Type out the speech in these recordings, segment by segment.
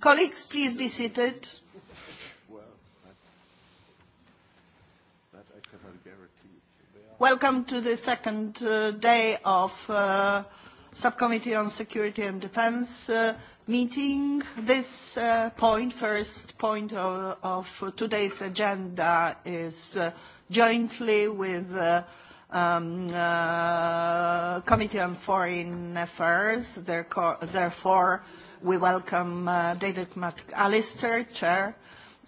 Colleagues, please be seated. Welcome to the second uh, day of uh, Subcommittee on Security and Defense uh, meeting. This uh, point, first point of, of today's agenda is uh, jointly with uh, um, uh, Committee on Foreign Affairs, therefore, therefore we welcome uh, David McAllister, Chair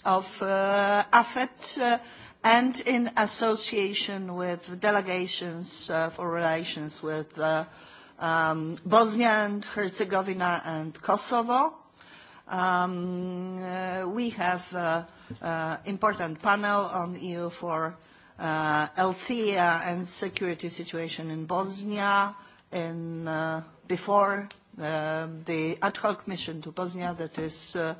of uh, AFET, uh, and in association with delegations uh, for relations with uh, um, Bosnia and Herzegovina and Kosovo. Um, uh, we have an uh, uh, important panel on EU for uh, Althea uh, and security situation in Bosnia in, uh, before uh, the ad hoc mission to Bosnia that is uh,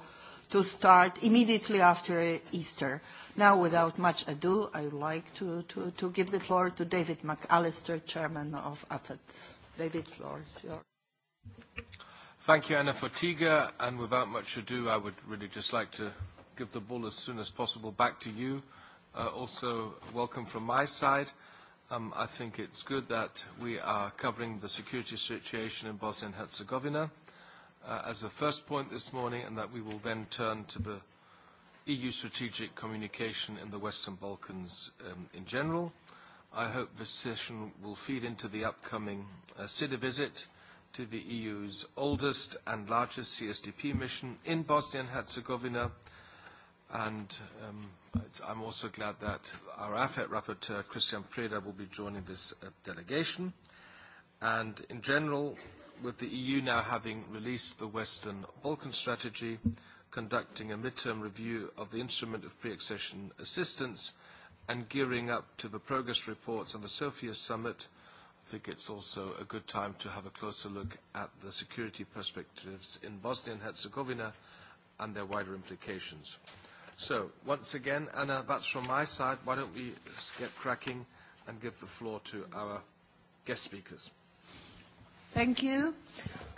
to start immediately after Easter. Now, without much ado, I would like to, to, to give the floor to David McAllister, Chairman of AFET. David, floor is yours. Thank you, Anna Fortiga. And without much ado, I would really just like to give the ball as soon as possible back to you. Uh, also, welcome from my side. Um, I think it's good that we are covering the security situation in Bosnia and Herzegovina uh, as a first point this morning, and that we will then turn to the EU strategic communication in the Western Balkans um, in general. I hope this session will feed into the upcoming uh, CIDA visit to the EU's oldest and largest CSDP mission in Bosnia and Herzegovina, and um, I'm also glad that our AFET rapporteur, Christian Preda, will be joining this uh, delegation. And in general, with the EU now having released the Western Balkan strategy, conducting a midterm review of the instrument of pre-accession assistance, and gearing up to the progress reports on the Sofia summit, I think it's also a good time to have a closer look at the security perspectives in Bosnia and Herzegovina and their wider implications. So, once again, Anna, that's from my side. Why don't we get cracking and give the floor to our guest speakers. Thank you.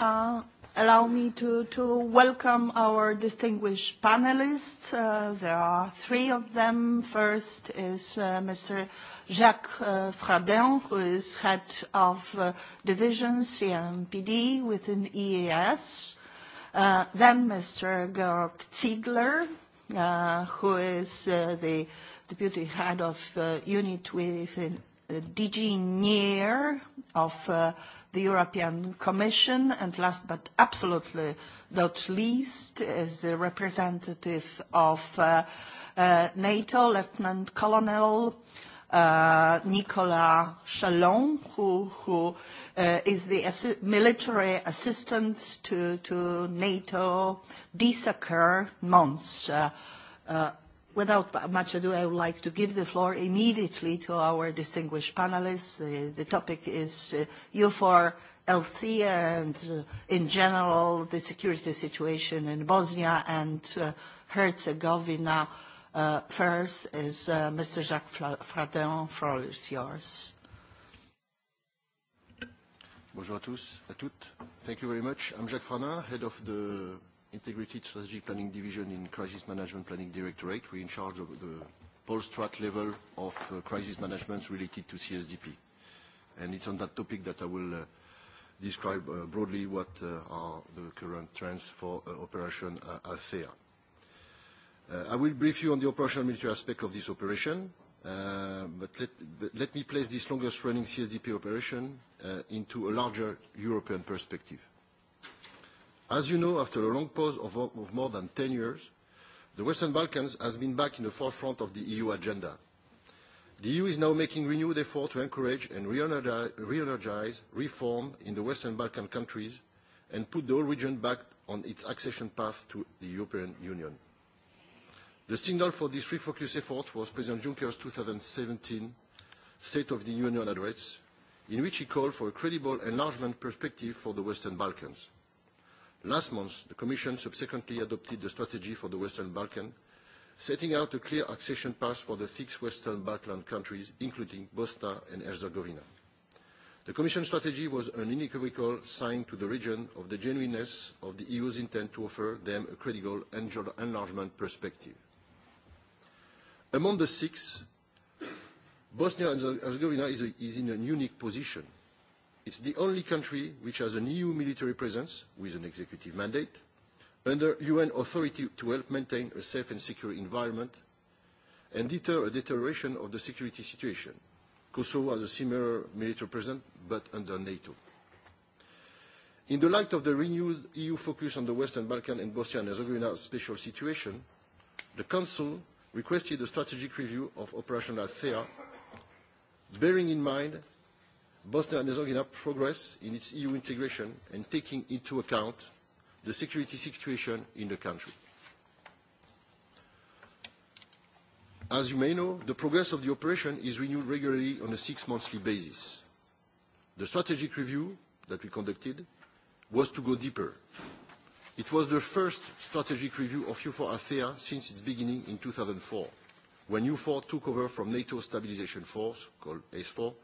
Uh, allow me to, to welcome our distinguished panelists. Uh, there are three of them. First is uh, Mr. Jacques uh, Fradin, who is head of uh, division CMPD within EAS. Uh, then Mr. Georg Ziegler, uh, who is uh, the deputy head of uh, unit within uh, DG NIR of uh, the European Commission, and last but absolutely not least is the representative of uh, uh, NATO, Lieutenant Colonel uh, Nicolas Chalon, who, who uh, uh, is the assi military assistance to, to NATO. These months. Uh, uh, without much ado, I would like to give the floor immediately to our distinguished panelists. Uh, the topic is uh, EUFOR, Althea, and uh, in general the security situation in Bosnia and uh, Herzegovina. Uh, first is uh, Mr. Jacques Fradin. Floor is yours. Bonjour à tous, à toutes. Thank you very much. I'm Jacques Frana, head of the Integrated Strategy Planning Division in Crisis Management Planning Directorate. We're in charge of the post-strat level of uh, crisis management related to CSDP. And it's on that topic that I will uh, describe uh, broadly what uh, are the current trends for uh, Operation uh, Althea. Uh, I will brief you on the operational military aspect of this operation. Uh, but, let, me place this longest running CSDP operation uh, into a larger European perspective. As you know, after a long pause of, more than 10 years, the Western Balkans has been back in the forefront of the EU agenda. The EU is now making renewed effort to encourage and re-energize reform in the Western Balkan countries and put the whole region back on its accession path to the European Union. The signal for this refocus effort was President Juncker's 2017 State of the Union address, in which he called for a credible enlargement perspective for the Western Balkans. Last month, the Commission subsequently adopted the strategy for the Western Balkans, setting out a clear accession path for the six Western Balkan countries, including Bosnia and Herzegovina. The Commission strategy was an unequivocal sign to the region of the genuineness of the EU's intent to offer them a credible enlargement perspective. Among the six, Bosnia and Herzegovina is, a, is in a unique position. It's the only country which has an EU military presence with an executive mandate, under UN authority to help maintain a safe and secure environment and deter a deterioration of the security situation. Kosovo has a similar military presence, but under NATO. In the light of the renewed EU focus on the Western Balkans and Bosnia and Herzegovina's special situation, the Council requested a strategic review of Operation Althea, bearing in mind Bosnia and Herzegovina progress in its EU integration and taking into account the security situation in the country. As you may know, the progress of the operation is renewed regularly on a six-monthly basis. The strategic review that we conducted was to go deeper It was the first strategic review of EUFOR ASEA since its beginning in 2004, when EUFOR took over from NATO Stabilization Force, called s 4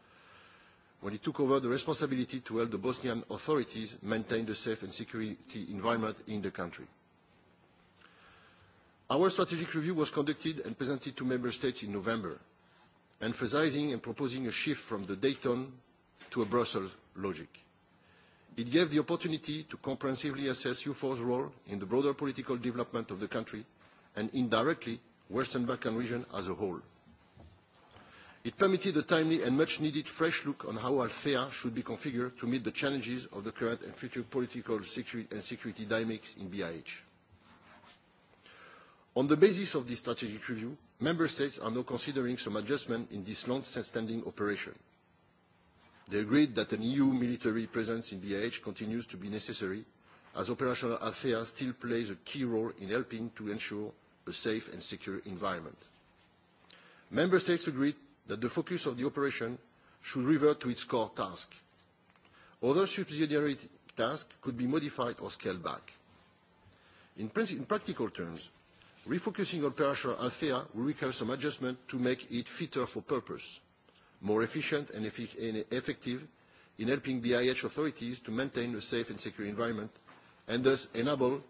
when it took over the responsibility to help the Bosnian authorities maintain the safe and security environment in the country. Our strategic review was conducted and presented to Member States in November, emphasizing and proposing a shift from the Dayton to a Brussels logic. It gave the opportunity to comprehensively assess EUFOR's role in the broader political development of the country and indirectly Western Balkan region as a whole. It permitted a timely and much-needed fresh look on how Althea should be configured to meet the challenges of the current and future political security and security dynamics in BIH. On the basis of this strategic review, Member States are now considering some adjustment in this long-standing operation. They agreed that an EU military presence in BH continues to be necessary, as operational affairs still plays a key role in helping to ensure a safe and secure environment. Member States agreed that the focus of the operation should revert to its core task. Other subsidiary tasks could be modified or scaled back. In, in practical terms, refocusing operational affairs will require some adjustment to make it fitter for purpose more efficient and effective in helping BIH authorities to maintain a safe and secure environment and thus enable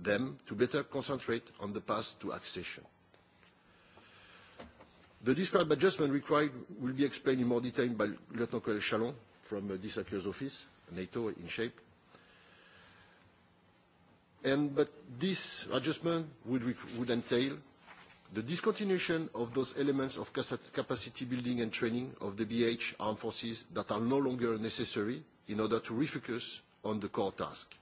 them to better concentrate on the path to accession. The described adjustment required will be explained in more detail by Lieutenant Colonel Chalon from the uh, Disappears Office, NATO in shape. And, but this adjustment would, would entail The discontinuation of those elements of capacity building and training of the BH armed forces that are no longer necessary in order to refocus on the core task.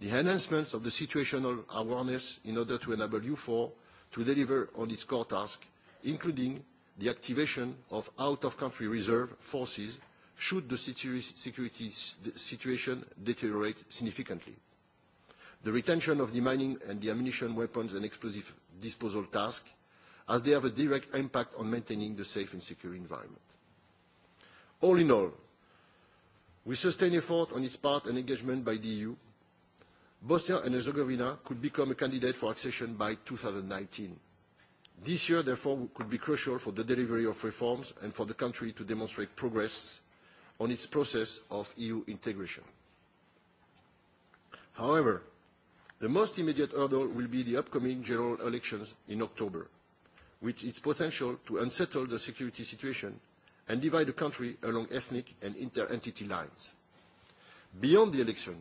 The enhancement of the situational awareness in order to enable EUFOR to deliver on its core task, including the activation of out-of-country reserve forces should the security situation deteriorate significantly. The retention of the mining and the ammunition weapons and explosive disposal task, as they have a direct impact on maintaining the safe and secure environment. All in all, we sustain effort on its part and engagement by the EU. Bosnia and Herzegovina could become a candidate for accession by 2019. This year, therefore, could be crucial for the delivery of reforms and for the country to demonstrate progress on its process of EU integration. However, The most immediate hurdle will be the upcoming general elections in October, with its potential to unsettle the security situation and divide the country along ethnic and inter-entity lines. Beyond the election,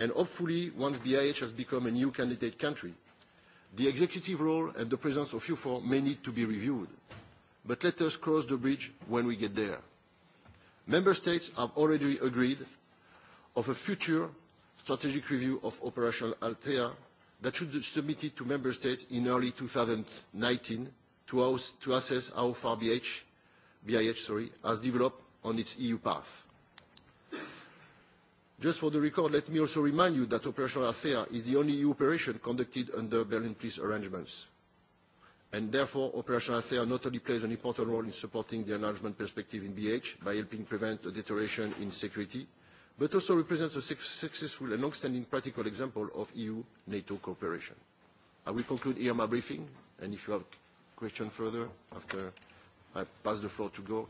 and hopefully once BIH has become a new candidate country, the executive role and the presence of EUFOR may need to be reviewed. But let us cross the bridge when we get there. Member States have already agreed of a future strategic review of operational Altea that should be submitted to Member States in early 2019 to, house, to assess how far BH, BIH sorry, has developed on its EU path. Just for the record, let me also remind you that operational Altea is the only EU operation conducted under Berlin Peace arrangements. And therefore, Operation Althea not only plays an important role in supporting the enlargement perspective in BH by helping prevent a deterioration in security, but also represents a successful and long-standing practical example of EU-NATO cooperation. I will conclude here my briefing, and if you have questions further after I pass the floor to Gord.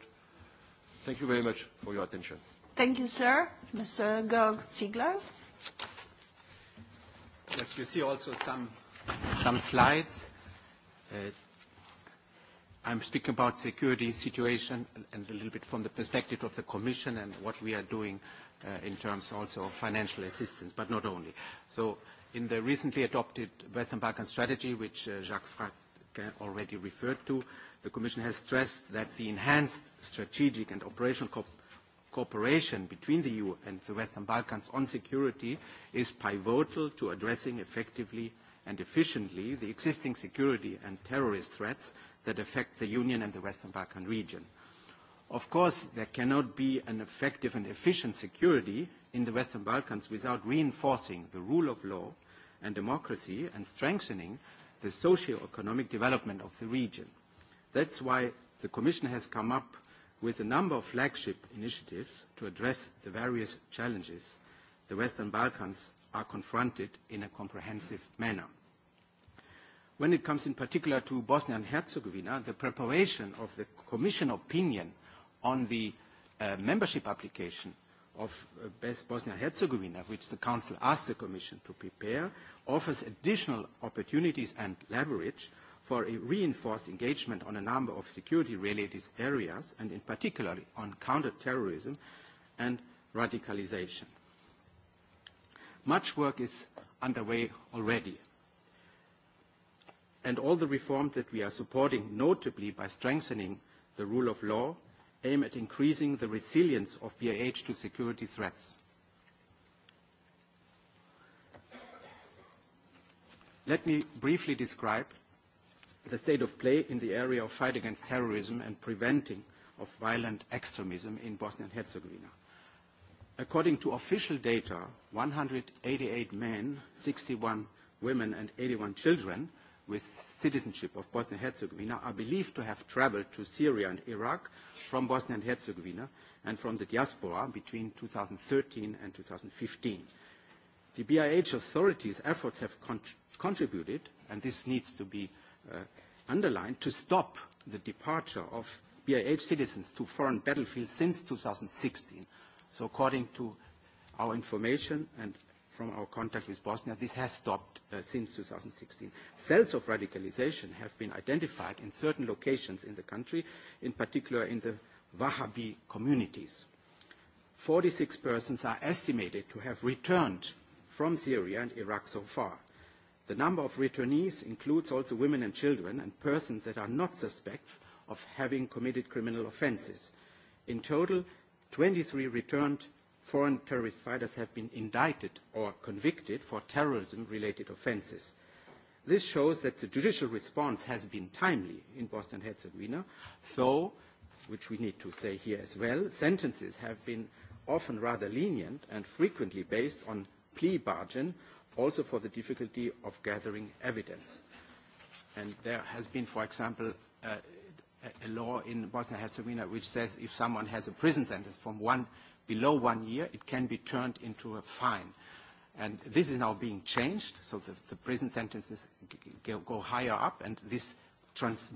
Thank you very much for your attention. Thank you, sir. Mr. Georg Ziegler. Yes, you see also some, some slides. Uh, I'm speaking about security situation and a little bit from the perspective of the Commission and what we are doing Uh, in terms also of financial assistance, but not only. So in the recently adopted Western Balkan strategy, which uh, Jacques Fratin already referred to, the Commission has stressed that the enhanced strategic and operational co cooperation between the EU and the Western Balkans on security is pivotal to addressing effectively and efficiently the existing security and terrorist threats that affect the Union and the Western Balkan region. Of course, there cannot be an effective and efficient security in the Western Balkans without reinforcing the rule of law and democracy and strengthening the socio-economic development of the region. That's why the Commission has come up with a number of flagship initiatives to address the various challenges the Western Balkans are confronted in a comprehensive manner. When it comes in particular to Bosnia and Herzegovina, the preparation of the Commission opinion on the uh, membership application of uh, Bosnia-Herzegovina, which the Council asked the Commission to prepare, offers additional opportunities and leverage for a reinforced engagement on a number of security-related areas, and in particular on counterterrorism and radicalization. Much work is underway already, and all the reforms that we are supporting, notably by strengthening the rule of law, aim at increasing the resilience of BIH to security threats. Let me briefly describe the state of play in the area of fight against terrorism and preventing of violent extremism in Bosnia and Herzegovina. According to official data, 188 men, 61 women and 81 children with citizenship of Bosnia and Herzegovina are believed to have traveled to Syria and Iraq from Bosnia and Herzegovina and from the diaspora between 2013 and 2015. The BIH authorities' efforts have con- contributed, and this needs to be uh, underlined, to stop the departure of BIH citizens to foreign battlefields since 2016. So according to our information and from our contact with Bosnia, this has stopped uh, since 2016. Cells of radicalization have been identified in certain locations in the country, in particular in the Wahhabi communities. 46 persons are estimated to have returned from Syria and Iraq so far. The number of returnees includes also women and children and persons that are not suspects of having committed criminal offenses. In total, 23 returned foreign terrorist fighters have been indicted or convicted for terrorism-related offences. This shows that the judicial response has been timely in Bosnia-Herzegovina, though, which we need to say here as well, sentences have been often rather lenient and frequently based on plea bargain, also for the difficulty of gathering evidence. And there has been, for example, uh, a law in Bosnia-Herzegovina which says if someone has a prison sentence from one below one year, it can be turned into a fine. And this is now being changed, so the, the prison sentences go, go higher up, and this transmission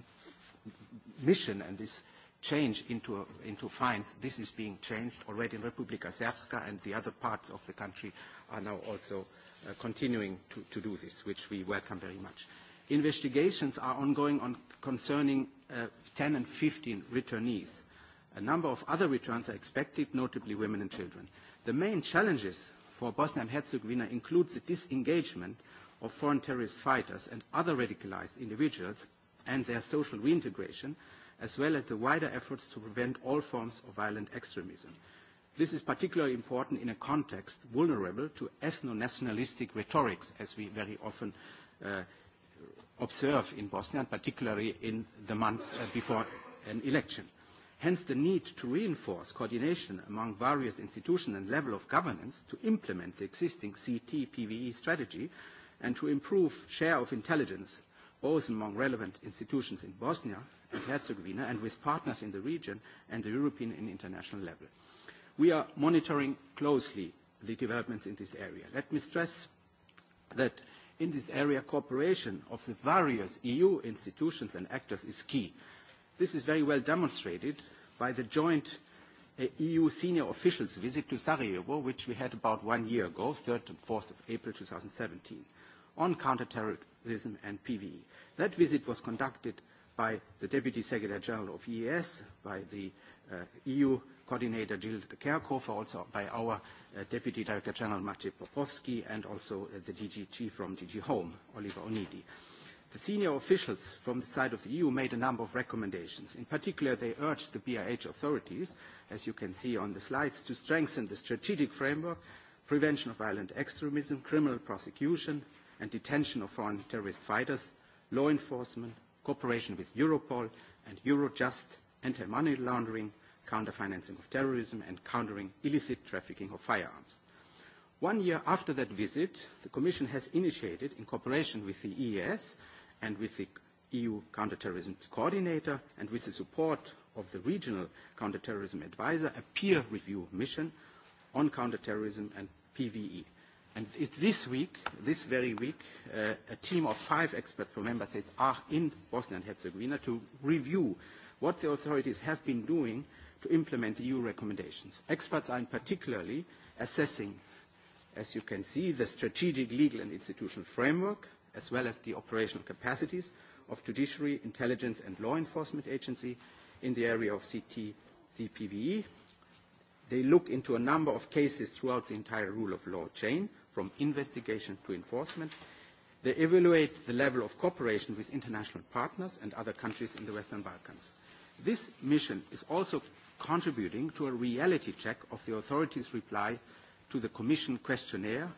and this change into, a, into fines, this is being changed already in Republika Srpska, and the other parts of the country are now also uh, continuing to, to do this, which we welcome very much. Investigations are ongoing on concerning uh, 10 and 15 returnees a number of other returns are expected, notably women and children. The main challenges for Bosnia and Herzegovina include the disengagement of foreign terrorist fighters and other radicalized individuals and their social reintegration, as well as the wider efforts to prevent all forms of violent extremism. This is particularly important in a context vulnerable to ethno-nationalistic rhetorics, as we very often uh, observe in Bosnia, and particularly in the months uh, before an election. Hence the need to reinforce coordination among various institutions and level of governance to implement the existing CTPVE strategy and to improve share of intelligence both among relevant institutions in Bosnia and Herzegovina and with partners in the region and the European and international level. We are monitoring closely the developments in this area. Let me stress that in this area cooperation of the various EU institutions and actors is key This is very well demonstrated by the joint uh, EU senior officials visit to Sarajevo, which we had about one year ago, 3rd and 4th of April 2017, on counterterrorism and PVE. That visit was conducted by the Deputy Secretary General of EES, by the uh, EU coordinator Jill Kerkhofer, also by our uh, Deputy Director General Maciej Popovsky, and also uh, the DG Chief from DG Home, Oliver Onidi. The senior officials from the side of the EU made a number of recommendations. In particular, they urged the BIH authorities, as you can see on the slides, to strengthen the strategic framework, prevention of violent extremism, criminal prosecution and detention of foreign terrorist fighters, law enforcement, cooperation with Europol and Eurojust, anti-money laundering, counter-financing of terrorism and countering illicit trafficking of firearms. One year after that visit, the Commission has initiated, in cooperation with the EES, and with the EU counterterrorism coordinator and with the support of the regional counterterrorism advisor, a peer review mission on counterterrorism and PVE. And it, this week, this very week, uh, a team of five experts from member states are in Bosnia and Herzegovina to review what the authorities have been doing to implement the EU recommendations. Experts are in particularly assessing, as you can see, the strategic, legal and institutional framework, as well as the operational capacities of judiciary, intelligence and law enforcement agency in the area of CT, CPVE. They look into a number of cases throughout the entire rule of law chain, from investigation to enforcement. They evaluate the level of cooperation with international partners and other countries in the Western Balkans. This mission is also contributing to a reality check of the authorities' reply to the Commission questionnaire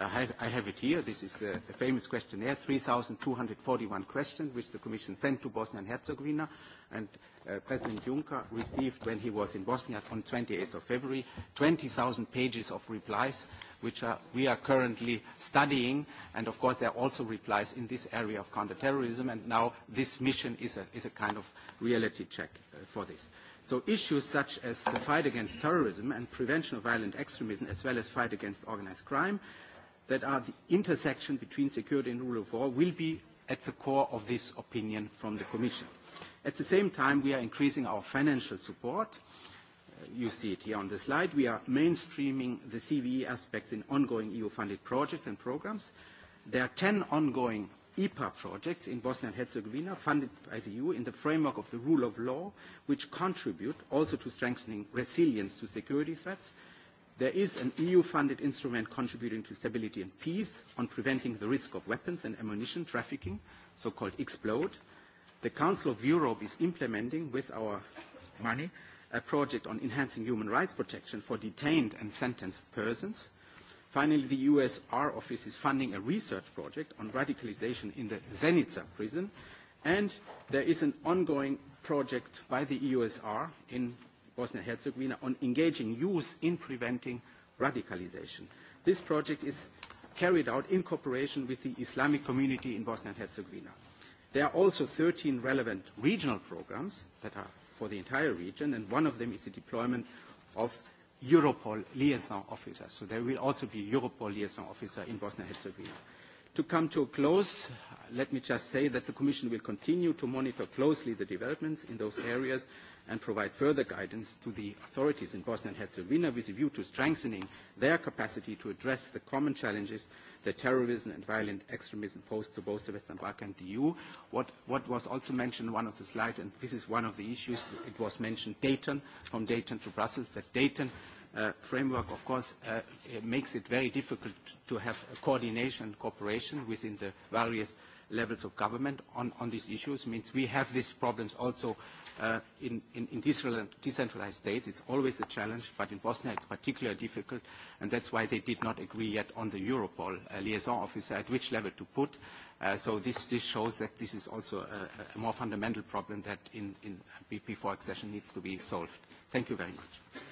I have it here. This is the, the famous questionnaire, 3,241 questions, which the Commission sent to Bosnia and Herzegovina, and uh, President Juncker received when he was in Bosnia on 28th of February, 20,000 pages of replies, which are, we are currently studying. And of course, there are also replies in this area of counterterrorism. And now this mission is a, is a kind of reality check uh, for this. So issues such as the fight against terrorism and prevention of violent extremism, as well as fight against organized crime, that are the intersection between security and rule of law will be at the core of this opinion from the Commission. At the same time, we are increasing our financial support. Uh, you see it here on the slide. We are mainstreaming the CVE aspects in ongoing EU-funded projects and programs. There are 10 ongoing EPA projects in Bosnia and Herzegovina funded by the EU in the framework of the rule of law, which contribute also to strengthening resilience to security threats There is an EU-funded instrument contributing to stability and peace on preventing the risk of weapons and ammunition trafficking, so-called EXPLODE. The Council of Europe is implementing, with our money, a project on enhancing human rights protection for detained and sentenced persons. Finally, the USR office is funding a research project on radicalization in the Zenica prison. And there is an ongoing project by the e USR in Bosnia Herzegovina on engaging youth in preventing radicalization. This project is carried out in cooperation with the Islamic community in Bosnia and Herzegovina. There are also 13 relevant regional programs that are for the entire region, and one of them is the deployment of Europol liaison officer. So there will also be Europol liaison officer in Bosnia and Herzegovina. To come to a close, let me just say that the Commission will continue to monitor closely the developments in those areas and provide further guidance to the authorities in Bosnia and Herzegovina with a view to strengthening their capacity to address the common challenges that terrorism and violent extremism pose to both the Western Balkans and the EU. What, what was also mentioned in one of the slides, and this is one of the issues, it was mentioned Dayton, from Dayton to Brussels, that Dayton uh, framework, of course, uh, it makes it very difficult to have coordination and cooperation within the various levels of government on, on these issues. means we have these problems also uh, in, in, in this decentralized states. It's always a challenge, but in Bosnia it's particularly difficult, and that's why they did not agree yet on the Europol uh, liaison officer at which level to put. Uh, so this, this shows that this is also a, a more fundamental problem that in, in, before accession needs to be solved. Thank you very much.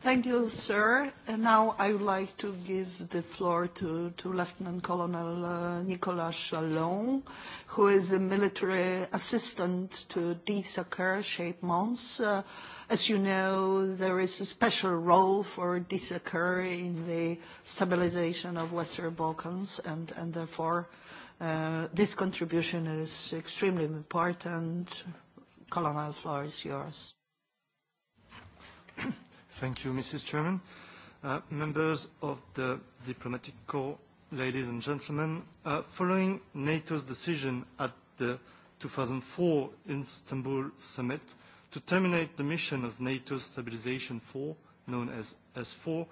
Thank you, sir. And now I would like to give the floor to, to Lieutenant Colonel uh, Nicolas Chalon, who is a military assistant to DSACEUR, Shape Mons. Uh, as you know, there is a special role for DSACEUR in the stabilization of Western Balkans, and, and therefore uh, this contribution is extremely important. Colonel, the floor is yours. Thank you, Mrs. Chairman. Uh, members of the diplomatic corps, ladies and gentlemen, uh, following NATO's decision at the 2004 Istanbul summit to terminate the mission of NATO's Stabilization force, known as S4,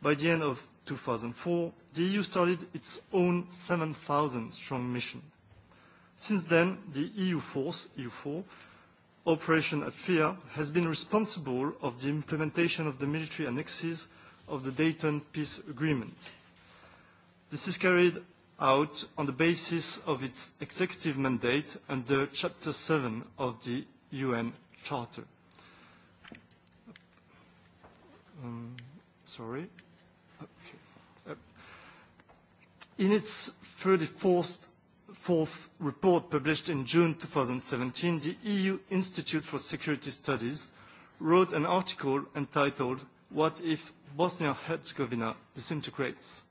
by the end of 2004, the EU started its own 7,000-strong mission. Since then, the EU force, EU4, Operation Atfia has been responsible of the implementation of the military annexes of the Dayton Peace Agreement. This is carried out on the basis of its executive mandate under Chapter 7 of the UN Charter. Um, sorry. Okay. Uh, in its 34th fourth report published in June 2017, the EU Institute for Security Studies wrote an article entitled What if Bosnia-Herzegovina disintegrates?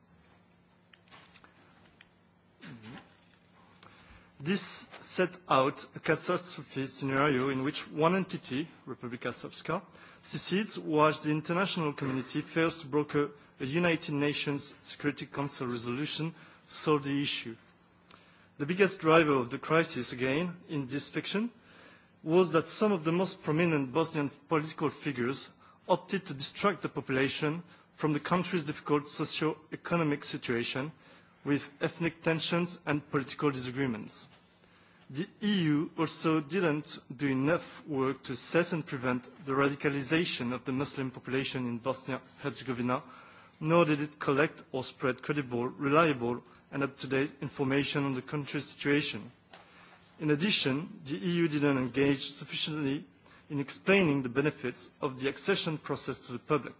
This set out a catastrophe scenario in which one entity, Republika Srpska, secedes whilst the international community fails to broker a United Nations Security Council resolution to solve the issue. The biggest driver of the crisis, again, in this fiction, was that some of the most prominent Bosnian political figures opted to distract the population from the country's difficult socio-economic situation with ethnic tensions and political disagreements. The EU also didn't do enough work to assess and prevent the radicalization of the Muslim population in Bosnia-Herzegovina, nor did it collect or spread credible, reliable and up-to-date information on the country's situation. In addition, the EU didn't engage sufficiently in explaining the benefits of the accession process to the public.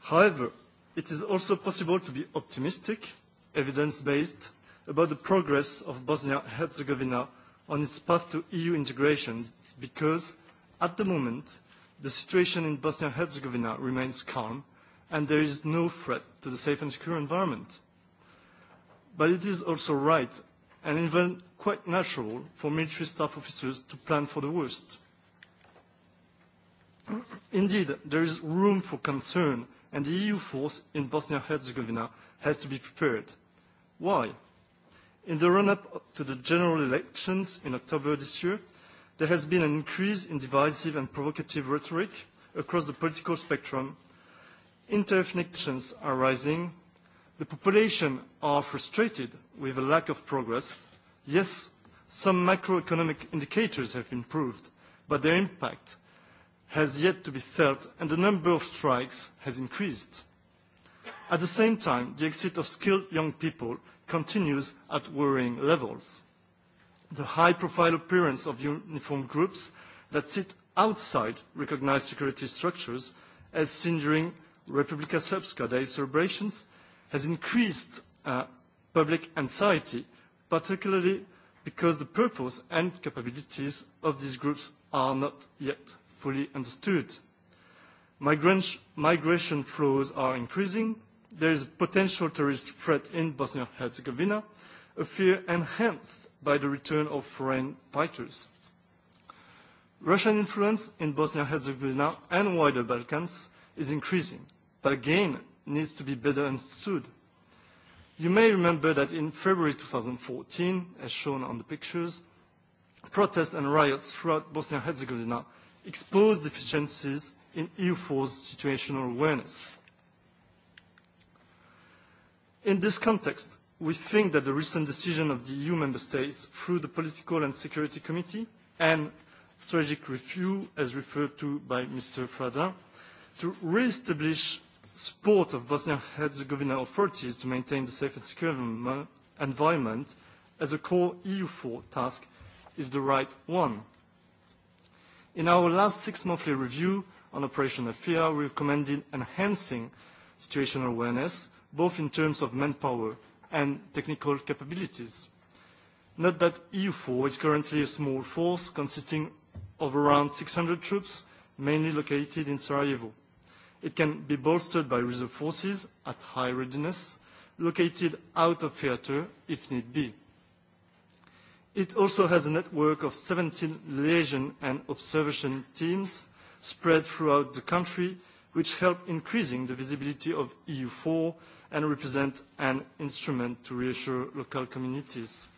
However, it is also possible to be optimistic, evidence-based, about the progress of Bosnia-Herzegovina on its path to EU integration because, at the moment, the situation in Bosnia and Herzegovina remains calm, and there is no threat to the safe and secure environment. But it is also right and even quite natural for military staff officers to plan for the worst. Indeed, there is room for concern, and the EU force in Bosnia-Herzegovina and has to be prepared. Why? In the run-up to the general elections in October this year, there has been an increase in divisive and provocative rhetoric across the political spectrum. Inter-ethnic tensions are rising. The population are frustrated with a lack of progress. Yes, some macroeconomic indicators have improved, but their impact has yet to be felt and the number of strikes has increased. At the same time, the exit of skilled young people continues at worrying levels the high-profile appearance of uniformed groups that sit outside recognized security structures, as seen during Republika Srpska Day celebrations, has increased uh, public anxiety, particularly because the purpose and capabilities of these groups are not yet fully understood. Migrant migration flows are increasing. There is a potential terrorist threat in Bosnia-Herzegovina, a fear enhanced by the return of foreign fighters. Russian influence in Bosnia-Herzegovina and wider Balkans is increasing, but again needs to be better understood. You may remember that in February 2014, as shown on the pictures, protests and riots throughout Bosnia-Herzegovina exposed deficiencies in EU force situational awareness. In this context, we think that the recent decision of the EU member states through the Political and Security Committee and strategic review, as referred to by Mr. Frada, to re-establish support of Bosnia-Herzegovina authorities to maintain the safe and secure environment as a core EU4 task is the right one. In our last six-monthly review on Operation Afia, we recommended enhancing situational awareness, both in terms of manpower and technical capabilities. Note that EU4 is currently a small force consisting of around 600 troops, mainly located in Sarajevo. It can be bolstered by reserve forces at high readiness, located out of theatre if need be. It also has a network of 17 liaison and observation teams spread throughout the country, which help increasing the visibility of EU4 and represent an instrument to reassure local communities.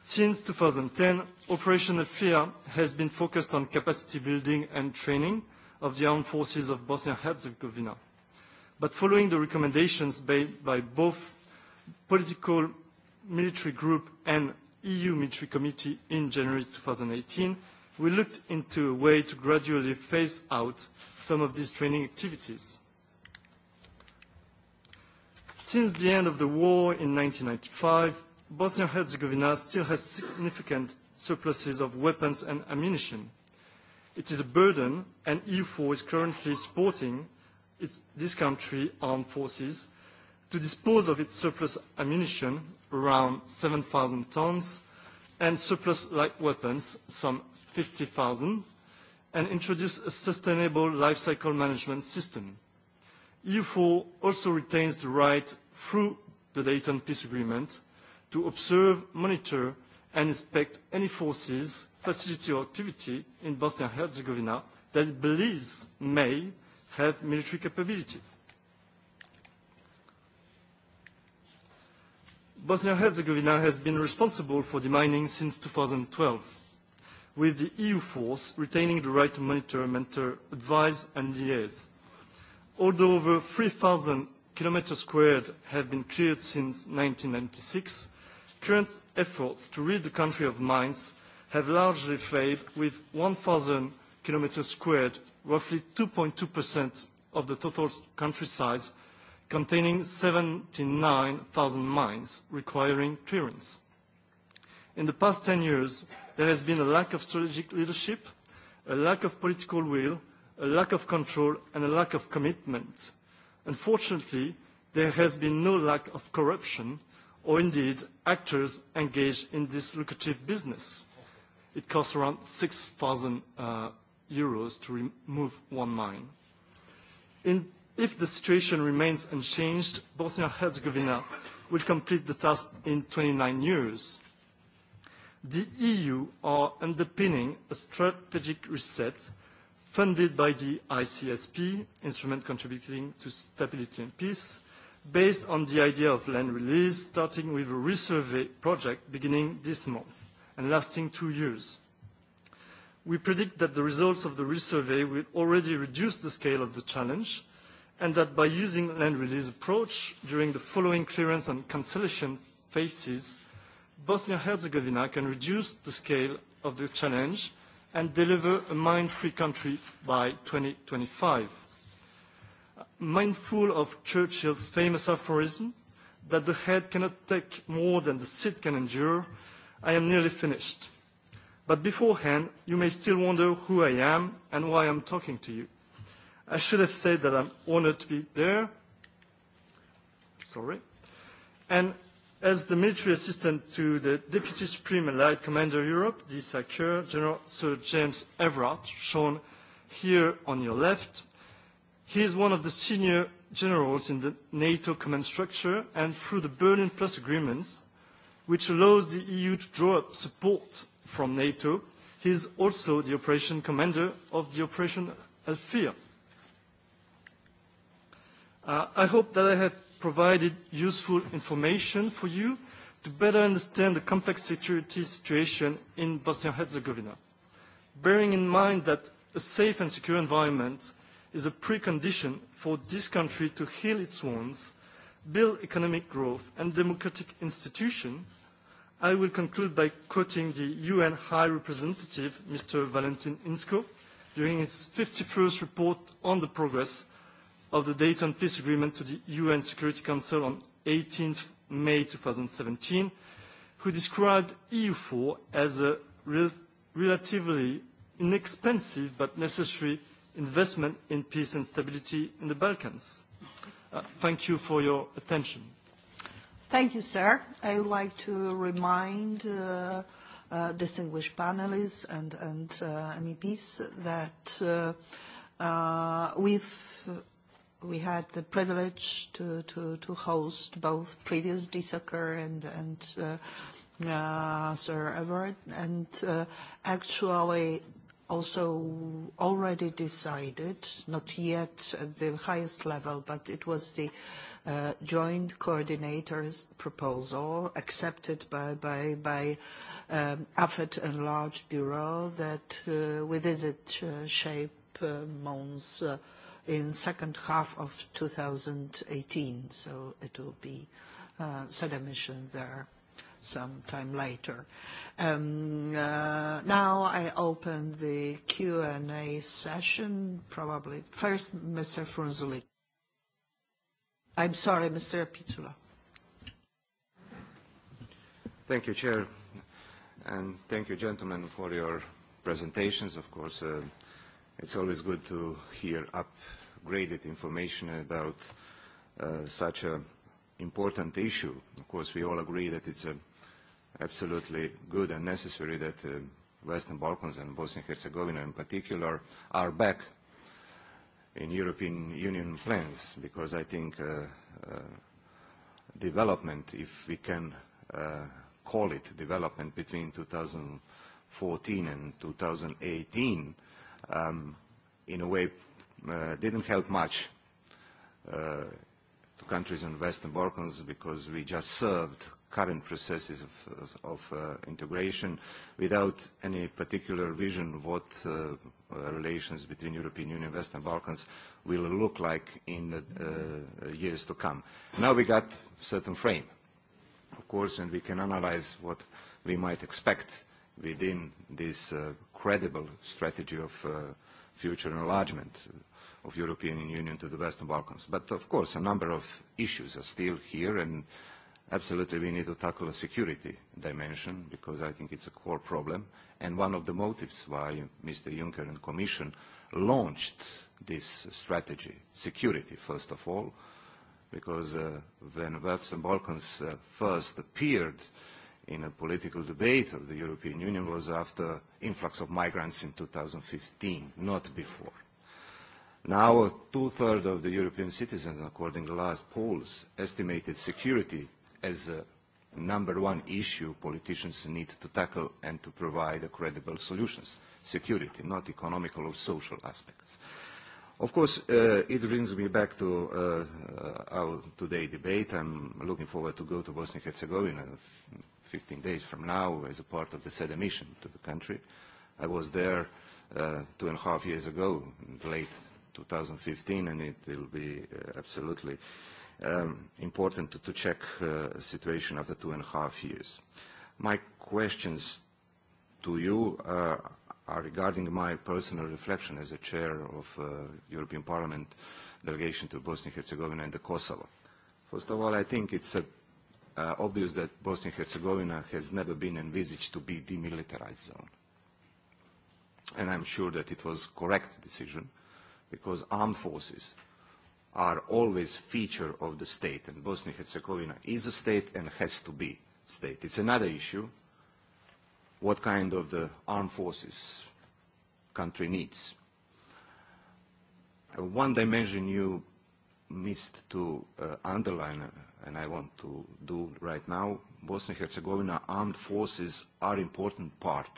Since 2010, Operation Fear has been focused on capacity building and training of the armed forces of Bosnia-Herzegovina. But following the recommendations made by both political military group and EU military committee in January 2018, we looked into a way to gradually phase out some of these training activities. Since the end of the war in 1995, Bosnia-Herzegovina still has significant surpluses of weapons and ammunition. It is a burden, and EU4 is currently supporting its, this country armed forces to dispose of its surplus ammunition, around 7,000 tons, and surplus light weapons, some 50,000 and introduce a sustainable life cycle management system. EU4 also retains the right through the Dayton Peace Agreement to observe, monitor and inspect any forces, facility or activity in Bosnia and Herzegovina that it believes may have military capability. Bosnia and Herzegovina has been responsible for demining since 2012 with the EU force retaining the right to monitor, mentor, advise and liaise. Although over 3,000 km squared have been cleared since 1996, current efforts to rid the country of mines have largely failed with 1,000 km squared, roughly 2.2% of the total country size, containing 79,000 mines requiring clearance. In the past 10 years, there has been a lack of strategic leadership, a lack of political will, a lack of control and a lack of commitment. Unfortunately, there has been no lack of corruption or indeed actors engaged in this lucrative business. It costs around 6,000 uh, euros to remove one mine. In, if the situation remains unchanged, Bosnia-Herzegovina will complete the task in 29 years the EU are underpinning a strategic reset funded by the ICSP, instrument contributing to stability and peace, based on the idea of land release, starting with a resurvey project beginning this month and lasting two years. We predict that the results of the resurvey will already reduce the scale of the challenge and that by using land release approach during the following clearance and cancellation phases, Bosnia-Herzegovina can reduce the scale of the challenge and deliver a mine-free country by 2025. Mindful of Churchill's famous aphorism that the head cannot take more than the seat can endure, I am nearly finished. But beforehand, you may still wonder who I am and why I'm talking to you. I should have said that I'm honored to be there. Sorry. And As the military assistant to the Deputy Supreme Allied Commander Europe, the SACEUR, General Sir James Everard, shown here on your left, he is one of the senior generals in the NATO command structure and through the Berlin Plus agreements, which allows the EU to draw up support from NATO, he is also the operation commander of the Operation Althea. Uh, I hope that I have provided useful information for you to better understand the complex security situation in Bosnia-Herzegovina, bearing in mind that a safe and secure environment is a precondition for this country to heal its wounds, build economic growth and democratic institutions, I will conclude by quoting the UN High Representative, Mr. Valentin Insko, during his 51st report on the progress of the Dayton Peace Agreement to the UN Security Council on 18 May 2017, who described EU4 as a rel relatively inexpensive but necessary investment in peace and stability in the Balkans. Uh, thank you for your attention. Thank you, sir. I would like to remind uh, uh, distinguished panelists and, and uh, MEPs that uh, uh, we've we had the privilege to, to, to host both previous DSOCR and, and uh, uh, Sir Everett, and uh, actually also already decided, not yet at the highest level, but it was the uh, joint coordinator's proposal accepted by, by, by um, AFET Bureau that uh, we visit uh, SHAPE uh, Mons uh, in second half of 2018, so it will be uh, said emission there some time later. Um, uh, now I open the Q&A session, probably first Mr. Frunzulic. I'm sorry, Mr. Pizzula. Thank you, Chair, and thank you, gentlemen, for your presentations. Of course, uh, it's always good to hear up graded information about uh, such an important issue. Of course, we all agree that it's uh, absolutely good and necessary that uh, Western Balkans and Bosnia-Herzegovina in particular are back in European Union plans because I think uh, uh, development, if we can uh, call it development between 2014 and 2018, um, in a way uh, didn't help much uh, to countries in the Western Balkans because we just served current processes of, of uh, integration without any particular vision of what uh, uh, relations between European Union and Western Balkans will look like in the uh, uh, years to come. Now we got certain frame, of course, and we can analyze what we might expect within this uh, credible strategy of uh, future enlargement of European Union to the Western Balkans. But of course, a number of issues are still here, and absolutely we need to tackle a security dimension because I think it's a core problem. And one of the motives why Mr. Juncker and Commission launched this strategy, security first of all, because uh, when Western Balkans uh, first appeared uh, in a political debate of the European Union was after influx of migrants in 2015, not before. Now, two-thirds of the European citizens, according to the last polls, estimated security as a number one issue politicians need to tackle and to provide credible solutions. Security, not economical or social aspects. Of course, uh, it brings me back to uh, our today debate. I'm looking forward to go to Bosnia-Herzegovina 15 days from now as a part of the SEDA mission to the country. I was there uh, two and a half years ago, in late 2015, and it will be uh, absolutely um, important to, to check uh, the uh, situation after two and a half years. My questions to you are uh, are regarding my personal reflection as a chair of uh, European Parliament delegation to Bosnia-Herzegovina and the Kosovo. First of all, I think it's uh, uh, obvious that Bosnia-Herzegovina has never been envisaged to be demilitarized zone. And I'm sure that it was correct decision because armed forces are always feature of the state and Bosnia-Herzegovina is a state and has to be state. It's another issue what kind of the armed forces country needs. One dimension you missed to uh, underline, and I want to do right now, Bosnia Herzegovina armed forces are important part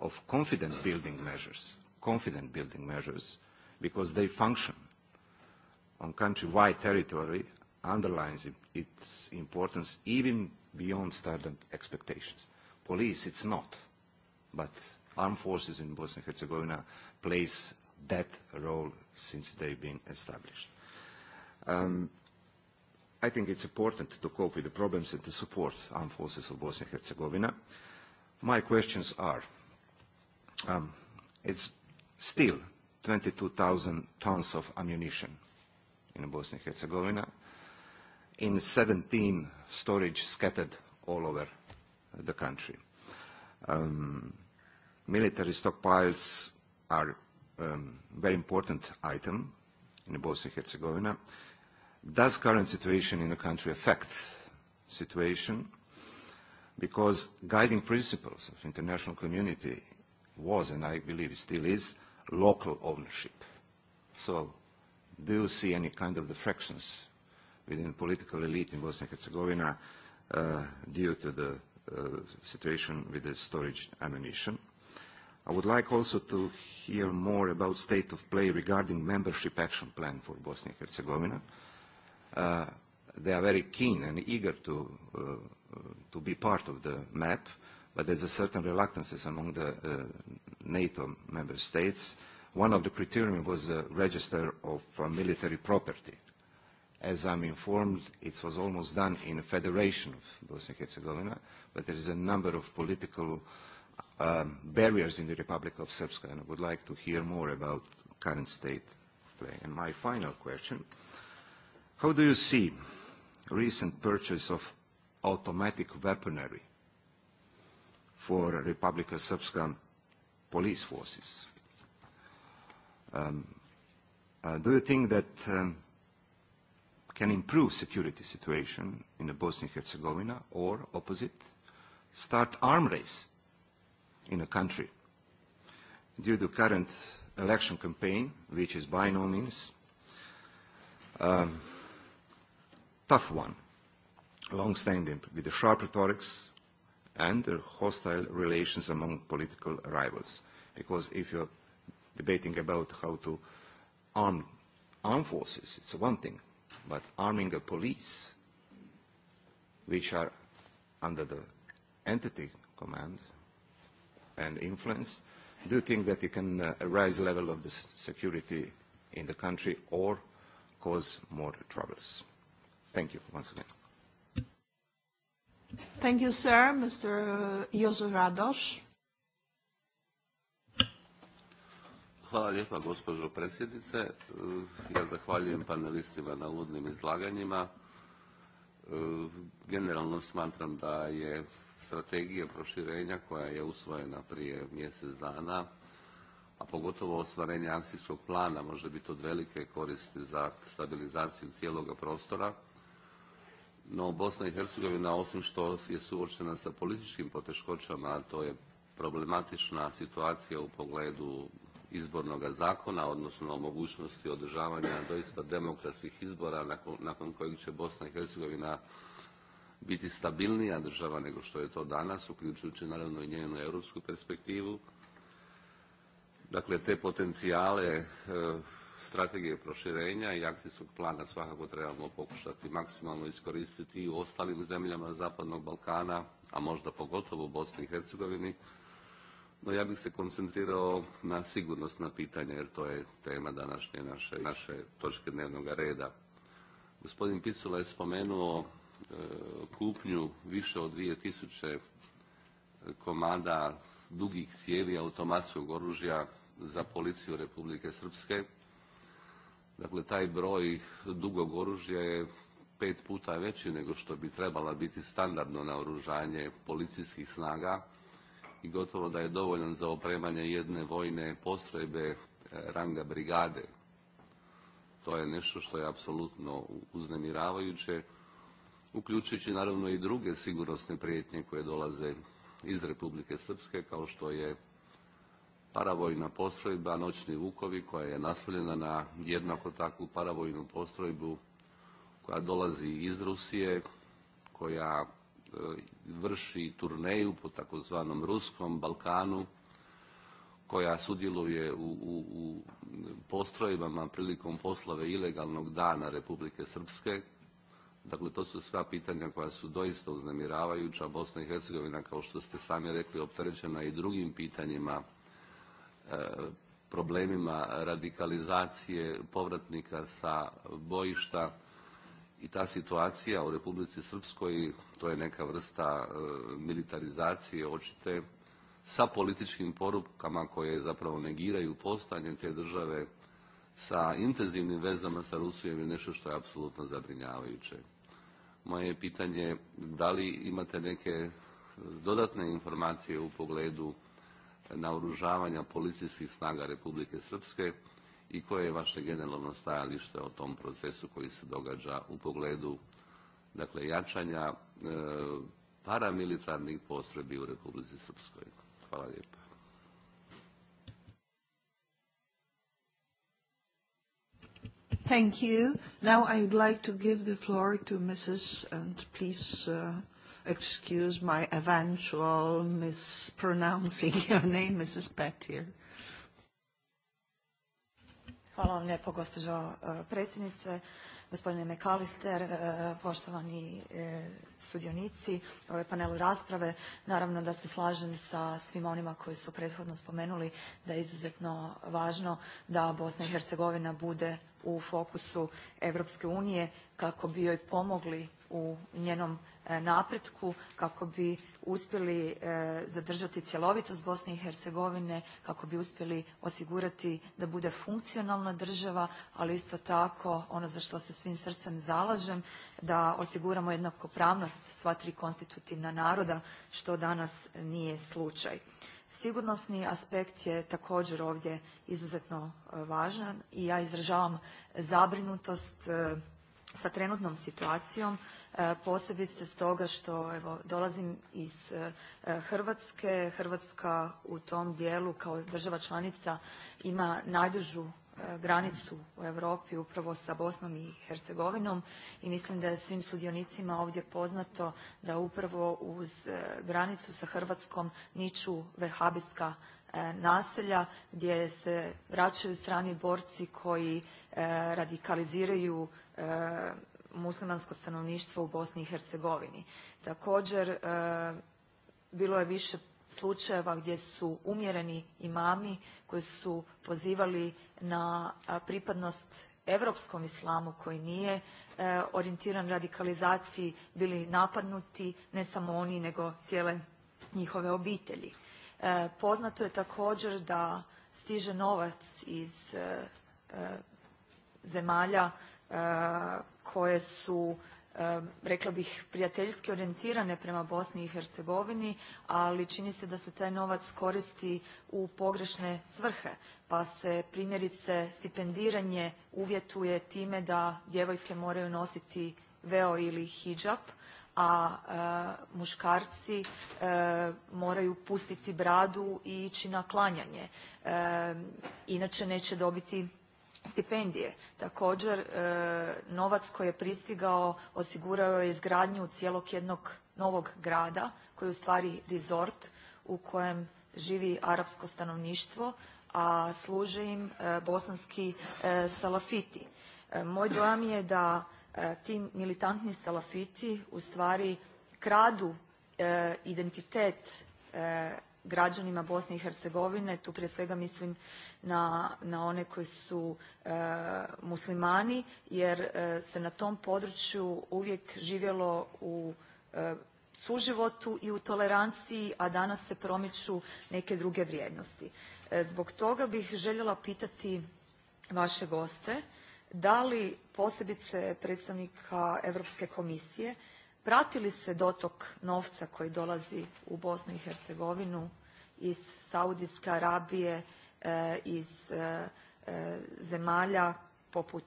of confident building measures, confident building measures, because they function on country-wide territory underlines its importance even beyond standard expectations police, it's not. But armed forces in Bosnia-Herzegovina plays that role since they've been established. Um, I think it's important to cope with the problems and to support armed forces of Bosnia-Herzegovina. My questions are, um, it's still 22,000 tons of ammunition in Bosnia-Herzegovina, in 17 storage scattered all over the country. Um, military stockpiles are a um, very important item in Bosnia-Herzegovina. Does current situation in the country affect situation? Because guiding principles of international community was, and I believe it still is, local ownership. So do you see any kind of defections within political elite in Bosnia-Herzegovina uh, due to the Uh, situation with the storage ammunition. I would like also to hear more about state of play regarding membership action plan for Bosnia-Herzegovina. Uh, they are very keen and eager to, uh, to be part of the map, but there's a certain reluctance among the uh, NATO member states. One of the criteria was the register of uh, military property. As I'm informed, it was almost done in a federation of Bosnia-Herzegovina, but there is a number of political um, barriers in the Republic of Srpska, and I would like to hear more about current state play. And my final question, how do you see recent purchase of automatic weaponry for Republic of Srpska police forces? Um, uh, do you think that um, can improve security situation in the Bosnia-Herzegovina or, opposite, start arm race in a country. Due to current election campaign, which is by no means um, tough one, long-standing with the sharp rhetorics and the hostile relations among political rivals. Because if you're debating about how to arm armed forces, it's one thing, but arming the police, which are under the entity command and influence, do you think that you can uh, raise the level of the security in the country or cause more troubles? Thank you once again. Thank you, sir. Mr. József Radosz. Hvala lijepa gospođo predsjednice. E, ja zahvaljujem panelistima na uvodnim izlaganjima. E, generalno smatram da je strategija proširenja koja je usvojena prije mjesec dana, a pogotovo ostvarenje akcijskog plana može biti od velike koristi za stabilizaciju cijelog prostora. No, Bosna i Hercegovina, osim što je suočena sa političkim poteškoćama, a to je problematična situacija u pogledu izbornog zakona, odnosno o mogućnosti održavanja doista demokratskih izbora nakon, nakon kojeg će Bosna i Hercegovina biti stabilnija država nego što je to danas, uključujući naravno i njenu europsku perspektivu. Dakle, te potencijale e, strategije proširenja i akcijskog plana svakako trebamo pokušati maksimalno iskoristiti i u ostalim zemljama Zapadnog Balkana, a možda pogotovo u Bosni i Hercegovini, No ja bih se koncentrirao na sigurnosna pitanja jer to je tema današnje naše, naše točke dnevnog reda. Gospodin Picula je spomenuo e, kupnju više od 2000 e, komada dugih cijevi automatskog oružja za policiju Republike Srpske. Dakle, taj broj dugog oružja je pet puta veći nego što bi trebala biti standardno na oružanje policijskih snaga i gotovo da je dovoljan za opremanje jedne vojne postrojbe e, ranga brigade. To je nešto što je apsolutno uznemiravajuće, uključujući naravno i druge sigurnosne prijetnje koje dolaze iz Republike Srpske, kao što je paravojna postrojba Noćni Vukovi, koja je naslovljena na jednako takvu paravojnu postrojbu koja dolazi iz Rusije, koja E, vrši turneju po takozvanom Ruskom Balkanu koja sudjeluje u, u, u postrojbama prilikom poslave ilegalnog dana Republike Srpske. Dakle, to su sva pitanja koja su doista uznemiravajuća. Bosna i Hercegovina, kao što ste sami rekli, opterećena i drugim pitanjima e, problemima radikalizacije povratnika sa bojišta i ta situacija u Republici Srpskoj, to je neka vrsta e, militarizacije očite, sa političkim porukama koje zapravo negiraju postanje te države sa intenzivnim vezama sa Rusijom je nešto što je apsolutno zabrinjavajuće. Moje pitanje je da li imate neke e, dodatne informacije u pogledu naoružavanja policijskih snaga Republike Srpske, i koje je vaše generalno stajalište o tom procesu koji se događa u pogledu dakle, jačanja e, paramilitarnih postrebi u Republici Srpskoj. Hvala lijepa. Thank you. Now I would like to give the floor to Mrs. and please uh, excuse my eventual mispronouncing your name, Mrs. Petir. Hvala vam lijepo, gospođo e, predsjednice, gospodine McAllister, e, poštovani e, sudionici ove panelu rasprave. Naravno da se slažem sa svima onima koji su prethodno spomenuli da je izuzetno važno da Bosna i Hercegovina bude u fokusu Europske unije kako bi joj pomogli u njenom E, napretku kako bi uspjeli e, zadržati cjelovitost Bosne i Hercegovine, kako bi uspjeli osigurati da bude funkcionalna država, ali isto tako ono za što se svim srcem zalažem, da osiguramo jednakopravnost sva tri konstitutivna naroda, što danas nije slučaj. Sigurnosni aspekt je također ovdje izuzetno e, važan i ja izražavam zabrinutost sa trenutnom situacijom E, posebice stoga što evo, dolazim iz e, Hrvatske. Hrvatska u tom dijelu kao država članica ima najdužu e, granicu u Europi upravo sa Bosnom i Hercegovinom i mislim da je svim sudionicima ovdje poznato da upravo uz granicu sa Hrvatskom niču vehabijska naselja gdje se vraćaju strani borci koji radikaliziraju muslimansko stanovništvo u Bosni i Hercegovini. Također, e, bilo je više slučajeva gdje su umjereni imami koji su pozivali na pripadnost europskom islamu koji nije e, orijentiran radikalizaciji bili napadnuti ne samo oni nego cijele njihove obitelji. E, poznato je također da stiže novac iz e, e zemalja e, koje su eh, rekla bih prijateljski orijentirane prema Bosni i Hercegovini, ali čini se da se taj novac koristi u pogrešne svrhe, pa se primjerice stipendiranje uvjetuje time da djevojke moraju nositi veo ili hijab, a e, muškarci e, moraju pustiti bradu i ići na klanjanje. E, inače neće dobiti stipendije. Također, e, novac koji je pristigao osigurao je izgradnju cijelog jednog novog grada koji je u stvari rezort u kojem živi arapsko stanovništvo, a služe im e, bosanski e, salafiti. Moj dojam je da ti militantni salafiti u stvari kradu identitet građanima Bosne i Hercegovine, tu prije svega mislim na, na one koji su e, muslimani, jer e, se na tom području uvijek živjelo u e, suživotu i u toleranciji, a danas se promiču neke druge vrijednosti. E, zbog toga bih željela pitati vaše goste da li posebice predstavnika Europske komisije Pratili se dotok novca koji dolazi u Bosnu i Hercegovinu iz Saudijske Arabije, e, iz e, e, zemalja poput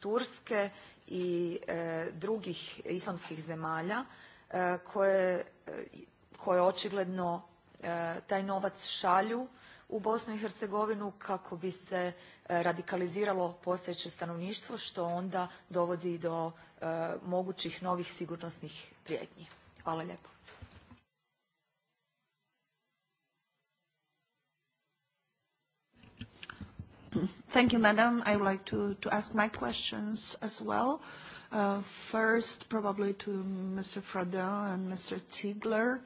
Turske i drugih islamskih zemalja koje, koje očigledno taj novac šalju u Bosnu i Hercegovinu kako bi se radikaliziralo postojeće stanovništvo što onda dovodi do E, mogućih novih sigurnosnih prijetnji. Hvala lijepo. Thank you, Madam. I would like to, to ask my questions as well. Uh, first, probably to Mr. Fradin and Mr. Ziegler,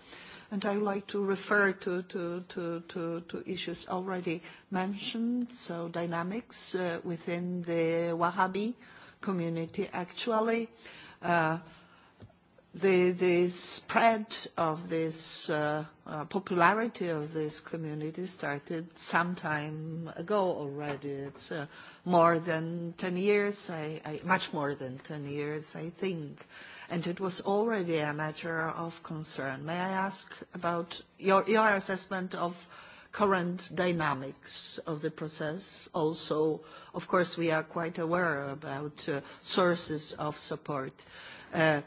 and I would like to refer to, to, to, to, to issues already mentioned, so dynamics uh, within the Wahhabi uh, community actually. Uh, the, the spread of this uh, uh, popularity of this community started some time ago already. It's uh, more than 10 years, I, I, much more than 10 years, I think. And it was already a matter of concern. May I ask about your, your assessment of current dynamics of the process, also uh, Of course, we are quite aware about uh, sources of support. Uh,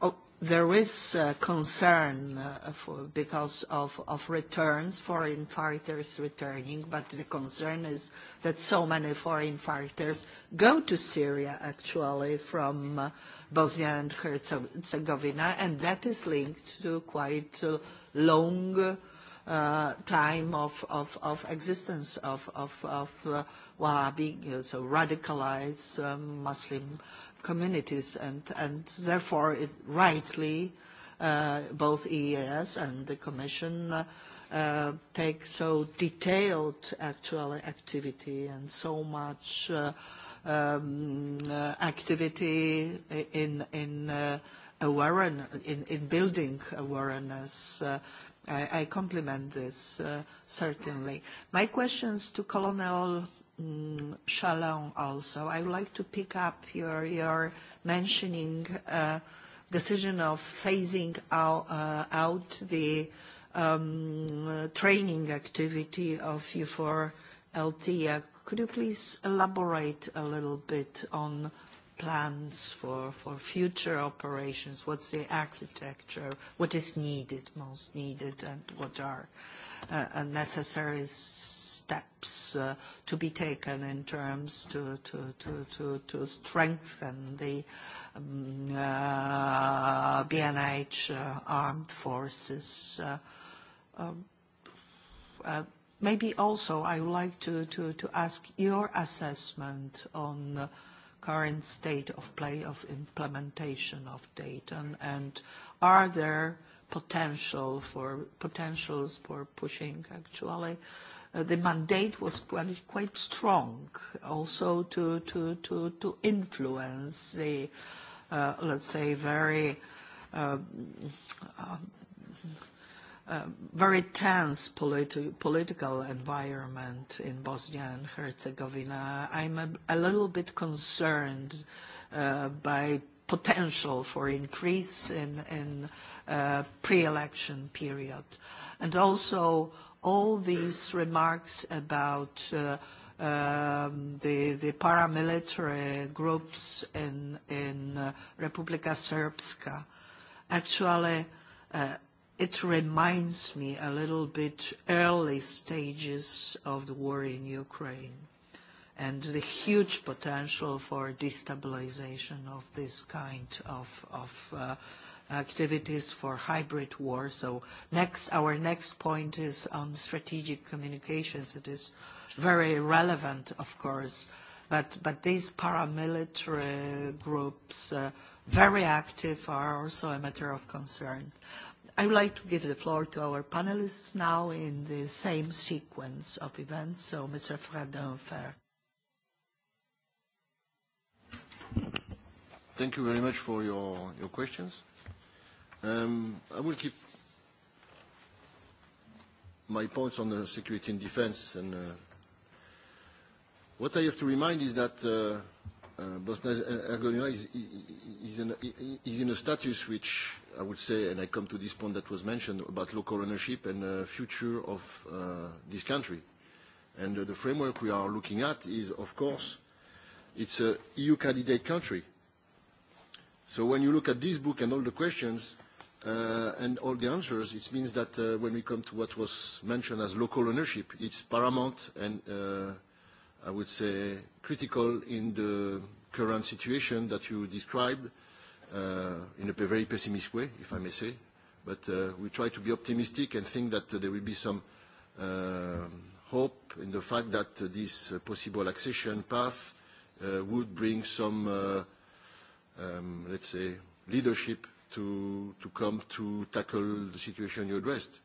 oh, there is uh, concern for, because of, of returns, foreign fighters returning, but the concern is that so many foreign fighters go to Syria, actually, from uh, Bosnia and Herzegovina, and that is linked to quite uh, long uh, time of, of, of existence of, of, of uh, Wahhabi, so radicalized um, Muslim communities, and, and therefore it rightly uh, both EAS and the Commission uh, take so detailed actual activity and so much uh, um, uh, activity in, in uh, awareness, in, in building awareness uh, I, compliment this, uh, certainly. My questions to Colonel um, also. I would like to pick up your, your mentioning uh, decision of phasing out, uh, out the um, training activity of EU4LT. Uh, could you please elaborate a little bit on plans for, future operations? What's the architecture? What is needed, most needed, and what are uh, uh, necessary steps uh, to be taken in terms to, strengthen the BNH um, armed forces? Um, maybe also I would like to, ask your assessment on current state of play of implementation of Dayton, and are there potential for potentials for pushing actually? Uh, the mandate was quite, quite strong also to, to, to, to influence the, uh, let's say, very uh, very tense political environment in Bosnia and Herzegovina. I'm a, little bit concerned uh, by potential for increase in, uh, pre-election period. And also all these remarks about uh, um, the, paramilitary groups in, Republika Srpska. Actually, it reminds me a little bit early stages of the war in Ukraine and the huge potential for destabilization of this kind of, of uh, activities for hybrid war. So next, our next point is on strategic communications. It is very relevant, of course, but, but these paramilitary groups, uh, very active, are also a matter of concern. I would like to give the floor to our panelists now in the same sequence of events. So, Mr. Fradin first. Thank you very much for your, your questions. Um, I will keep my points on the security and defense. And uh, what I have to remind is that uh, Uh, Bosnia and Herzegovina is, is, in, is in a status which I would say, and I come to this point that was mentioned about local ownership and the uh, future of uh, this country. And uh, the framework we are looking at is, of course, it's a EU candidate country. So when you look at this book and all the questions uh, and all the answers, it means that uh, when we come to what was mentioned as local ownership, it's paramount and uh, I would say, critical in the current situation that you described uh, in a very pessimist way, if I may say. But uh, we try to be optimistic and think that uh, there will be some uh, hope in the fact that uh, this uh, possible accession path uh, would bring some, uh, um, let's say, leadership to, to come to tackle the situation you addressed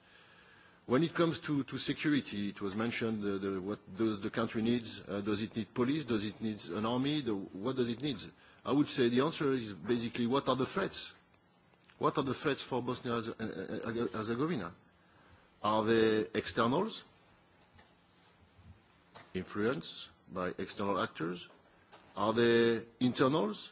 When it comes to, to security, it was mentioned the, what does the country needs? Uh, does it need police? Does it need an army? The, what does it need? I would say the answer is basically what are the threats? What are the threats for Bosnia and Herzegovina? Are they externals? Influence by external actors? Are they internals?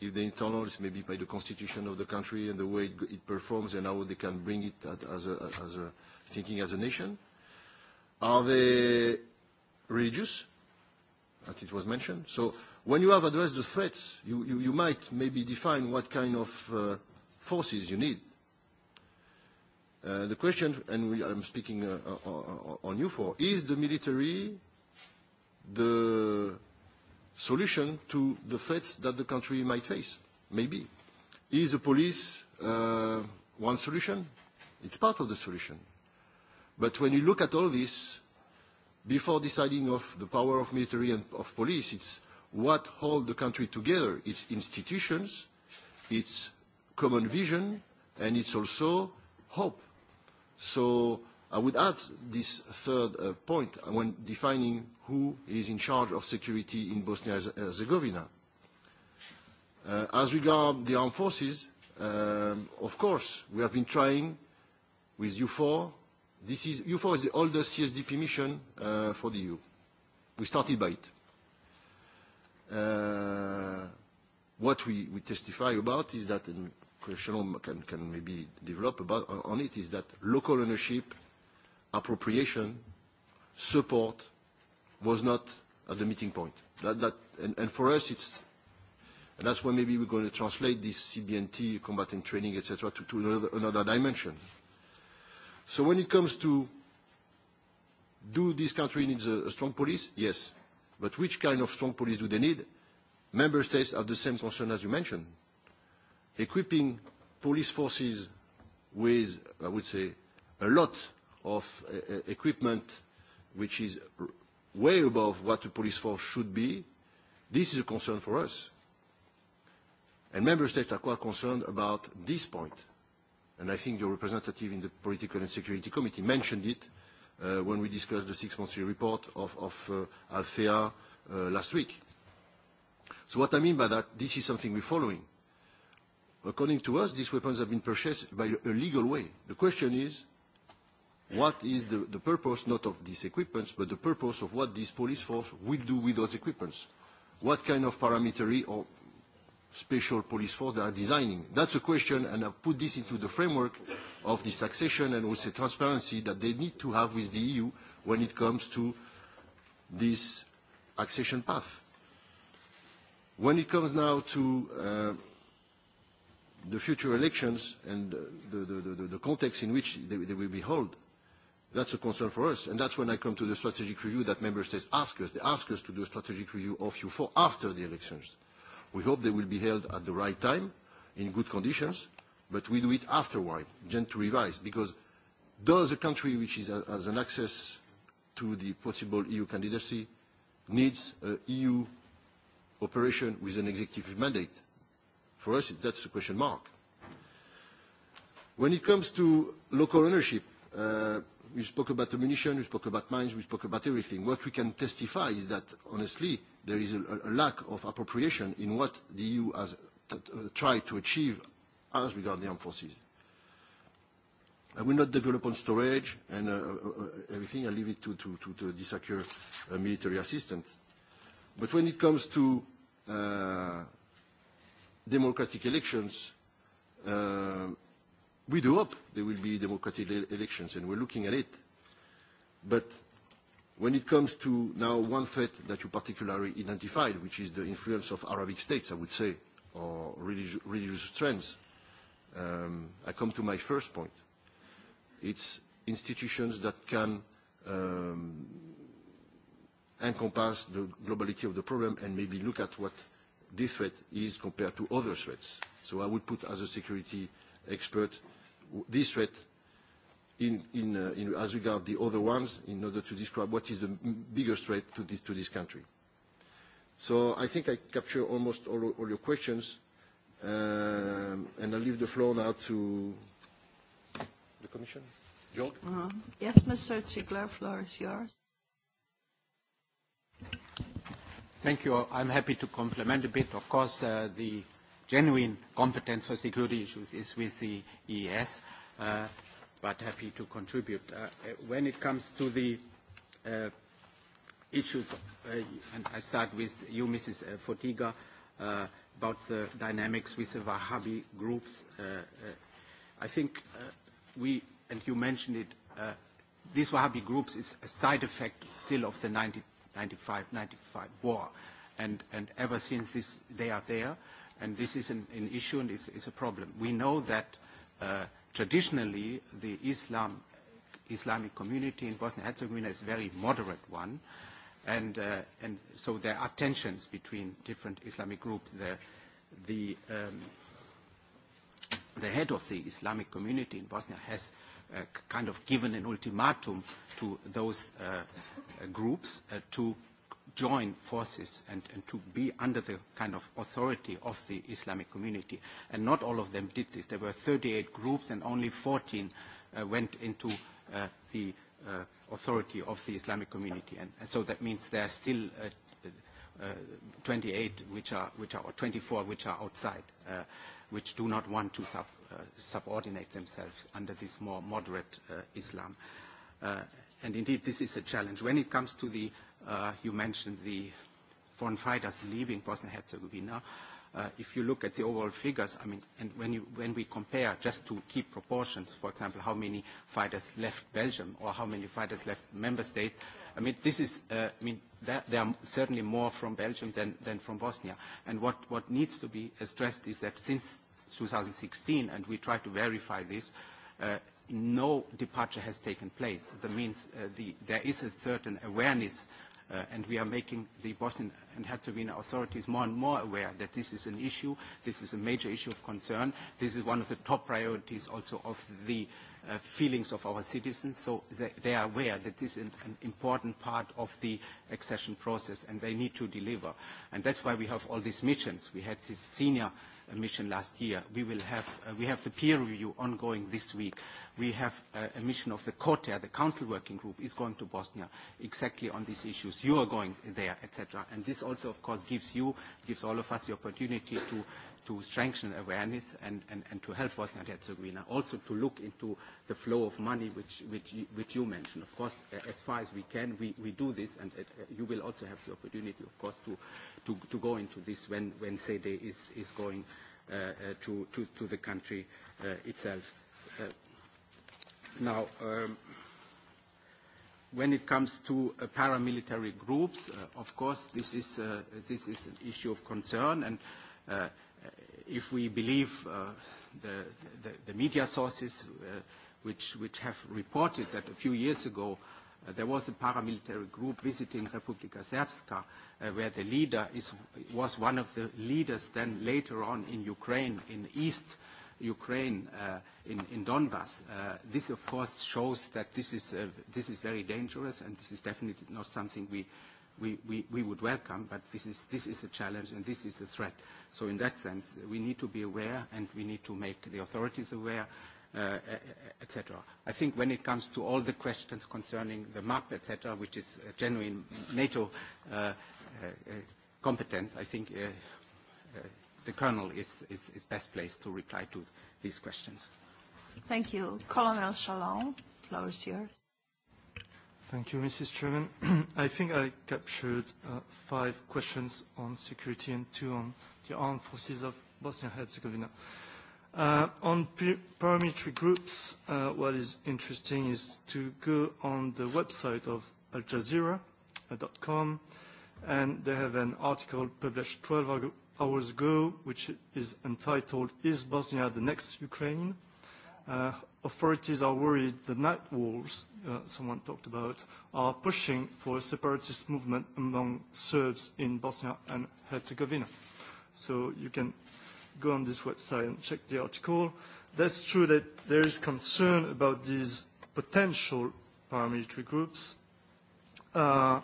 If the internals, maybe by the constitution of the country and the way it, it performs and how they can bring it at, as a, as a thinking as a nation? Are they religious, that it was mentioned? So when you have addressed the threats, you, you, you might maybe define what kind of uh, forces you need. Uh, the question, and we, I'm speaking uh, on, uh, uh, on you for, is the military the solution to the threats that the country might face? Maybe. Is the police uh, one solution? It's part of the solution. But when you look at all this, before deciding of the power of military and of police, it's what holds the country together. It's institutions, it's common vision, and it's also hope. So I would add this third uh, point when defining who is in charge of security in Bosnia and Herzegovina. Uh, as regards the armed forces, um, of course, we have been trying with U4 This is, EUFOR is the oldest CSDP mission uh, for the EU. We started by it. Uh, what we, we testify about is that, and Commissioner can, can maybe develop about, on it, is that local ownership, appropriation, support was not at the meeting point. That, that, and, and for us, it's And that's why maybe we're going to translate this CBNT, combatant training, etc., to, to another, another dimension. So when it comes to do this country needs a, a strong police? Yes. But which kind of strong police do they need? Member states have the same concern as you mentioned. Equipping police forces with, I would say, a lot of uh, uh equipment which is way above what a police force should be, this is a concern for us. And member states are quite concerned about this point and I think your representative in the Political and Security Committee mentioned it uh, when we discussed the six-monthly report of, of uh, Althea uh, last week. So what I mean by that, this is something we're following. According to us, these weapons have been purchased by a legal way. The question is, what is the, the purpose, not of these equipments, but the purpose of what this police force will do with those equipments? What kind of paramilitary or special police force they are designing. That's a question, and I've put this into the framework of the succession and also transparency that they need to have with the EU when it comes to this accession path. When it comes now to uh, the future elections and the, the, the, the context in which they, they will be held, that's a concern for us. And that's when I come to the strategic review that member states ask us. They ask us to do a strategic review of you 4 after the elections. We hope they will be held at the right time, in good conditions, but we do it afterward, then to revise, because does a country which is, a, uh, has an access to the possible EU candidacy needs an EU operation with an executive mandate? For us, that's a question mark. When it comes to local ownership, uh, we spoke about ammunition, we spoke about mines, we spoke about everything. What we can testify is that, honestly, there is a, a lack of appropriation in what the EU has t uh, tried to achieve as regards the armed forces. I will not develop on storage and uh, uh, uh everything. I leave it to, to, to, to the secure uh, military assistant. But when it comes to uh, democratic elections, uh, we do hope there will be democratic elections, and we're looking at it. But When it comes to now one threat that you particularly identified, which is the influence of Arabic states, I would say, or religious, religious trends, um, I come to my first point. It's institutions that can um, encompass the globality of the problem and maybe look at what this threat is compared to other threats. So I would put as a security expert this threat in, in, uh, in, as regard the other ones in order to describe what is the biggest threat to this, to this country. So I think I capture almost all, all your questions, um, and I leave the floor now to the Commission. George? Uh -huh. Yes, Mr. Ziegler, floor is yours. Thank you. I'm happy to compliment a bit. Of course, uh, the genuine competence for security issues is with the EES. Uh, but happy to contribute. Uh, uh, when it comes to the uh, issues, uh, and I start with you, Mrs. Uh, Fotiga, uh, about the dynamics with the Wahhabi groups. Uh, uh, I think uh, we, and you mentioned it, uh, these Wahhabi groups is a side effect still of the 1995-95 war. And, and ever since this, they are there, and this is an, an issue and it's, it's a problem. We know that uh, traditionally the Islam, Islamic community in Bosnia-Herzegovina is a very moderate one, and, uh, and so there are tensions between different Islamic groups. The, the, um, the head of the Islamic community in Bosnia has uh, kind of given an ultimatum to those uh, groups uh, to join forces and, and to be under the kind of authority of the Islamic community. And not all of them did this. There were 38 groups and only 14 uh, went into uh, the uh, authority of the Islamic community. And, and so that means there are still uh, uh, 28 which are, which are, or 24 which are outside, uh, which do not want to sub, uh, subordinate themselves under this more moderate uh, Islam. Uh, and indeed, this is a challenge. When it comes to the uh, Uh, you mentioned the foreign fighters leaving Bosnia-Herzegovina. Uh, if you look at the overall figures, I mean, and when, you, when we compare, just to keep proportions, for example, how many fighters left Belgium or how many fighters left member state, I mean, this is, uh, I mean, that, there are certainly more from Belgium than, than from Bosnia. And what, what needs to be stressed is that since 2016, and we try to verify this, uh, no departure has taken place. That means uh, the, there is a certain awareness Uh, and we are making the Bosnian and Herzegovina authorities more and more aware that this is an issue, this is a major issue of concern, this is one of the top priorities also of the uh, feelings of our citizens, so they, they are aware that this is an, an important part of the accession process and they need to deliver. And that's why we have all these missions. We had this senior emission last year. We will have, uh, we have the peer review ongoing this week. We have uh, a mission of the COTER, the Council Working Group, is going to Bosnia exactly on these issues. You are going there, etc. And this also, of course, gives you, gives all of us the opportunity to to strengthen awareness and, and, and to help Bosnia and Herzegovina also to look into the flow of money which, which, you, which you mentioned. Of course, as far as we can, we, we do this, and uh, uh, you will also have the opportunity, of course, to, to, to go into this when, when SEDE is, is going uh, uh, to, to, to the country uh, itself. Uh, now, um, When it comes to uh, paramilitary groups, uh, of course, this is, uh, this is an issue of concern, and uh, if we believe uh, the, the, the media sources uh, which, which have reported that a few years ago uh, there was a paramilitary group visiting Republika Srpska uh, where the leader is, was one of the leaders then later on in Ukraine, in East Ukraine, uh, in, in Donbass. Uh, this of course shows that this is, uh, this is very dangerous and this is definitely not something we, we, we, we would welcome, but this is, this is a challenge and this is a threat. So in that sense, we need to be aware and we need to make the authorities aware, uh, e, e, etc. I think when it comes to all the questions concerning the MAP, etc., which is a genuine NATO uh, uh, competence, I think uh, uh, the Colonel is, is, is best placed to reply to these questions. Thank you. Colonel Shalom, floor is yours. Thank you, Mrs. Chairman. I think I captured uh, five questions on security and two on the armed forces of Bosnia-Herzegovina. Uh, on paramilitary groups, uh, what is interesting is to go on the website of Al Jazeera.com, uh, and they have an article published 12 hours ago, which is entitled, Is Bosnia the Next Ukraine? Uh, authorities are worried the night wolves, uh, someone talked about, are pushing for a separatist movement among Serbs in Bosnia and Herzegovina. So you can go on this website and check the article. That's true that there is concern about these potential paramilitary groups. Uh,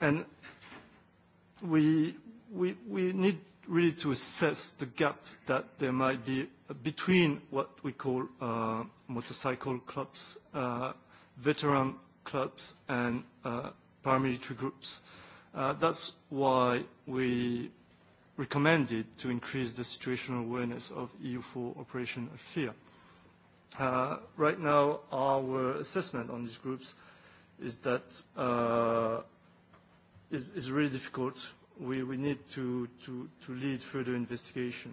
and we, we, we need really to assess the gap that there might be between what we call uh, motorcycle clubs, uh, veteran clubs, and uh, paramilitary groups. Uh, that's why we recommended to increase the situational awareness of EU4 Operation Fear. Uh, right now, our assessment on these groups is that uh, is, is really difficult we, we need to, to, to lead further investigation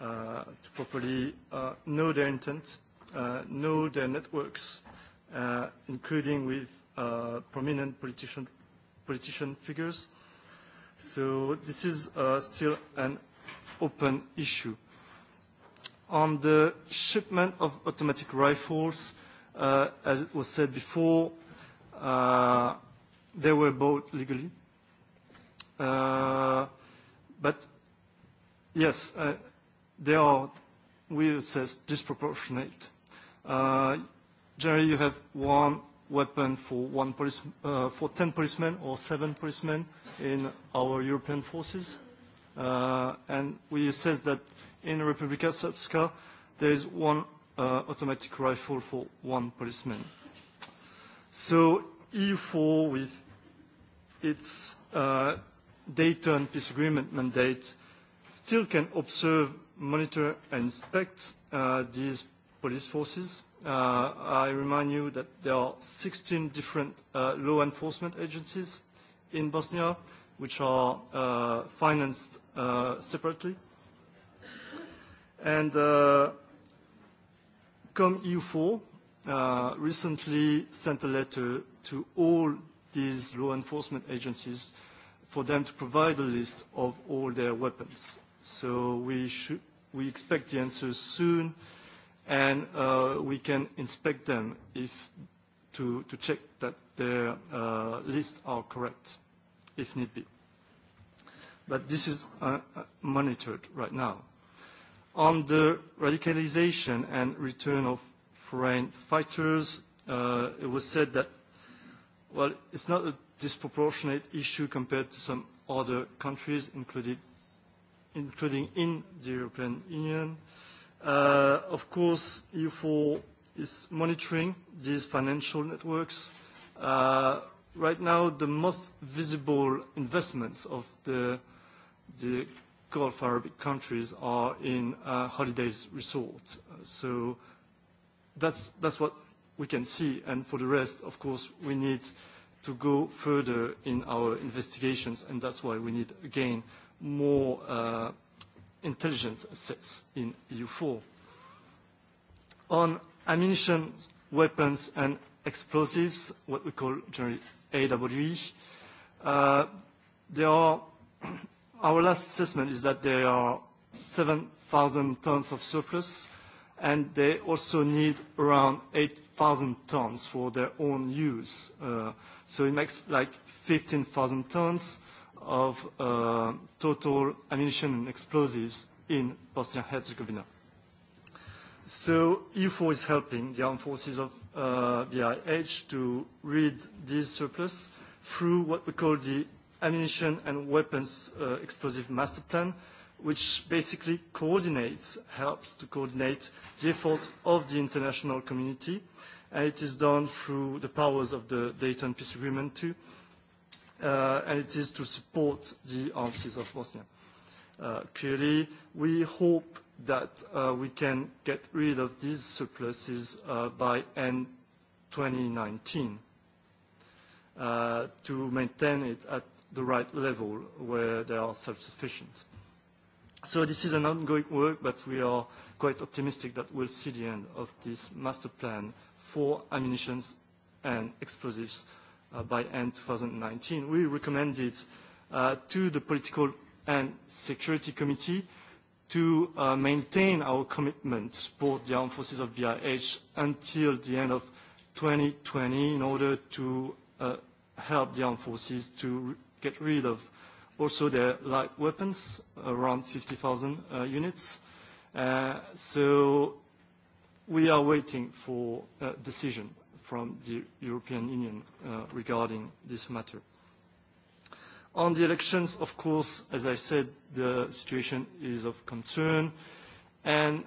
uh, to properly uh, know their intent, uh, know their networks, uh, including with uh, prominent politician, politician figures. So this is uh, still an open issue. On the shipment of automatic rifles, uh, as it was said before, uh, they were bought legally Uh, but yes, uh, they are, we assess, disproportionate. generally, uh, you have one weapon for, one police, for 10 policemen or seven policemen in our European forces. and we assess that in Republika Srpska, there is one automatic rifle for one policeman. So EU4 with its Dayton Peace Agreement mandate still can observe, monitor and inspect uh, these police forces. Uh, I remind you that there are 16 different uh, law enforcement agencies in Bosnia which are uh, financed uh, separately. And uh, com EU4 uh, recently sent a letter to all these law enforcement agencies uh, for them to provide a list of all their weapons. So we, should, we expect the answers soon, and uh, we can inspect them if to, to check that their uh, lists are correct, if need be. But this is uh, uh monitored right now. On the radicalization and return of foreign fighters, uh, it was said that, well, it's not a disproportionate issue compared to some other countries, including, including in the European Union. Uh, of course, EU4 is monitoring these financial networks. Uh, right now, the most visible investments of the, the Gulf Arabic countries are in uh, holidays resort. Uh, so that's, that's what we can see. And for the rest, of course, we need to go further in our investigations, and that's why we need, again, more uh, intelligence assets in EU4. On ammunition, weapons, and explosives, what we call generally AWE, uh, there are, our last assessment is that there are 7,000 tons of surplus and they also need around 8,000 tons for their own use. Uh, so it makes like 15,000 tons of uh, total ammunition and explosives in Bosnia-Herzegovina. So EU4 is helping the armed forces of uh, BIH to rid this surplus through what we call the Ammunition and Weapons uh, Explosive Master Plan, uh, which basically coordinates, helps to coordinate the efforts of the international community. And it is done through the powers of the Dayton Peace Agreement too, uh, and it is to support the armed of Bosnia. Uh, clearly, we hope that uh, we can get rid of these surpluses uh, by end 2019 uh, to maintain it at the right level where they are self-sufficient. So this is an ongoing work, but we are quite optimistic that we'll see the end of this master plan for ammunition and explosives uh, by end 2019. We recommended uh, to the Political and Security Committee to uh, maintain our commitment to support the armed forces of BIH until the end of 2020 in order to uh, help the armed forces to get rid of also the light weapons, around 50,000 uh, units. Uh, so we are waiting for a decision from the European Union uh, regarding this matter. On the elections, of course, as I said, the situation is of concern. And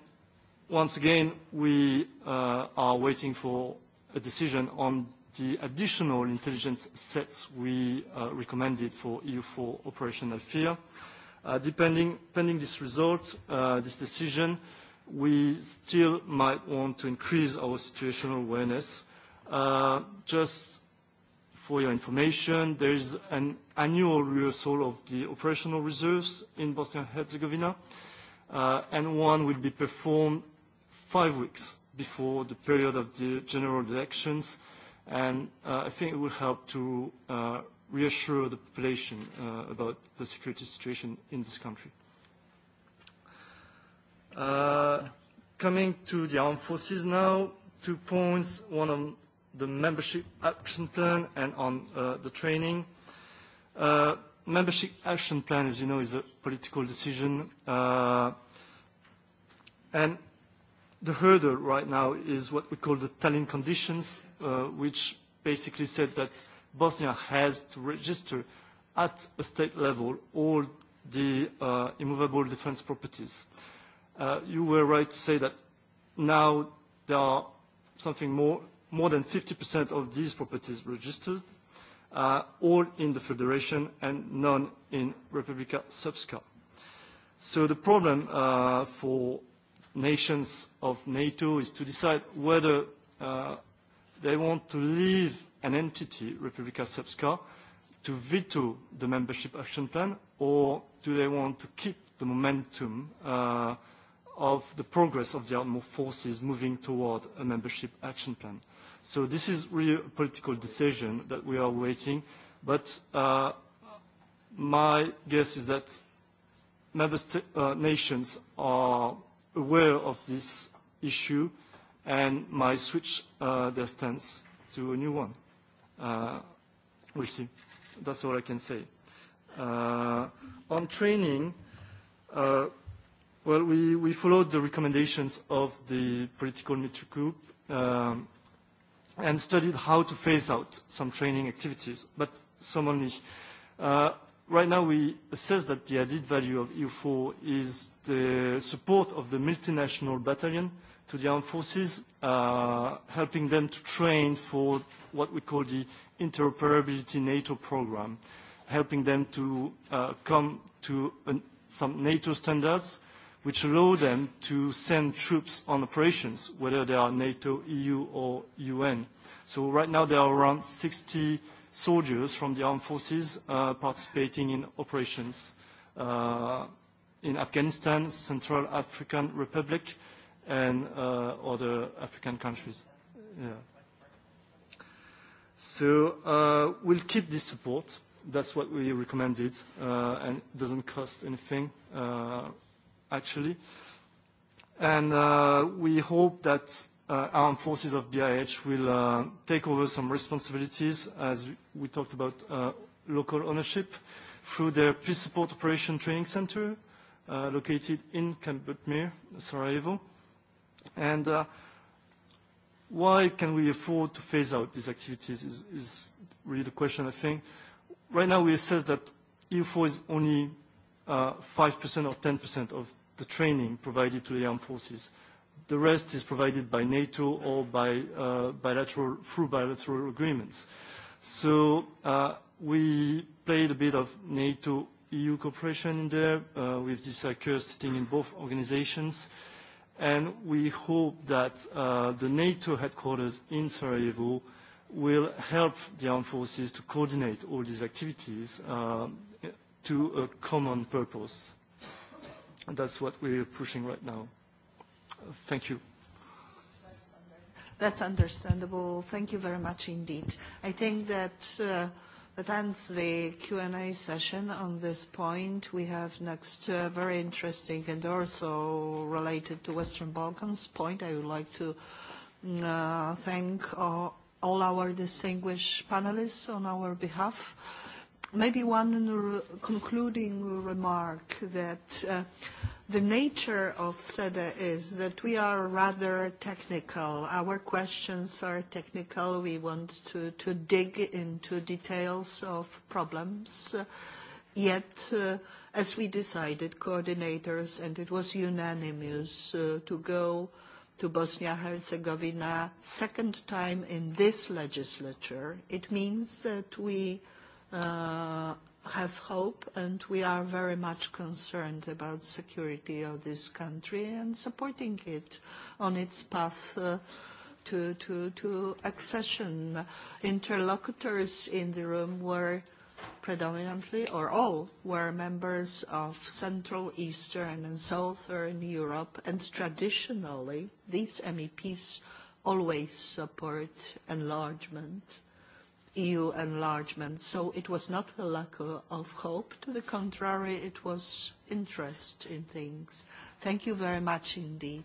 once again, we uh, are waiting for a decision on the additional intelligence sets we uh, recommended for EU4 operational fear. Uh, depending, pending this result, uh, this decision, we still might want to increase our situational awareness. Uh, just for your information, there is an annual rehearsal of the operational reserves in Bosnia and Herzegovina, uh, and one will be performed five weeks before the period of the general elections uh, And uh, I think it will help to uh, reassure the population uh, about the security situation in this country. Uh, coming to the armed forces now, two points, one on the membership action plan and on uh, the training. Uh, membership action plan, as you know, is a political decision. Uh, and the hurdle right now is what we call the Tallinn conditions, uh, which basically said that Bosnia has to register at a state level all the uh, immovable defense properties. Uh, you were right to say that now there are something more, more than 50% of these properties registered, uh, all in the Federation and none in Republika Srpska. So the problem uh, for nations of NATO is to decide whether uh, they want to leave an entity, Republika Srpska, to veto the membership action plan, or do they want to keep the momentum uh, of the progress of the armed forces moving toward a membership action plan? So this is really a political decision that we are waiting, but uh, my guess is that member uh, nations are aware of this issue and might switch uh, their stance to a new one. Uh, we'll see. That's all I can say. Uh, on training, uh, well, we, we followed the recommendations of the political military group um, and studied how to phase out some training activities, but some only. Uh, Right now, we assess that the added value of EU4 is the support of the multinational battalion to the armed forces, uh, helping them to train for what we call the interoperability NATO program, helping them to uh, come to an, some NATO standards which allow them to send troops on operations, whether they are NATO, EU, or UN. So right now there are around 60 soldiers from the armed forces uh, participating in operations uh, in Afghanistan, Central African Republic, and uh, other African countries. Yeah. So uh, we'll keep this support. That's what we recommended, uh, and it doesn't cost anything, uh, actually. And uh, we hope that uh, armed forces of BIH will uh, take over some responsibilities, as we talked about uh, local ownership, through their Peace Support Operation Training Center, uh, located in Kambutmir, Sarajevo. And uh, why can we afford to phase out these activities is, is really the question, I think. Right now, we assess that EU4 is only uh, 5% or 10% of the training provided to the armed forces. Uh, The rest is provided by NATO or by, uh, bilateral, through bilateral agreements. So uh, we played a bit of NATO-EU cooperation in there uh, with this actor sitting in both organizations. And we hope that uh, the NATO headquarters in Sarajevo will help the armed forces to coordinate all these activities uh, to a common purpose. And that's what we're pushing right now. Thank you. That's understandable. Thank you very much indeed. I think that uh, that ends the Q&A session on this point. We have next uh, very interesting and also related to Western Balkans point. I would like to uh, thank all, our distinguished panelists on our behalf. Maybe one concluding remark that The nature of SEDE is that we are rather technical. Our questions are technical. We want to, to dig into details of problems. Yet, uh, as we decided, coordinators, and it was unanimous, uh, to go to Bosnia-Herzegovina second time in this legislature. It means that we uh, have hope, and we are very much concerned about security of this country and supporting it on its path uh, to, to, to accession. Interlocutors in the room were predominantly, or all, were members of Central, Eastern, and Southern Europe, and traditionally, these MEPs always support enlargement EU enlargement. So it was not a lack of hope. To the contrary, it was interest in things. Thank you very much indeed.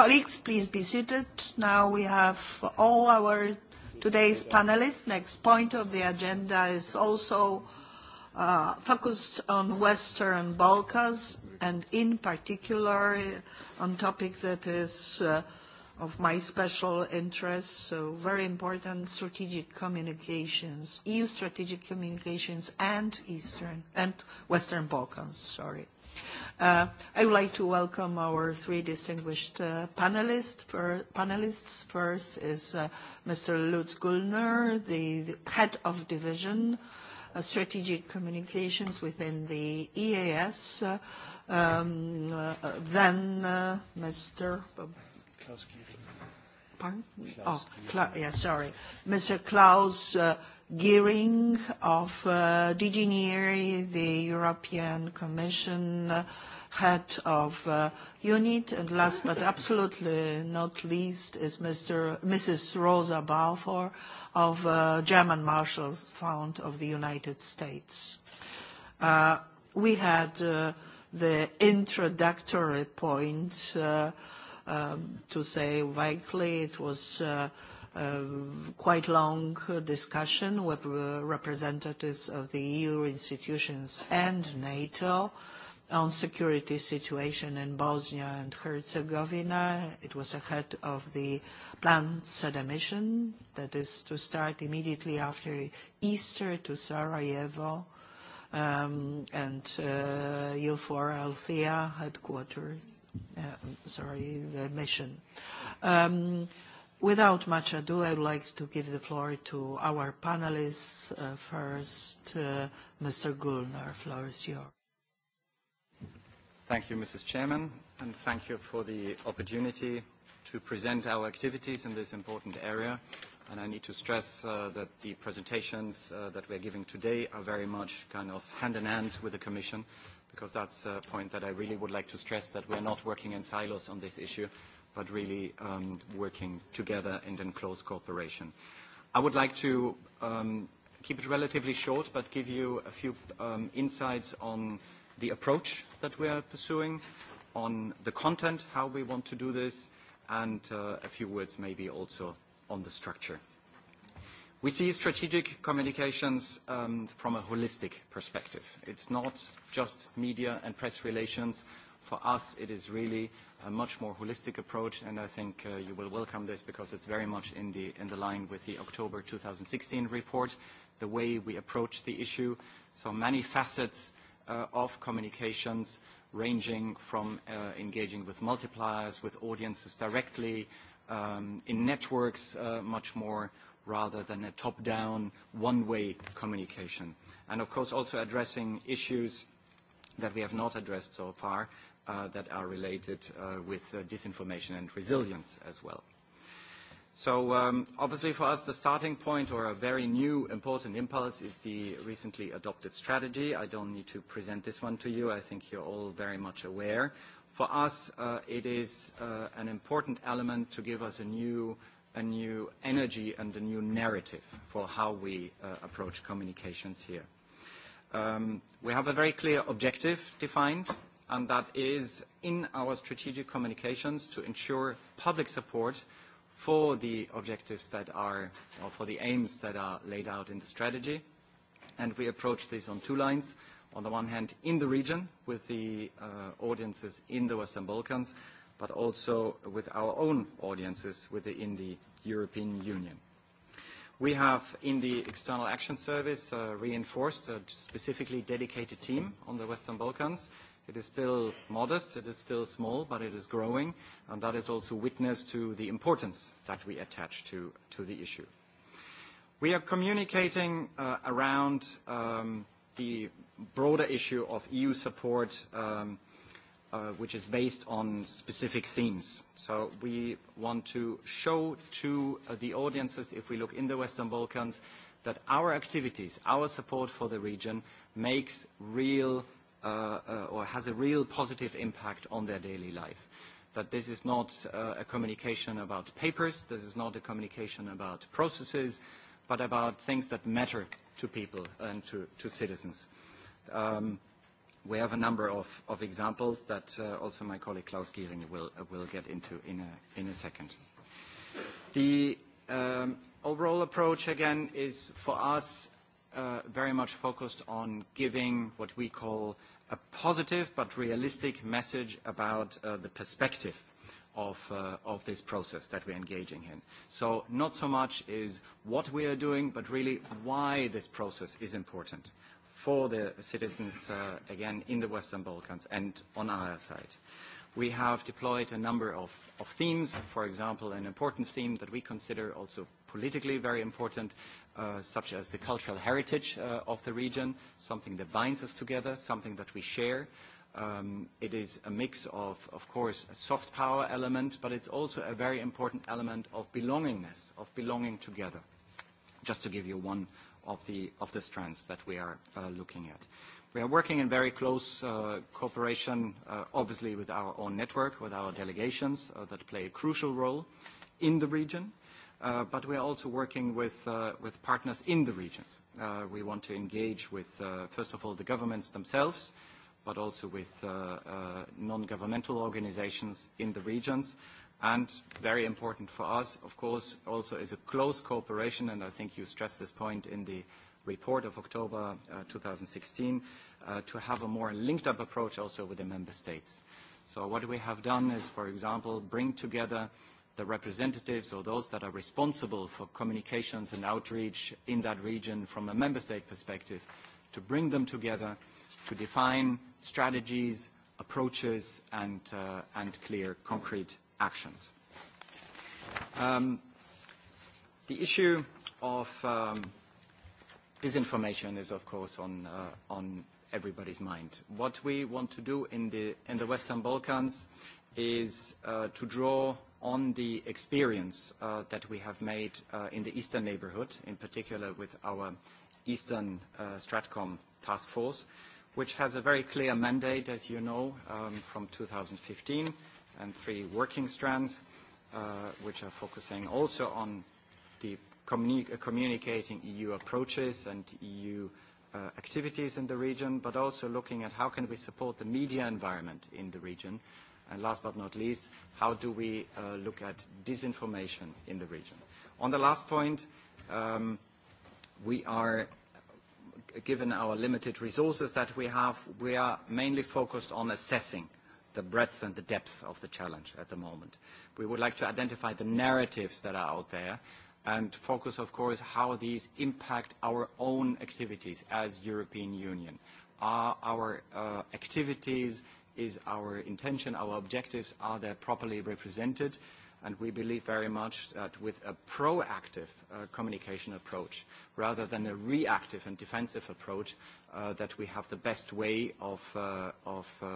Colleagues, please be seated. Now we have all our today's panelists. Next point of the agenda is also uh, focused on Western Balkans and in particular uh, on topic that is uh, of my special interest, so very important strategic communications, EU strategic communications and Eastern and Western Balkans, sorry. Uh, I would like to welcome our three distinguished uh, panelists. For, panelists. First is uh, Mr. Lutz Güllner, the, the head of division uh, strategic communications within the EAS. Uh, um, uh, then uh, Mr. Klaus Gierig. Pardon? Klaus oh, yeah, sorry. Mr. Klaus uh, of uh, DG the European Commission uh, head of uh, unit. And last but absolutely not least is Mr. Mrs. Rosa Balfour of uh, German Marshall Fund of the United States. Uh, we had uh, the introductory point uh, um, to say vaguely, it was uh, uh, quite long discussion with uh, representatives of the EU institutions and NATO on security situation in Bosnia and Herzegovina. It was ahead of the planned SEDA mission that is to start immediately after Easter to Sarajevo um, and uh, U4 Althea headquarters Uh, sorry, mission. Um, without much ado, I would like to give the floor to our panelists. Uh, first, uh, Mr. Gulnar, floor is yours. Thank you, Mrs. Chairman, and thank you for the opportunity to present our activities in this important area. And I need to stress uh, that the presentations uh, that we're giving today are very much kind of hand in hand with the Commission because that's a point that I really would like to stress, that we're not working in silos on this issue, but really um, working together and in close cooperation. I would like to um, keep it relatively short, but give you a few um, insights on the approach that we are pursuing, on the content, how we want to do this, and uh, a few words maybe also on the structure. We see strategic communications um, from a holistic perspective. It's not just media and press relations. For us, it is really a much more holistic approach, and I think uh, you will welcome this because it's very much in the, in the line with the October 2016 report, the way we approach the issue. So many facets uh, of communications ranging from uh, engaging with multipliers, with audiences directly, um, in networks uh, much more rather than a top-down, one-way communication. And of course also addressing issues that we have not addressed so far uh, that are related uh, with uh, disinformation and resilience as well. So um, obviously for us the starting point or a very new important impulse is the recently adopted strategy. I don't need to present this one to you. I think you're all very much aware. For us, uh, it is uh, an important element to give us a new a new energy and a new narrative for how we uh, approach communications here. Um, we have a very clear objective defined, and that is in our strategic communications to ensure public support for the objectives that are, or for the aims that are laid out in the strategy. And we approach this on two lines. On the one hand, in the region with the uh, audiences in the Western Balkans, but also with our own audiences within the European Union. We have, in the External Action Service, uh, reinforced a specifically dedicated team on the Western Balkans. It is still modest, it is still small, but it is growing, and that is also witness to the importance that we attach to, to the issue. We are communicating uh, around um, the broader issue of EU support um, – Uh, which is based on specific themes. So we want to show to uh, the audiences, if we look in the Western Balkans, that our activities, our support for the region makes real uh, uh, or has a real positive impact on their daily life. That this is not uh, a communication about papers, this is not a communication about processes, but about things that matter to people and to, to citizens. Um, We have a number of, examples that uh, also my colleague Klaus Gierig uh, will, get into in a, second. The um, overall approach, again, is for us uh, very much focused on giving what we call a positive but realistic message about the perspective of this process that we're engaging in. So not so much is what we are doing, but really why this process is important for the citizens, uh, again, in the Western Balkans and on our side. We have deployed a number of, of themes, for example, an important theme that we consider also politically very important, uh, such as the cultural heritage uh, of the region, something that binds us together, something that we share. Um, it is a mix of, of course, a soft power element, but it's also a very important element of belongingness, of belonging together. Just to give you one, of the, strands that we are uh, looking at. We are working in very close uh, cooperation, uh, obviously, with our own network, with our delegations that play a crucial role in the region. but we are also working with, partners in the regions. we want to engage with, first of all, the governments themselves, but also with non-governmental organizations in the regions, And very important for us, of course, also is a close cooperation, and I think you stressed this point in the report of October uh, 2016, uh, to have a more linked-up approach also with the member states. So what we have done is, for example, bring together the representatives or those that are responsible for communications and outreach in that region from a member state perspective, to bring them together to define strategies, approaches, and, uh, and clear concrete actions. Um, the issue of um, disinformation is, of course, on, uh, on everybody's mind. What we want to do in the, in the Western Balkans is uh, to draw on the experience uh, that we have made uh, in the eastern neighborhood, in particular with our eastern uh, Stratcom task force, which has a very clear mandate, as you know, um, from 2015, and three working strands, uh, which are focusing also on the communi uh, communicating EU approaches and EU uh, activities in the region, but also looking at how can we support the media environment in the region, and last but not least, how do we uh, look at disinformation in the region. On the last point, um, we are uh, given our limited resources that we have, we are mainly focused on assessing uh, the breadth and the depth of the challenge at the moment. We would like to identify the narratives that are out there and focus, of course, how these impact our own activities as European Union. Are our uh, activities, is our intention, our objectives, are they properly represented? and we believe very much that with a proactive uh, communication approach rather than a reactive and defensive approach uh, that we have the best way of, uh, of uh,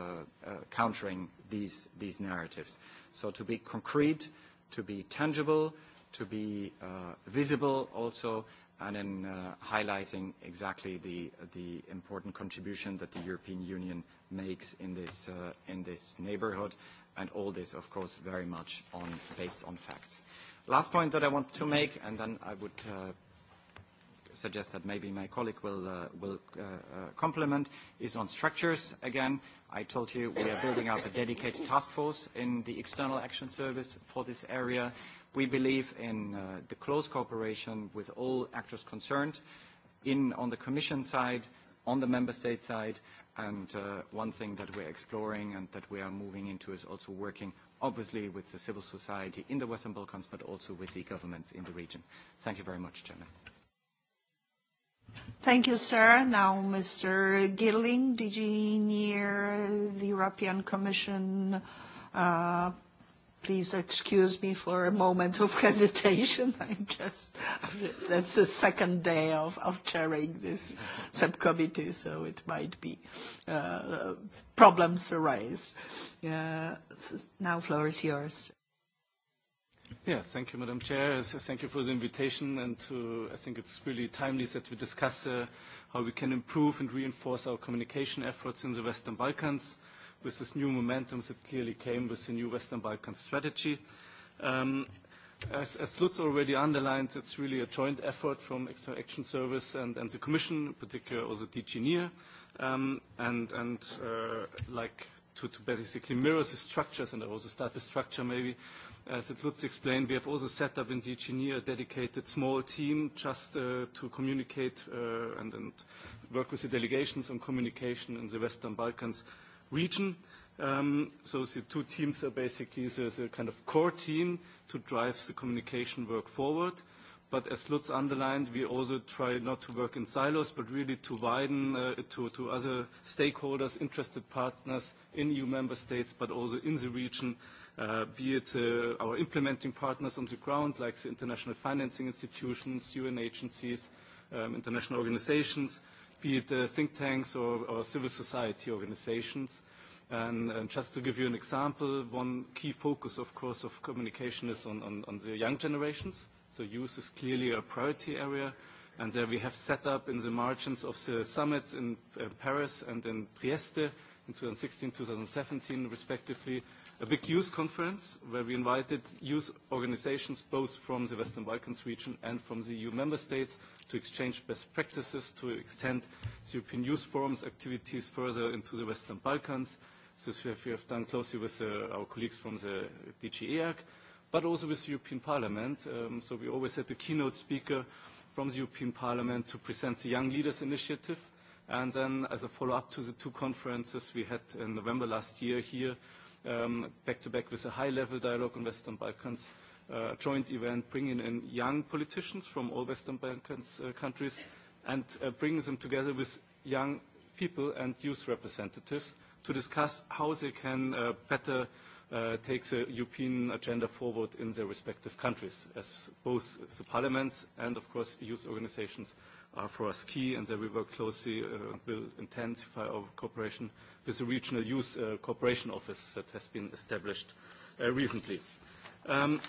uh, countering these, these narratives. So to be concrete, to be tangible, to be uh, visible also, and in uh, highlighting exactly the, the important contribution that the European Union makes in this, uh, in this neighborhood and all this, of course, very much on, based on facts. Last point that I want to make, and then I would uh, suggest that maybe my colleague will, uh, will uh, uh, complement, is on structures. Again, I told you we are building up a dedicated task force in the External Action Service for this area. We believe in uh, the close cooperation with all actors concerned. In, on the Commission side, on the member state side. And uh, one thing that we're exploring and that we are moving into is also working, obviously, with the civil society in the Western Balkans, but also with the governments in the region. Thank you very much, Chairman. Thank you, sir. Now, Mr. Gilling, did you NEAR, the European Commission uh, Please excuse me for a moment of hesitation. I'm just, that's the second day of, of chairing this subcommittee, so it might be uh, problems arise. Uh, now floor is yours. Yeah, thank you, Madam Chair. Thank you for the invitation, and to, I think it's really timely that we discuss uh, how we can improve and reinforce our communication efforts in the Western Balkans with this new momentum that clearly came with the new Western Balkan strategy. Um, as, as Lutz already underlined, it's really a joint effort from External Action Service and, and the Commission, in particular also DG NIR, um, and, and uh, like to, to basically mirror the structures, and I also start with structure maybe, As Lutz explained, we have also set up in DG NIR a dedicated small team just uh, to communicate uh, and, and work with the delegations on communication in the Western Balkans region. Um, so the two teams are basically the kind of core team to drive the communication work forward. But as Lutz underlined, we also try not to work in silos, but really to widen uh, to, other stakeholders, interested partners in EU member states, but also in the region, uh, be it uh, our implementing partners on the ground, like the international financing institutions, UN agencies, um, international organizations, be it uh, think tanks or, or civil society organizations. And, and just to give you an example, one key focus, of course, of communication is on, on, on the young generations. So youth is clearly a priority area. And there we have set up in the margins of the summits in uh, Paris and in Trieste in 2016, 2017, respectively, a big youth conference where we invited youth organizations both from the Western Balkans region and from the EU member states to exchange best practices, to extend the European Youth Forum's activities further into the Western Balkans. This we have we have done closely with uh, our colleagues from the DG EAC, but also with the European Parliament. Um, so we always had the keynote speaker from the European Parliament to present the Young Leaders Initiative. And then as a follow-up to the two conferences we had in November last year here, um, back to back with a high level dialogue on Western Balkans uh, joint event, bringing in young politicians from all Western Balkans uh, countries and uh, bringing them together with young people and youth representatives to discuss how they can uh, better uh, take the European agenda forward in their respective countries, as both the parliaments and, of course, youth organizations are for us key and that we work closely uh, will intensify our cooperation with the regional youth uh, cooperation office that has been established uh, recently. Um,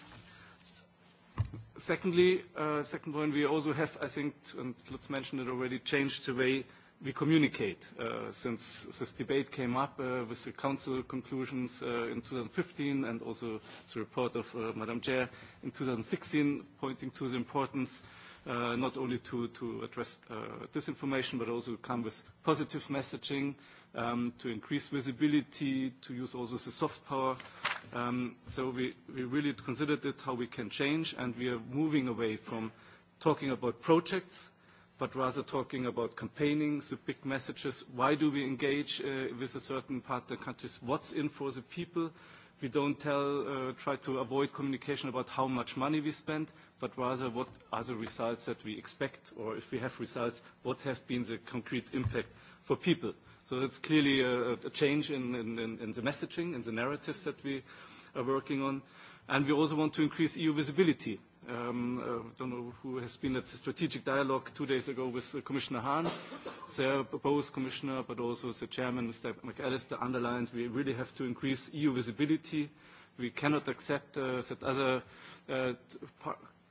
secondly, uh, second point, we also have, I think, and Lutz mentioned it already, changed the way we communicate. Uh, since this debate came up uh, with the council conclusions uh, in 2015 and also the report of uh, Madame Chair in 2016 pointing to the importance uh, not only to, to address uh, disinformation, but also come with positive messaging, um, to increase visibility, to use also the soft power. Um, so we, we really considered it how we can change, and we are moving away from talking about projects, but rather talking about campaigning, the big messages, why do we engage uh, with a certain partner countries, what's in for the people, we don't tell, uh, try to avoid communication about how much money we spend, but rather what are the results that we expect, or if we have results, what has been the concrete impact for people. So that's clearly a, a change in, in, in the messaging, and the narratives that we are working on. And we also want to increase EU visibility um, I uh, don't know who has been at the strategic dialogue two days ago with uh, Commissioner Hahn. the both Commissioner, but also the Chairman, Mr. McAllister, underlined we really have to increase EU visibility. We cannot accept uh, that other uh,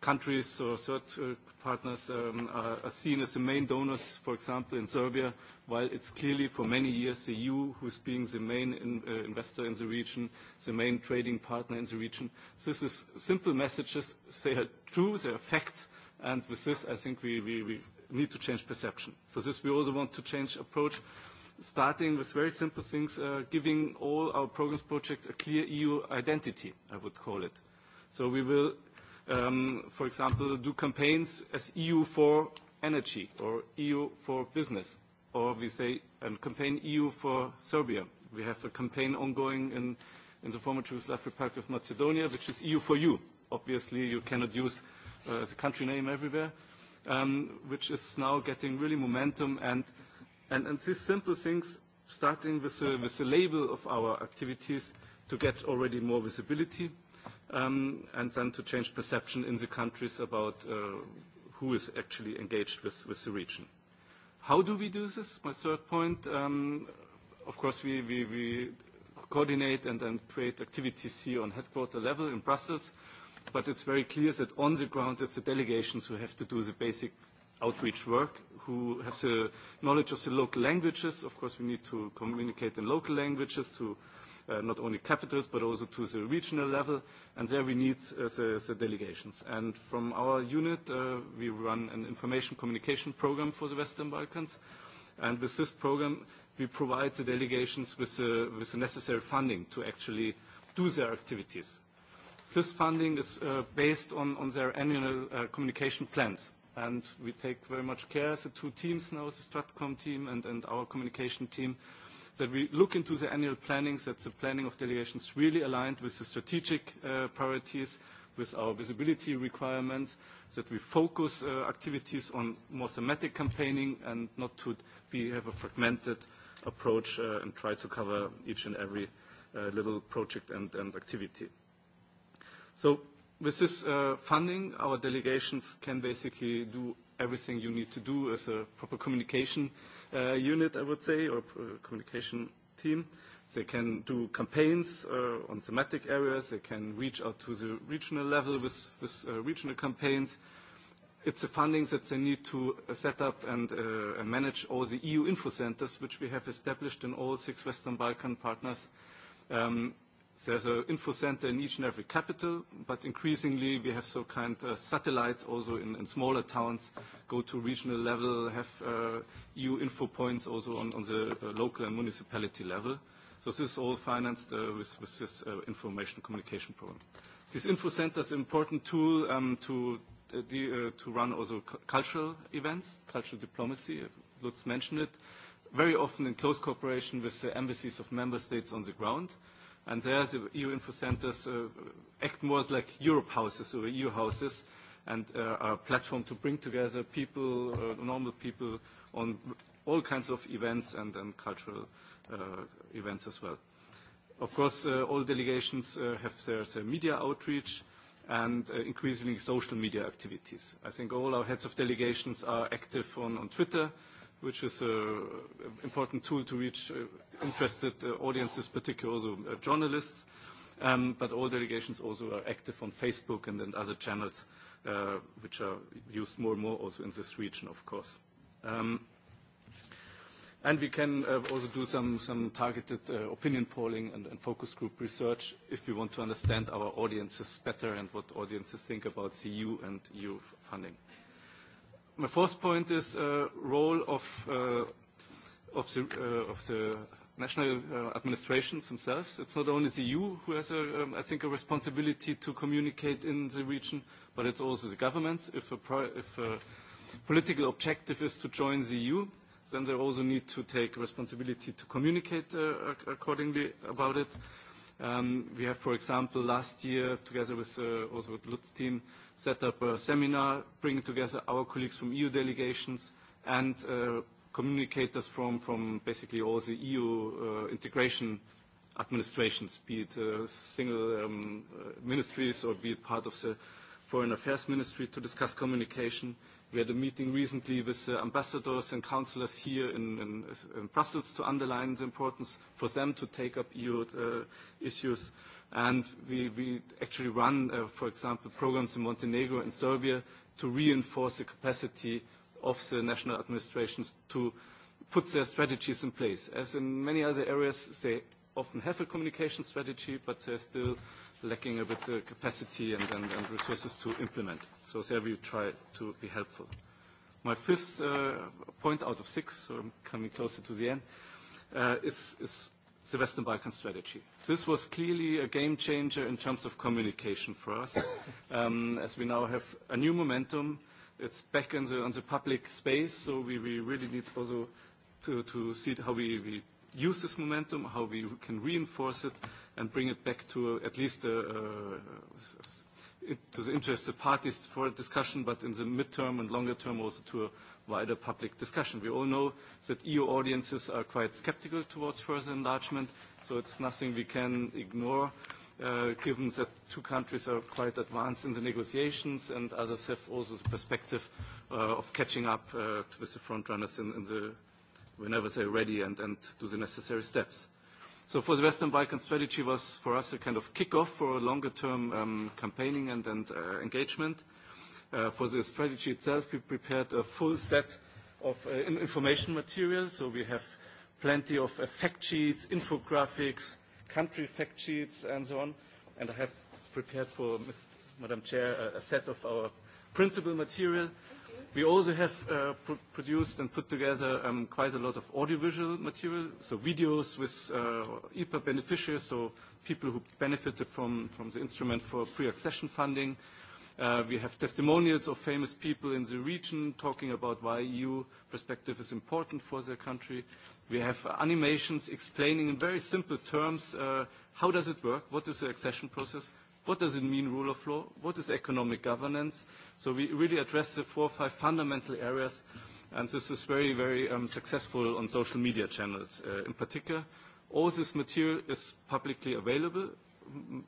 countries or third uh, partners um, are, are seen as the main donors, for example, in Serbia, while it's clearly for many years the EU who's being the main in, uh, investor in the region, the main trading partner in the region. This is simple messages. They are true, they are facts, and with this I think we, we, we need to change perception. For this we also want to change approach starting with very simple things, uh, giving all our programs projects a clear EU identity, I would call it. So we will um, for example, do campaigns as EU for energy or EU for business, or we say and campaign EU for Serbia. We have a campaign ongoing in, in the former Yugoslav Republic of Macedonia, which is EU for you. Obviously, you cannot use uh, the country name everywhere, um, which is now getting really momentum. And, and, and these simple things, starting with, uh, with the label of our activities, to get already more visibility, um, and then to change perception in the countries about uh, who is actually engaged with, with the region. How do we do this? My third point, um, of course, we, we, we coordinate and, then create activities here on headquarter level in Brussels, but it's very clear that on the ground it's the delegations who have to do the basic outreach work who have the knowledge of the local languages. Of course, we need to communicate in local languages to uh, not only capitals but also to the regional level. And there we need uh, the, the delegations. And from our unit, uh, we run an information communication program for the Western Balkans. And with this program, we provide the delegations with the, with the necessary funding to actually do their activities. This funding is uh, based on, on their annual uh, communication plans and we take very much care, as the two teams now, the Stratcom team and, and our communication team, that we look into the annual planning, that the planning of delegations really aligned with the strategic uh, priorities, with our visibility requirements, that we focus uh, activities on more thematic campaigning and not to be, have a fragmented approach uh, and try to cover each and every uh, little project and, and activity. So with this uh, funding, our delegations can basically do everything you need to do as a proper communication uh, unit, I would say, or uh, communication team. They can do campaigns uh, on thematic areas. They can reach out to the regional level with, with uh, regional campaigns. It's the funding that they need to uh, set up and, uh, and manage all the EU info centers, which we have established in all six Western Balkan partners. Um, There's an info center in each and every capital, but increasingly we have so kind of uh, satellites also in, in smaller towns, go to regional level, have uh, EU info points also on, on the uh, local and municipality level. So this is all financed uh, with, with this uh, information communication program. This info center is an important tool um, to, uh, the, uh, to run also cu cultural events, cultural diplomacy, uh, Lutz mentioned it, very often in close cooperation with the embassies of member states on the ground. And there the EU info centers uh, act more like Europe houses or EU houses and uh, are a platform to bring together people, uh, normal people, on all kinds of events and, and cultural uh, events as well. Of course, uh, all delegations uh, have their, their media outreach and uh, increasingly social media activities. I think all our heads of delegations are active on, on Twitter, which is an important tool to reach uh, interested uh, audiences, particularly also uh, journalists. Um, but all delegations also are active on Facebook and then other channels uh, which are used more and more also in this region, of course. Um, and we can uh, also do some, some targeted uh, opinion polling and, and focus group research if we want to understand our audiences better and what audiences think about EU and EU funding my fourth point is uh, role of uh, of the uh, of the national uh, administrations themselves. It's not only the EU who has, a, um, I think, a responsibility to communicate in the region, but it's also the governments. If a, pro if a political objective is to join the EU, then they also need to take responsibility to communicate uh, accordingly about it. Um, we have, for example, last year, together with uh, also with Lutz's team, uh, set up a seminar, bring together our colleagues from EU delegations and uh, communicators from, from basically all the EU uh, integration administrations, be it uh, single um, uh, ministries or be it part of the Foreign Affairs Ministry to discuss communication. We had a meeting recently with uh, ambassadors and councillors here in, in, in Brussels to underline the importance for them to take up EU uh, issues. And we, we actually run, uh, for example, programs in Montenegro and Serbia to reinforce the capacity of the national administrations to put their strategies in place. As in many other areas, they often have a communication strategy, but they're still lacking a bit the capacity and, and, and resources to implement. So there we try to be helpful. My fifth uh, point out of six, so I'm coming closer to the end, uh, is, is the Western Balkan strategy. This was clearly a game changer in terms of communication for us, um, as we now have a new momentum. It's back in the, on the public space, so we, we really need also to, to see how we, we use this momentum, how we can reinforce it, and bring it back to at least uh, uh, to the interested parties for discussion, but in the midterm and longer term also to a wider public discussion. We all know that EU audiences are quite skeptical towards further enlargement, so it's nothing we can ignore, uh, given that two countries are quite advanced in the negotiations and others have also the perspective uh, of catching up uh, with the frontrunners in, in the, whenever they're ready and, and do the necessary steps. So for the Western Balkan strategy was for us a kind of kickoff for a longer-term um, campaigning and, and uh, engagement. Uh, for the strategy itself, we prepared a full set of uh, information material. So we have plenty of uh, fact sheets, infographics, country fact sheets, and so on. And I have prepared for Ms. Madam Chair a, a set of our printable material. We also have uh, pr produced and put together um, quite a lot of audiovisual material, so videos with uh, EPA beneficiaries, so people who benefited from, from the instrument for pre-accession funding, Uh, we have testimonials of famous people in the region talking about why EU perspective is important for their country. We have uh, animations explaining in very simple terms uh, how does it work, what is the accession process, what does it mean rule of law, what is economic governance. So we really address the four or five fundamental areas, and this is very, very um, successful on social media channels uh, in particular. All this material is publicly available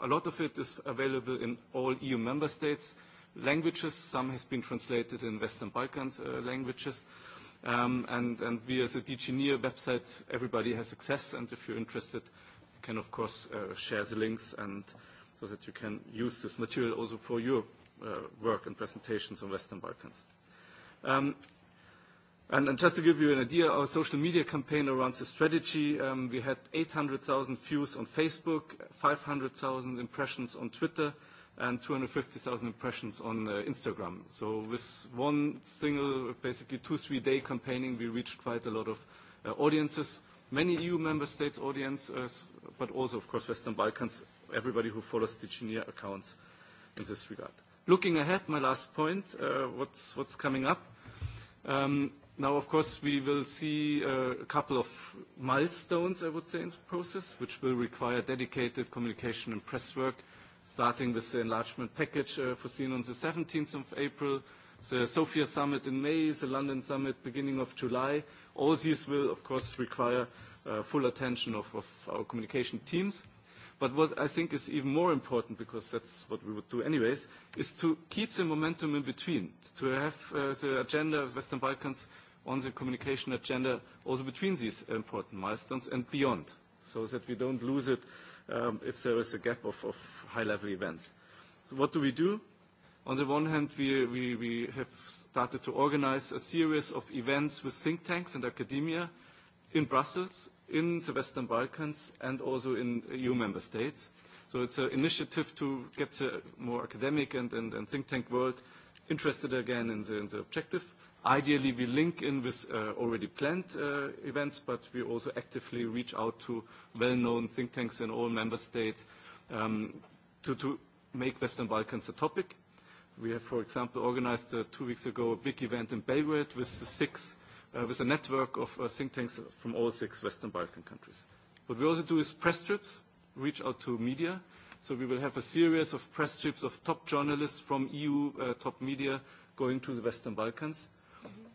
a lot of it is available in all EU member states languages. Some has been translated in Western Balkans uh, languages. Um, and, and we as a DGNIR website, everybody has access. And if you're interested, you can, of course, uh, share the links and so that you can use this material also for your uh, work and presentations on Western Balkans. Um, And, just to give you an idea, our social media campaign around the strategy, um, we had 800,000 views on Facebook, 500,000 impressions on Twitter, and 250,000 impressions on uh, Instagram. So with one single, basically two, three day campaigning, we reached quite a lot of uh, audiences, many EU member states audiences, uh, but also, of course, Western Balkans, everybody who follows the Genia accounts in this regard. Looking ahead, my last point, uh, what's, what's coming up? Um, Now, of course, we will see a couple of milestones, I would say, in the process, which will require dedicated communication and press work, starting with the enlargement package uh, foreseen on the 17th of April, the Sofia summit in May, the London summit beginning of July. All these will, of course, require uh, full attention of, our communication teams. But what I think is even more important, because that's what we would do anyways, is to keep the momentum in between, to have uh, the agenda of Western Balkans on the communication agenda also between these important milestones and beyond, so that we don't lose it um, if there is a gap of, of high-level events. So what do we do? On the one hand, we, we, we have started to organize a series of events with think tanks and academia in Brussels, in the Western Balkans, and also in EU member states. So it's an initiative to get the more academic and, and, and think tank world interested again in the, in the objective. Ideally, we link in with uh, already planned uh, events, but we also actively reach out to well-known think tanks in all member states um, to, to make Western Balkans a topic. We have, for example, organized uh, two weeks ago a big event in Belgrade with the six, uh, with a network of uh, think tanks from all six Western Balkan countries. What we also do is press trips, reach out to media. So we will have a series of press trips of top journalists from EU uh, top media going to the Western Balkans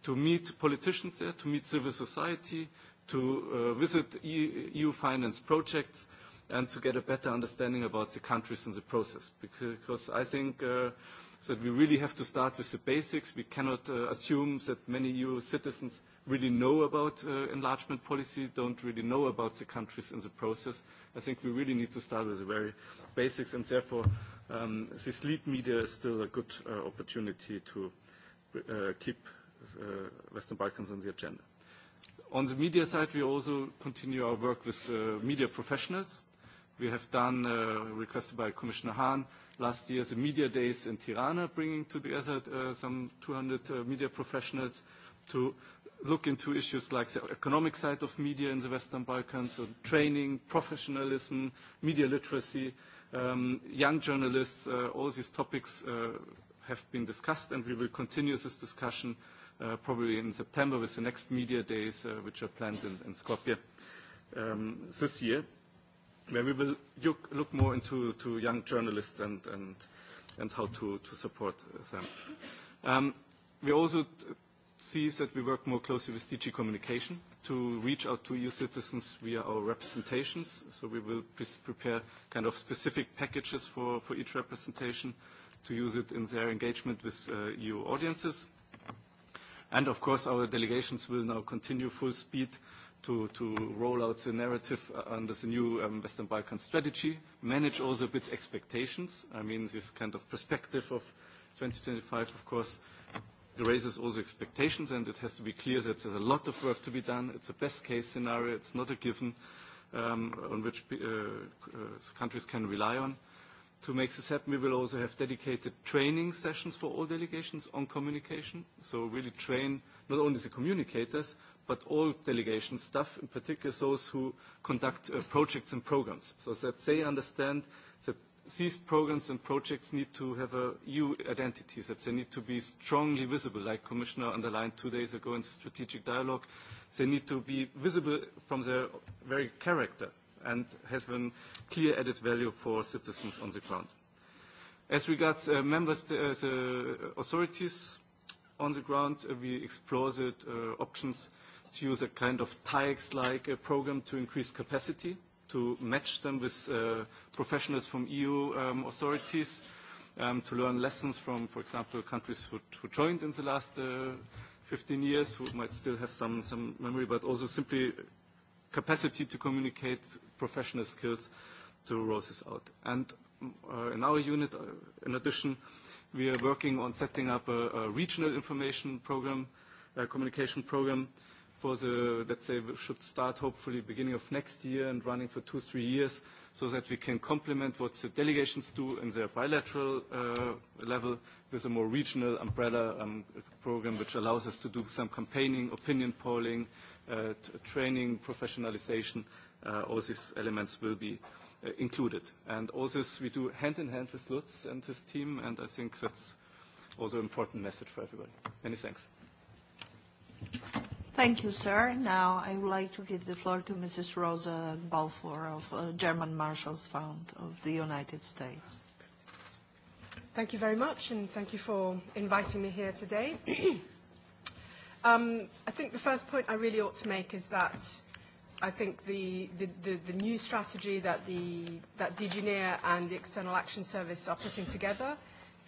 to meet politicians there, to meet civil society, to uh, visit EU e finance projects, and to get a better understanding about the countries and the process. Because I think uh, that we really have to start with the basics. We cannot uh, assume that many EU citizens really know about uh, enlargement policy, don't really know about the countries in the process. I think we really need to start with the very basics, and therefore um, this lead media is still a good uh, opportunity to uh, keep Uh, Western Balkans on the agenda. On the media side, we also continue our work with uh, media professionals. We have done, uh, requested by Commissioner Hahn, last year the media days in Tirana, bringing together uh, some 200 uh, media professionals to look into issues like the economic side of media in the Western Balkans, so training, professionalism, media literacy, um, young journalists, uh, all these topics uh, have been discussed and we will continue this discussion Uh, probably in September with the next media days, uh, which are planned in, in Skopje um, this year, where we will look, look more into to young journalists and, and, and how to, to support them. Um, we also see that we work more closely with DG Communication to reach out to EU citizens via our representations. So we will pre prepare kind of specific packages for, for each representation to use it in their engagement with uh, EU audiences of course, our delegations will now continue full speed to, roll out the narrative uh, under the new um, Western Balkan strategy, manage also a bit expectations. I mean, this kind of perspective of 2025, of course, raises also expectations, and it has to be clear that there's a lot of work to be done. It's a best-case scenario. It's not a given um, on which uh, uh, countries can rely on. To make this happen, we will also have dedicated training sessions for all delegations on communication. So really train not only the communicators, but all delegation staff, in particular those who conduct uh, projects and programs, so that they understand that these programs and projects need to have a EU identity, that they need to be strongly visible, like Commissioner underlined two days ago in the strategic dialogue. They need to be visible from their very character and have a clear added value for citizens on the ground. As regards uh, members, uh, the authorities on the ground, uh, we explore the uh, options to use a kind of TIEX-like uh, program to increase capacity, to match them with uh, professionals from EU um, authorities, um, to learn lessons from, for example, countries who, who joined in the last uh, 15 years, who might still have some, some memory, but also simply capacity to communicate professional skills to roses out. And uh, in our unit, uh, in addition, we are working on setting up a, a regional information program, a communication program for the, let's say, we should start hopefully beginning of next year and running for two, three years so that we can complement what the delegations do in their bilateral uh, level with a more regional umbrella um, program which allows us to do some campaigning, opinion polling, uh, uh, training, professionalization, uh, all these elements will be uh, included. And all this we do hand in hand with Lutz and his team, and I think that's also an important message for everybody. Many thanks. Thank you, sir. Now I would like to give the floor to Mrs. Rosa Balfour of uh, German Marshall Fund of the United States. Thank you very much, and thank you for inviting me here today. Um, I think the first point I really ought to make is that I think the, the, the, the new strategy that, the, that DGNIR and the External Action Service are putting together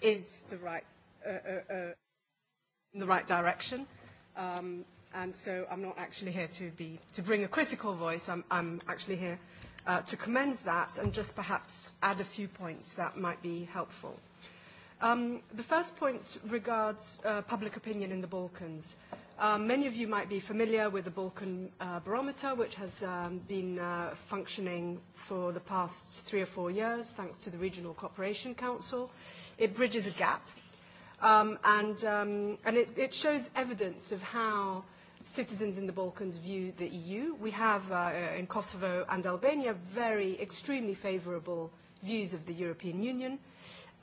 is the right, uh, uh, uh, in the right direction. Um, and so I'm not actually here to, be, to bring a critical voice. I'm, I'm actually here uh, to commend that and just perhaps add a few points that might be helpful. Um, the first point regards uh, public opinion in the Balkans. Uh, Um, many of you might be familiar with the Balkan uh, Barometer, which has um, been uh, functioning for the past three or four years, thanks to the Regional Cooperation Council. It bridges a gap, um, and, um, and it, it shows evidence of how citizens in the Balkans view the EU. We have, uh, in Kosovo and Albania, very extremely favorable views of the European Union,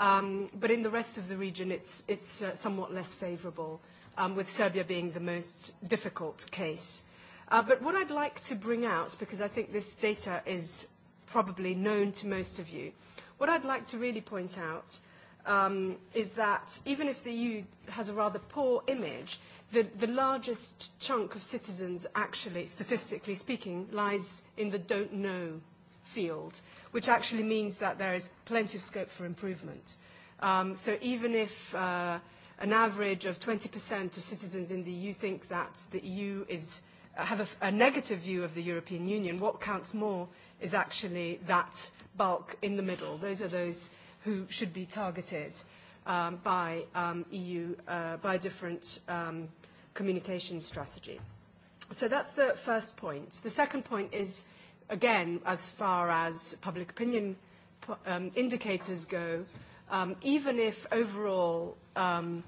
um, but in the rest of the region, it's, it's uh, somewhat less favorable um, with Serbia being the most difficult case. Uh, but what I'd like to bring out, because I think this data is probably known to most of you, what I'd like to really point out um, is that even if the EU has a rather poor image, the, the largest chunk of citizens actually, statistically speaking, lies in the don't know field, which actually means that there is plenty of scope for improvement. Um, so even if uh, an average of 20% of citizens in the EU think that the EU is uh, have a, a negative view of the European Union. What counts more is actually that bulk in the middle. Those are those who should be targeted um, by um, EU, uh, by different um, communication strategy. So that's the first point. The second point is, again, as far as public opinion um, indicators go, Um, even if overall um,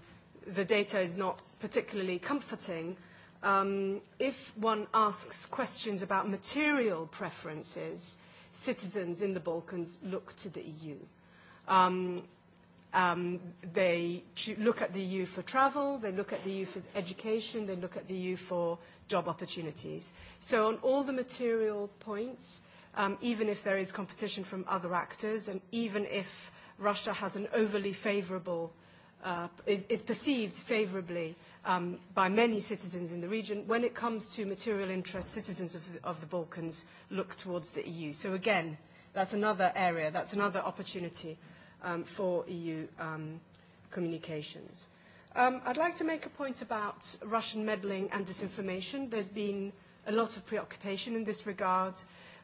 the data is not particularly comforting, um, if one asks questions about material preferences, citizens in the Balkans look to the EU. Um, um, they look at the EU for travel, they look at the EU for education, they look at the EU for job opportunities. So on all the material points, um, even if there is competition from other actors and even if Russia has an overly favorable, uh, is, is perceived favorably um, by many citizens in the region. When it comes to material interests, citizens of the, of the Balkans look towards the EU. So again, that's another area, that's another opportunity um, for EU um, communications. Um, I'd like to make a point about Russian meddling and disinformation. There's been a lot of preoccupation in this regard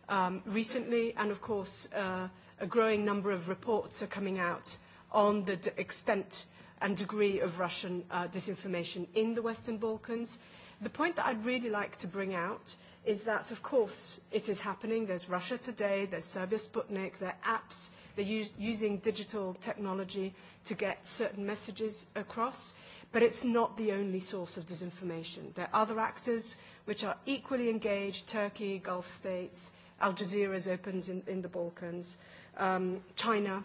um, recently, and of course, uh, a growing number of reports are coming out on the extent and degree of Russian uh, disinformation in the Western Balkans. The point that I'd really like to bring out is that, of course, it is happening. There's Russia today, there's Serbia Sputnik, there are apps, they're use, using digital technology to get certain messages across. But it's not the only source of disinformation. There are other actors which are equally engaged, Turkey, Gulf states, Al Jazeera's opens in, in the Balkans um, China,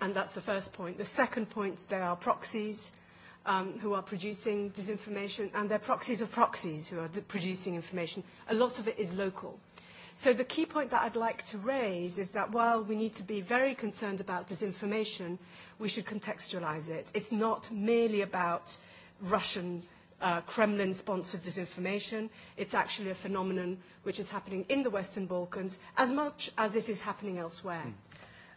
and that's the first point. The second point, there are proxies um, who are producing disinformation, and there are proxies of proxies who are producing information. A lot of it is local. So the key point that I'd like to raise is that while we need to be very concerned about disinformation, we should contextualize it. It's not merely about Russian uh, Kremlin-sponsored disinformation. It's actually a phenomenon which is happening in the Western Balkans as much as it is happening elsewhere. Mm.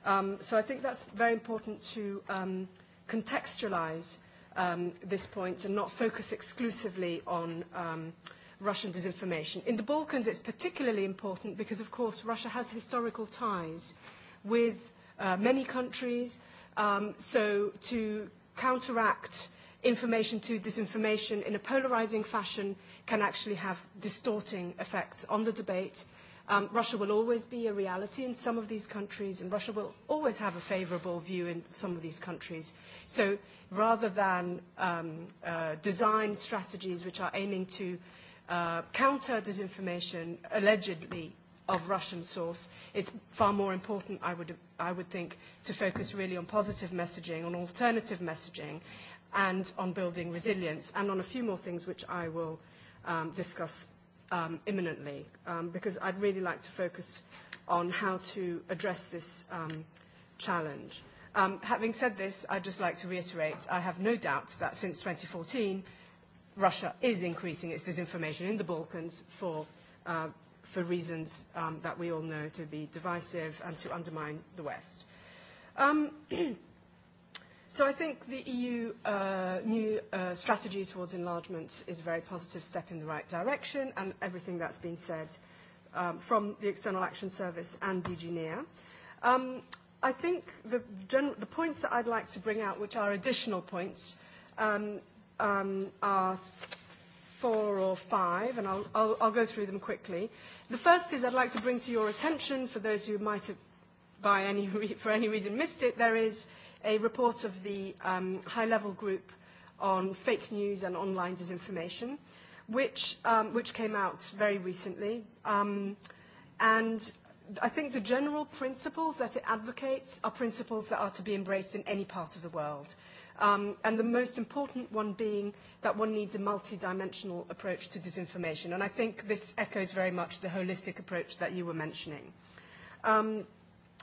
Um, so I think that's very important to um, contextualize um, this point and not focus exclusively on um, Russian disinformation. In the Balkans, it's particularly important because, of course, Russia has historical ties with uh, many countries. Um, so to counteract information to disinformation in a polarizing fashion can actually have distorting effects on the debate Um, Russia will always be a reality in some of these countries, and Russia will always have a favorable view in some of these countries. So rather than um, uh, design strategies which are aiming to uh, counter disinformation allegedly of Russian source, it's far more important, I would, I would think, to focus really on positive messaging, on alternative messaging, and on building resilience, and on a few more things which I will um, discuss um, imminently, um, because I'd really like to focus on how to address this um, challenge. Um, having said this, I'd just like to reiterate, I have no doubt that since 2014, Russia is increasing its disinformation in the Balkans for, uh, for reasons um, that we all know to be divisive and to undermine the West. Um, So I think the EU uh, new uh, strategy towards enlargement is a very positive step in the right direction, and everything that's been said um, from the External Action Service and DG NEA. Um, I think the, gen- the points that I'd like to bring out, which are additional points, um, um, are four or five, and I'll, I'll, I'll go through them quickly. The first is I'd like to bring to your attention, for those who might have, by any re- for any reason, missed it, there is a report of the um, high-level group on fake news and online disinformation, which, um, which came out very recently. Um, and I think the general principles that it advocates are principles that are to be embraced in any part of the world. Um, and the most important one being that one needs a multidimensional approach to disinformation. And I think this echoes very much the holistic approach that you were mentioning. Um,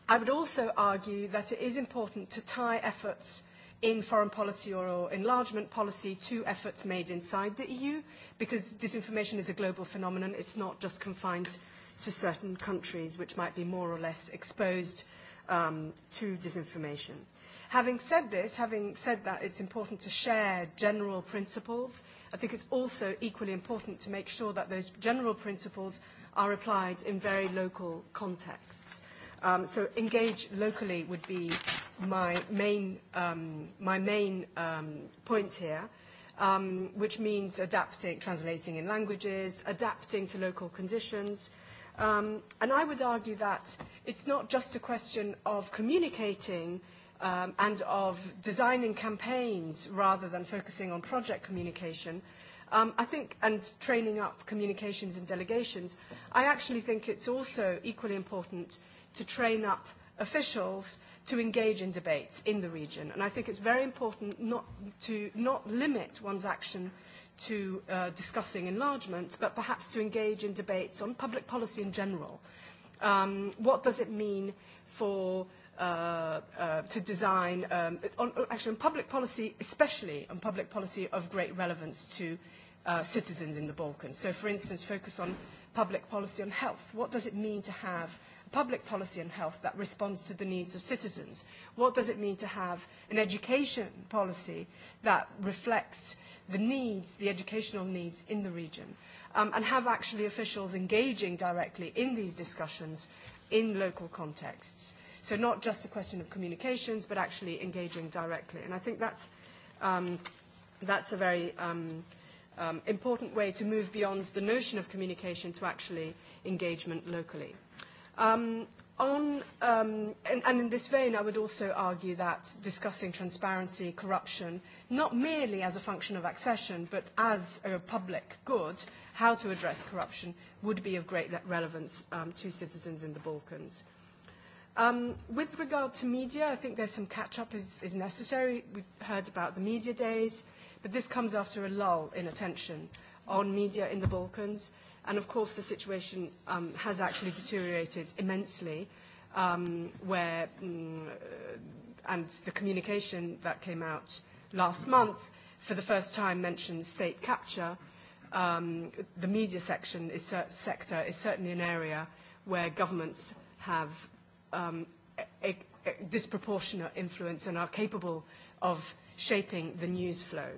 I would also argue that it is important to tie efforts in foreign policy or enlargement policy to efforts made inside the EU because disinformation is a global phenomenon. It's not just confined to certain countries which might be more or less exposed um, to disinformation. Having said this, having said that, it's important to share general principles. I think it's also equally important to make sure that those general principles are applied in very local contexts. Um, so engage locally would be my main, um, my main um, point here, um, which means adapting, translating in languages, adapting to local conditions. Um, and I would argue that it's not just a question of communicating um, and of designing campaigns rather than focusing on project communication, Um, I think, and training up communications and delegations, I actually think it's also equally important to train up officials to engage in debates in the region. And I think it's very important not to not limit one's action to uh, discussing enlargement, but perhaps to engage in debates on public policy in general. Um, what does it mean for Uh, uh, to design, um, on, actually on public policy, especially on public policy of great relevance to uh, citizens in the Balkans. So for instance, focus on public policy on health. What does it mean to have public policy on health that responds to the needs of citizens? What does it mean to have an education policy that reflects the needs, the educational needs in the region? Um, and have actually officials engaging directly in these discussions in local contexts. So not just a question of communications, but actually engaging directly. And I think that's, um, that's a very um, um, important way to move beyond the notion of communication to actually engagement locally. Um, on, um, and, and in this vein, I would also argue that discussing transparency, corruption, not merely as a function of accession, but as a public good, how to address corruption, would be of great relevance um, to citizens in the Balkans. Um, with regard to media, I think there's some catch-up is, is necessary. We've heard about the media days, but this comes after a lull in attention on media in the Balkans. And of course, the situation um, has actually deteriorated immensely, um, where, mm, uh, and the communication that came out last month for the first time mentions state capture. Um, the media section is, sector is certainly an area where governments have um, a, e, a e, e, disproportionate influence and are capable of shaping the news flow.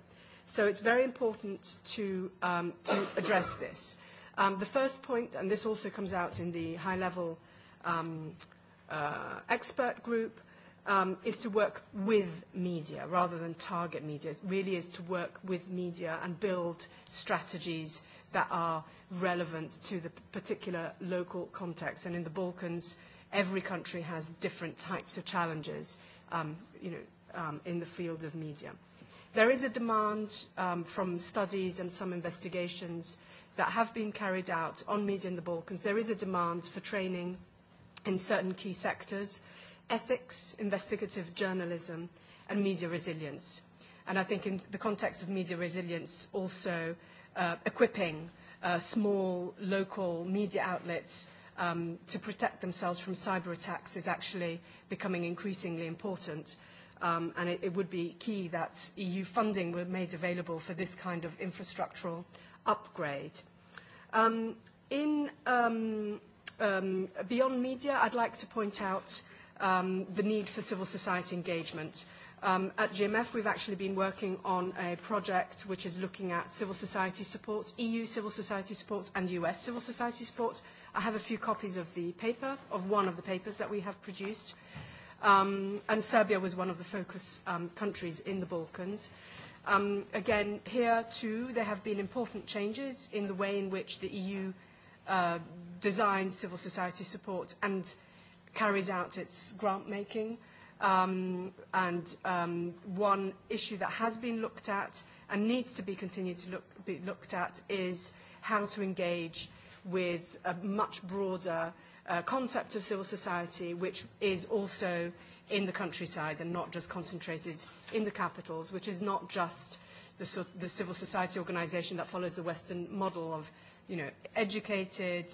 So it's very important to, um, to address this. Um, the first point, and this also comes out in the high-level um, uh, expert group, um, is to work with media rather than target media. It really is to work with media and build strategies that are relevant to the particular local context. And in the Balkans, every country has different types of challenges um, you know, um, in the field of media. There is a demand um, from studies and some investigations that have been carried out on media in the Balkans. There is a demand for training in certain key sectors, ethics, investigative journalism, and media resilience. And I think in the context of media resilience, also uh, equipping uh, small local media outlets um, to protect themselves from cyber attacks is actually becoming increasingly important. Um, and it, it would be key that EU funding were made available for this kind of infrastructural upgrade. Um, in um, um, Beyond Media, I'd like to point out um, the need for civil society engagement. Um, at GMF, we've actually been working on a project which is looking at civil society support, EU civil society support, and US civil society support I have a few copies of the paper, of one of the papers that we have produced. Um, and Serbia was one of the focus um, countries in the Balkans. Um, again, here too, there have been important changes in the way in which the EU uh, designs civil society support and carries out its grant making. Um, and um, one issue that has been looked at and needs to be continued to look, be looked at is how to engage with a much broader uh, concept of civil society, which is also in the countryside and not just concentrated in the capitals, which is not just the, the civil society organization that follows the Western model of, you know, educated,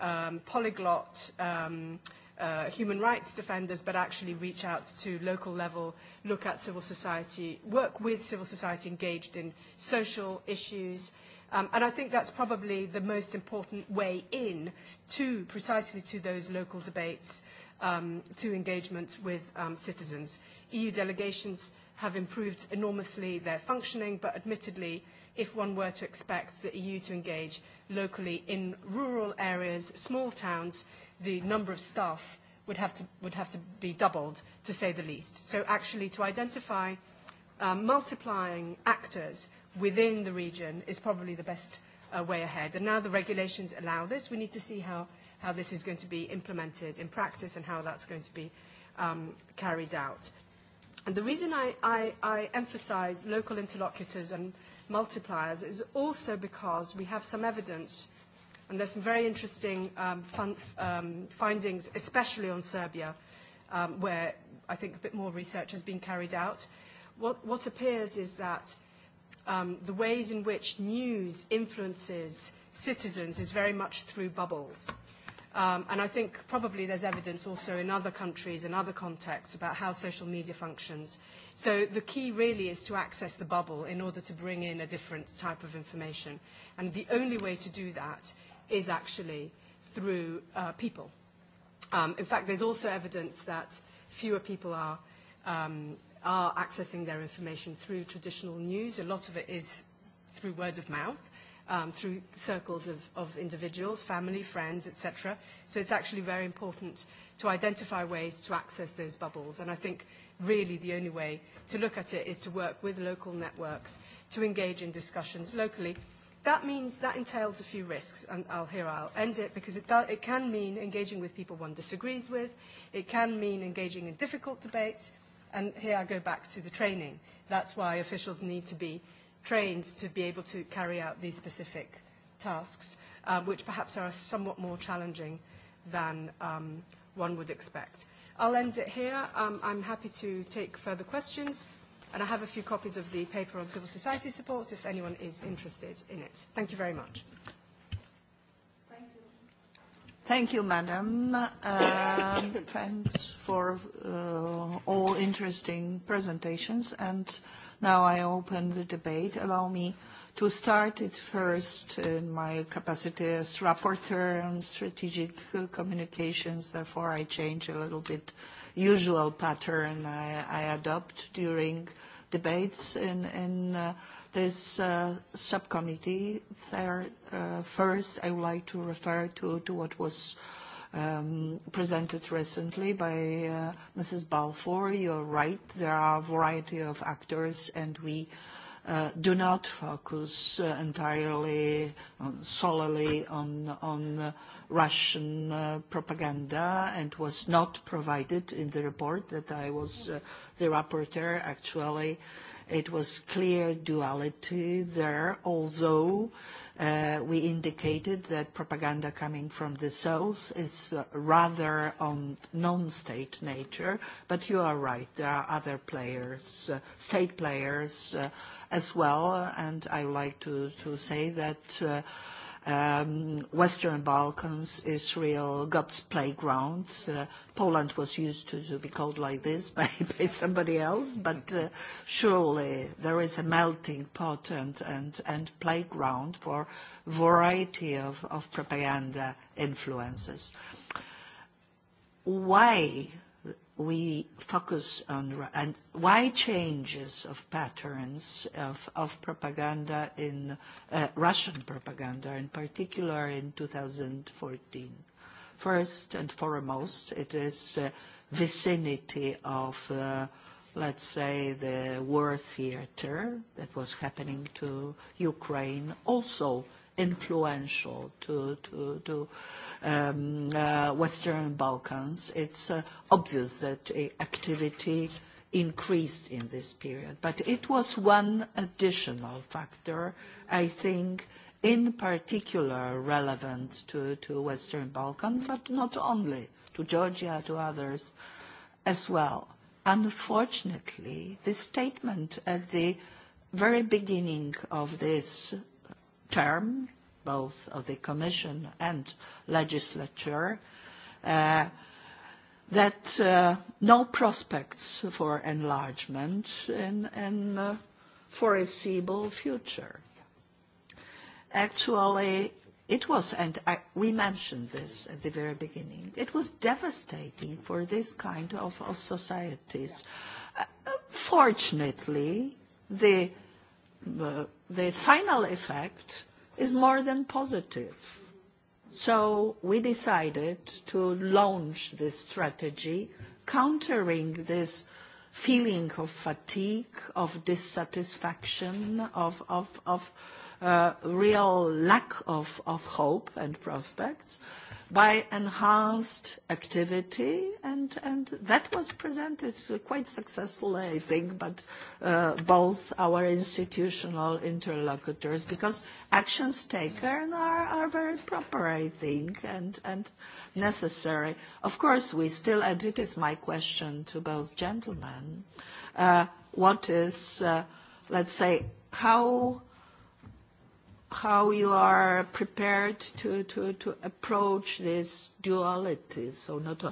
um, polyglot, um, uh, human rights defenders, but actually reach out to local level, look at civil society, work with civil society engaged in social issues, Um, and I think that's probably the most important way in to precisely to those local debates, um, to engagement with um, citizens. EU delegations have improved enormously their functioning, but admittedly, if one were to expect the EU to engage locally in rural areas, small towns, the number of staff would have to, would have to be doubled, to say the least. So actually, to identify uh, multiplying actors within the region is probably the best uh, way ahead. And now the regulations allow this. We need to see how, how this is going to be implemented in practice and how that's going to be um, carried out. And the reason I, I, I emphasize local interlocutors and multipliers is also because we have some evidence, and there's some very interesting um, fun, um, findings, especially on Serbia, um, where I think a bit more research has been carried out. What, what appears is that um, the ways in which news influences citizens is very much through bubbles. Um, and I think probably there's evidence also in other countries and other contexts about how social media functions. So the key really is to access the bubble in order to bring in a different type of information. And the only way to do that is actually through uh, people. Um, in fact, there's also evidence that fewer people are um, are accessing their information through traditional news. A lot of it is through word of mouth, um, through circles of, of individuals, family, friends, etc. So it's actually very important to identify ways to access those bubbles. And I think really the only way to look at it is to work with local networks, to engage in discussions locally. That means that entails a few risks, and I'll, here I'll end it, because it, it can mean engaging with people one disagrees with. It can mean engaging in difficult debates And here I go back to the training. That's why officials need to be trained to be able to carry out these specific tasks, uh, which perhaps are somewhat more challenging than um, one would expect. I'll end it here. Um, I'm happy to take further questions, and I have a few copies of the paper on civil society support if anyone is interested in it. Thank you very much. Thank you, madam. Um, thanks for uh, all interesting presentations. And now I open the debate. Allow me to start it first in my capacity as rapporteur on strategic communications. Therefore, I change a little bit usual pattern I, I adopt during debates in, in uh, this uh, subcommittee, there uh, first I would like to refer to, to what was um, presented recently by uh, Mrs. Balfour. You're right, there are a variety of actors and we Uh, do not focus uh, entirely on, uh, solely on, on uh, Russian propaganda and was not provided in the report that I was uh, the rapporteur actually uh, It was clear duality there, although uh, we indicated that propaganda coming from the south is uh, rather on non-state nature. But you are right, there are other players, uh, state players as well, and I would like to say that um, Western Balkans, Israel, God's playground. Uh, Poland was used to, to be called like this by, by somebody else, but uh, surely there is a melting pot and, and, and playground for variety of, of propaganda influences. Why we focus on and why changes of patterns of, propaganda in uh, Russian propaganda in particular in 2014. First and foremost, it is uh, vicinity of, uh, let's say, the war theater that was happening to Ukraine, also influential to, to, to um, uh, Western Balkans. It's uh, obvious that uh, activity increased in this period. But it was one additional factor, I think, in particular relevant to, to Western Balkans, but not only, to Georgia, to others as well. Unfortunately, the statement at the very beginning of this term, both of the Commission and legislature, uh, that uh, no prospects for enlargement in, uh, foreseeable future. Actually, it was, and I, we mentioned this at the very beginning, it was devastating for this kind of, of societies. Uh, fortunately, the uh, the final effect is more than positive. So we decided to launch this strategy, countering this feeling of fatigue, of dissatisfaction, of, of, of uh, real lack of, of hope and prospects by enhanced activity, and, and that was presented quite successfully, I think, but uh, both our institutional interlocutors, because actions taken are, are very proper, I think, and, and necessary. Of course, we still, and it is my question to both gentlemen, uh, what is, uh, let's say, how how you are prepared to, to, to approach this duality. So not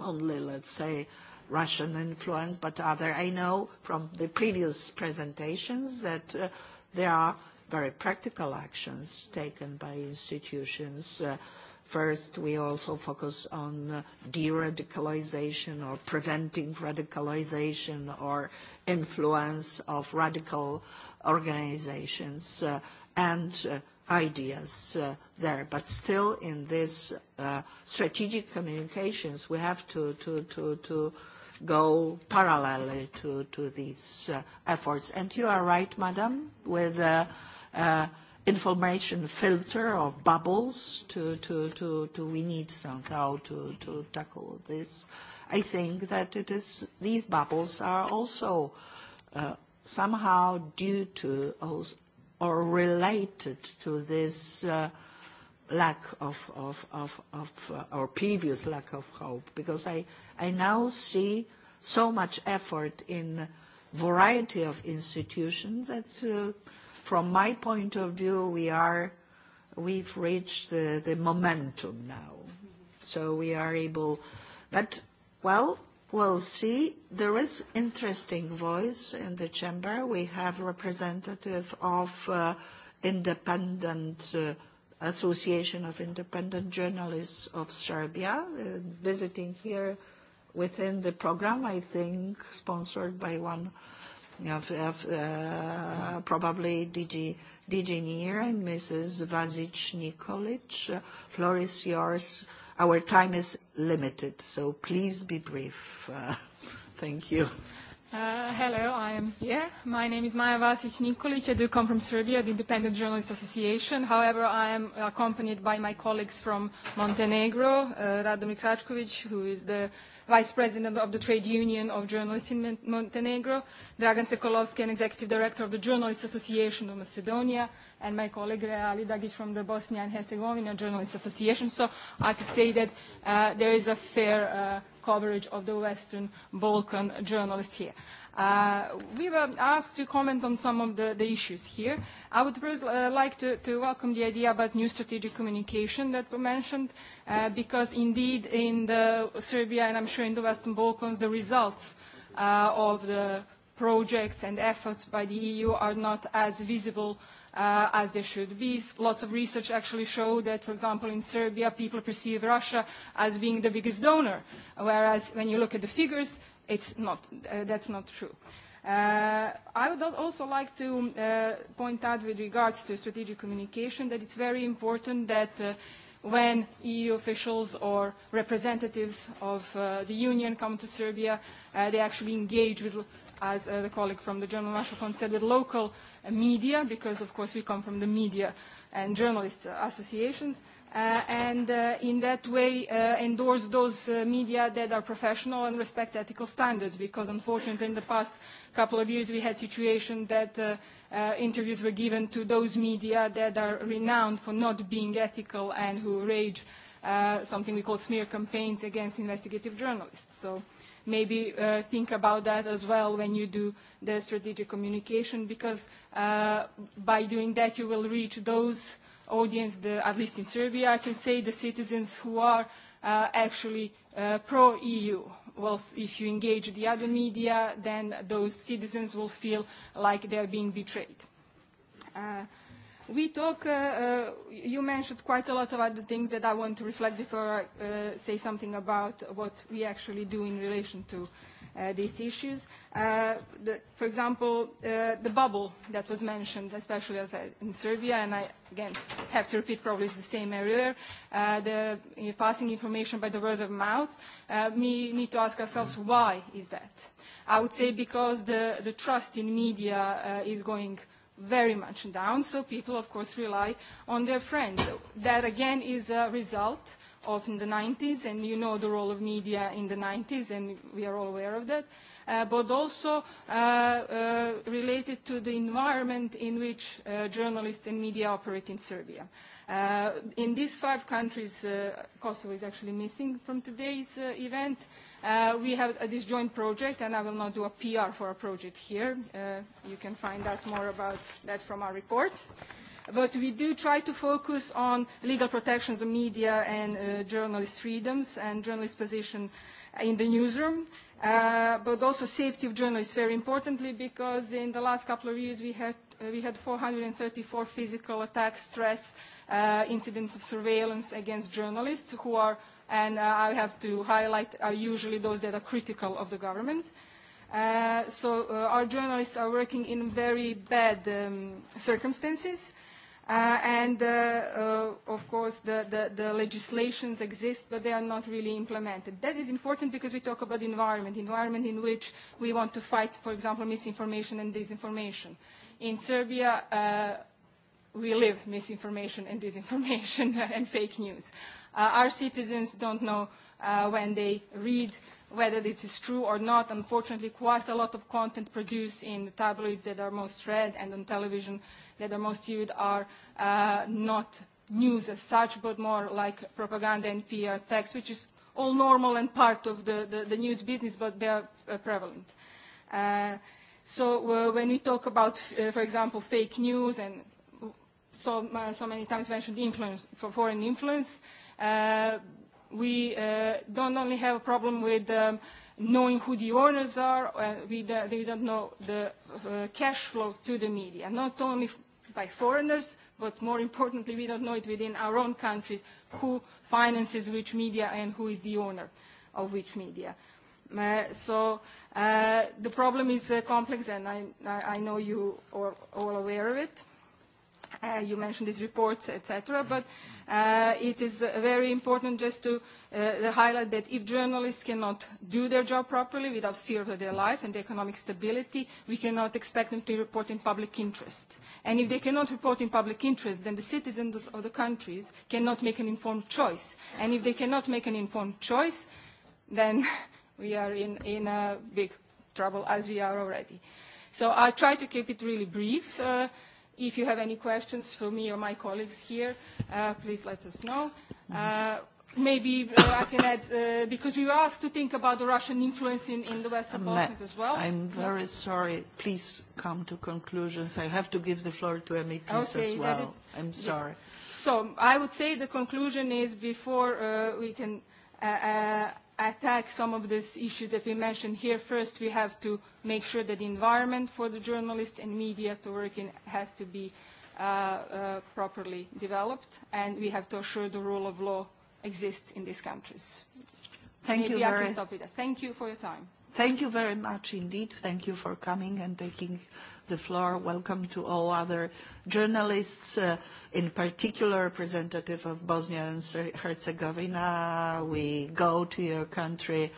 only, let's say, Russian influence, but other. I know from the previous presentations that uh, there are very practical actions taken by institutions. Uh, first, we also focus on uh, de-radicalization or preventing radicalization or influence of radical organizations. Uh, and uh, ideas uh, there. But still, in this uh, strategic communications, we have to, to, to, to go parallelly to, to these uh, efforts. And you are right, madam, with uh, uh, information filter of bubbles to, to, to, to we need somehow to, to tackle this. I think that it is, these bubbles are also uh, somehow due to or related to this uh, lack of, of, of, of uh, or previous lack of hope, because I, I now see so much effort in variety of institutions that uh, from my point of view, we are, we've reached the, the momentum now. So we are able, but well, Well, see, there is interesting voice in the chamber. We have representative of uh, independent uh, Association of Independent Journalists of Serbia uh, visiting here within the program, I think, sponsored by one of, of uh, probably DG, DG Mrs. Vasic Nikolic. Uh, floor is yours. Uh, Our time is limited, so please be brief. Uh, thank you. Uh, hello, I am here. My name is Maja Vasic Nikolic. I do come from Serbia, the Independent Journalists Association. However, I am accompanied by my colleagues from Montenegro, uh, Radomir Kračkovic, who is the uh, Vice President of the Trade Union of Journalists in Montenegro, Dragan Sekolovski, an Executive Director of the Journalists Association of Macedonia, and my colleague Rea Dagic from the Bosnia and Herzegovina Journalists Association. So I could say that uh, there is a fair uh, coverage of the Western Balkan journalists here. Uh, we were asked to comment on some of the, the issues here. I would first uh, like to, to welcome the idea about new strategic communication that we mentioned, uh, because indeed in the Serbia and I'm sure in the Western Balkans, the results uh, of the projects and efforts by the EU are not as visible uh, as they should be. Lots of research actually show that, for example, in Serbia, people perceive Russia as being the biggest donor, whereas when you look at the figures, it's not. Uh, that's not true. Uh, I would also like to uh, point out with regards to strategic communication that it's very important that uh, when EU officials or representatives of uh, the Union come to Serbia, uh, they actually engage with, as uh, the colleague from the German Marshall Fund said, with local uh, media, because of course we come from the media and journalist associations. Uh, uh, and uh, in that way uh, endorse those uh, media that are professional and respect ethical standards because unfortunately in the past couple of years we had situation that uh, uh, interviews were given to those media that are renowned for not being ethical and who rage uh, something we call smear campaigns against investigative journalists. So maybe uh, think about that as well when you do the strategic communication because uh, by doing that you will reach those uh, audience, the, at least in Serbia, I can say the citizens who are uh, actually uh, pro-EU. Well, if you engage the other media, then those citizens will feel like they are being betrayed. Uh, we talk, uh, uh, you mentioned quite a lot of other things that I want to reflect before I uh, say something about what we actually do in relation to uh, uh, these issues. Uh, the, for example, uh, the bubble that was mentioned, especially as I, uh, in Serbia, and I again have to repeat probably it's the same earlier, uh, the uh, passing information by the word of mouth, uh, we need to ask ourselves why is that? I would say because the, the trust in media uh, is going very much down, so people of course rely on their friends. That again is a result uh, of in the 90s, and you know the role of media in the 90s, and we are all aware of that, uh, but also uh, uh, related to the environment in which uh, journalists and media operate in Serbia. Uh, in these five countries, uh, Kosovo is actually missing from today's uh, event. Uh, we have a uh, disjoint project, and I will not do a PR for a project here. Uh, you can find out more about that from our reports. Uh, But we do try to focus on legal protections of media and uh, journalist freedoms and journalist position in the newsroom. Uh, but also safety of journalists, very importantly, because in the last couple of years we had, uh, we had 434 physical attacks, threats, uh, incidents of surveillance against journalists who are, and uh, I have to highlight, are usually those that are critical of the government. Uh, so uh, our journalists are working in very bad um, circumstances Uh, and uh, uh, of course the, the, the legislations exist but they are not really implemented. That is important because we talk about environment, environment in which we want to fight, for example, misinformation and disinformation. In Serbia, uh, we live misinformation and disinformation and fake news. Uh, our citizens don't know uh, when they read whether this is true or not. Unfortunately, quite a lot of content produced in the tabloids that are most read and on television uh, that are most viewed are uh, not news as such, but more like propaganda and PR text, which is all normal and part of the, the, the news business, but they are uh, prevalent. Uh, so uh, when we talk about, uh, for example, fake news and so, uh, so many times mentioned influence, for foreign influence, uh, we uh, don't only have a problem with um, knowing who the owners are, uh, we, uh, we don't know the uh, cash flow to the media, not only by foreigners, but more importantly, we don't know it within our own countries who finances which media and who is the owner of which media. Uh, so uh, the problem is uh, complex, and I, I know you are all aware of it. Uh, you mentioned these reports, etc. But uh, it is very important just to uh, highlight that if journalists cannot do their job properly without fear for their life and economic stability, we cannot expect them to report in public interest. And if they cannot report in public interest, then the citizens of the countries cannot make an informed choice. And if they cannot make an informed choice, then we are in, in a big trouble as we are already. So I'll try to keep it really brief. Uh, If you have any questions for me or my colleagues here, uh, please let us know. Uh, maybe uh, I can add, uh, because we were asked to think about the Russian influence in, in the Western Balkans as well. I'm very sorry. Please come to conclusions. I have to give the floor to MEPs okay, as well. It, I'm sorry. Yeah. So I would say the conclusion is before uh, we can uh, uh, attack some of these issues that we mentioned here, first we have to make sure that the environment for the journalists and media to work in has to be uh, uh, properly developed, and we have to assure the rule of law exists in these countries. Thank Maybe you very much. can stop it. Thank you for your time. Thank you very much indeed. Thank you for coming and taking the floor. Welcome to all other journalists, uh, in particular representative of Bosnia and Herzegovina. We go to your country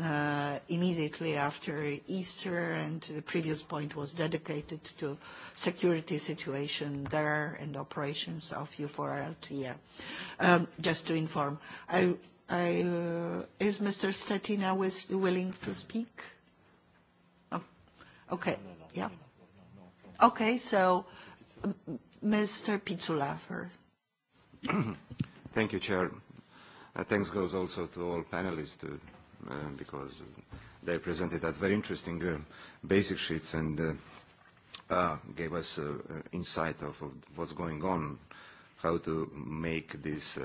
uh, immediately after Easter, and the previous point was dedicated to security situation there and operations of EUFOR Althea. Um, just to inform, I, I, uh, is Mr. Stetina willing to speak? Oh, okay, yeah. Okay, so Mr. Picula first. Thank you, Chair. Uh, thanks goes also to all panelists uh, uh, because they presented us very interesting basic sheets and gave us insight of, what's going on, how to make this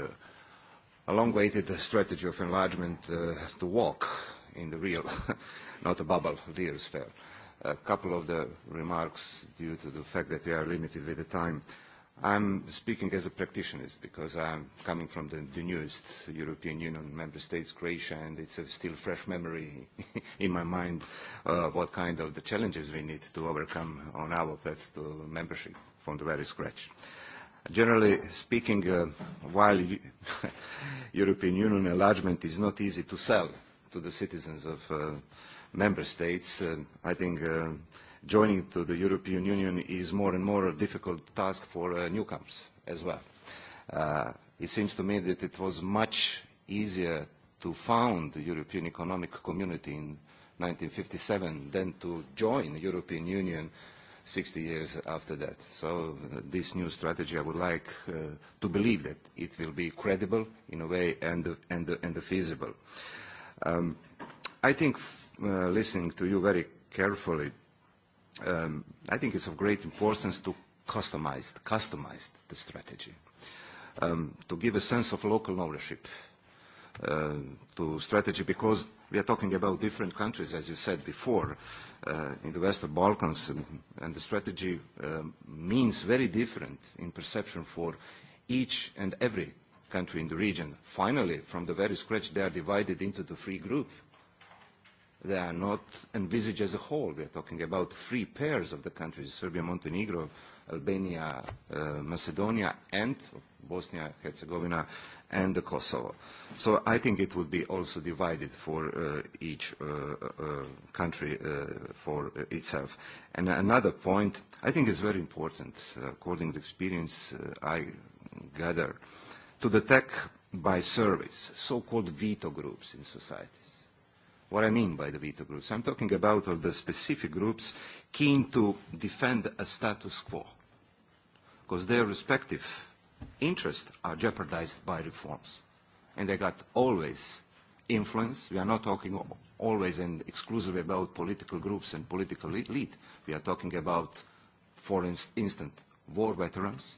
long-awaited strategy of enlargement to walk in the real, not a bubble, real sphere a couple of the remarks due to the fact that we are limited with the time. I'm speaking as a practitioner because I'm coming from the, the newest European Union member states, Croatia, and it's a still fresh memory in my mind uh, what kind of the challenges we need to overcome on our path to membership from the very scratch. Generally speaking, uh, while European Union enlargement is not easy to sell to the citizens of uh, member states. Uh, I think uh, joining to the European Union is more and more a difficult task for uh, newcomers as well. Uh, it seems to me that it was much easier to found the European Economic Community in 1957 than to join the European Union 60 years after that. So uh, this new strategy, I would like uh, to believe that it will be credible in a way and, and, and feasible. Um, I think Uh, listening to you very carefully, um, I think it's of great importance to customize, customize the strategy, um, to give a sense of local ownership uh, to strategy, because we are talking about different countries, as you said before, uh, in the Western Balkans, and, and the strategy um, means very different in perception for each and every country in the region. Finally, from the very scratch, they are divided into the three groups They are not envisaged as a whole. We are talking about three pairs of the countries, Serbia, Montenegro, Albania, uh, Macedonia, and Bosnia, Herzegovina, and the Kosovo. So I think it would be also divided for uh, each uh, uh, country uh, for itself. And another point I think is very important, uh, according to the experience uh, I gather, to detect by surveys so-called veto groups in societies what I mean by the veto groups. I'm talking about all the specific groups keen to defend a status quo, because their respective interests are jeopardized by reforms. And they got always influence. We are not talking always and exclusively about political groups and political elite. We are talking about, for instance, war veterans.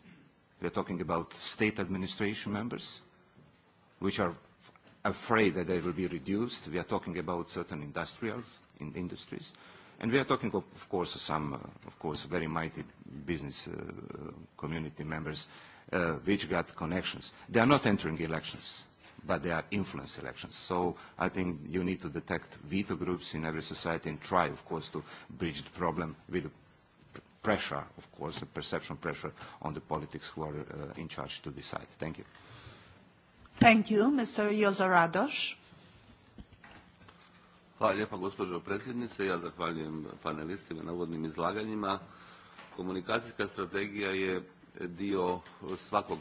We are talking about state administration members, which are afraid that they will be reduced. We are talking about certain industrials, in industries, and we are talking of, of course some, uh, of course, very mighty business uh, community members uh, which got connections. They are not entering elections, but they are influence elections. So I think you need to detect veto groups in every society and try, of course, to bridge the problem with pressure, of course, the perception pressure on the politics who are uh, in charge to decide. Thank you. Thank you. Mr. Jozo Radoš. Hvala lijepa gospođo predsjednice. Ja zahvaljujem panelistima na uvodnim izlaganjima. Komunikacijska strategija je dio svakog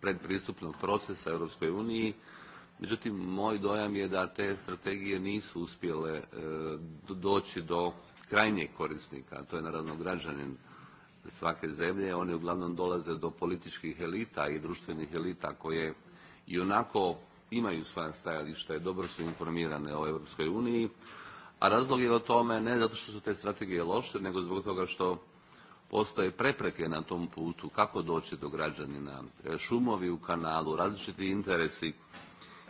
predpristupnog procesa Europskoj uniji. Međutim, moj dojam je da te strategije nisu uspjele e, doći do krajnjeg korisnika, to je naravno građanin svake zemlje. Oni uglavnom dolaze do političkih elita i društvenih elita koje i onako imaju svoje i dobro su informirane o Europskoj uniji, a razlog je o tome ne zato što su te strategije loše, nego zbog toga što postoje prepreke na tom putu, kako doći do građanina, e, šumovi u kanalu, različiti interesi.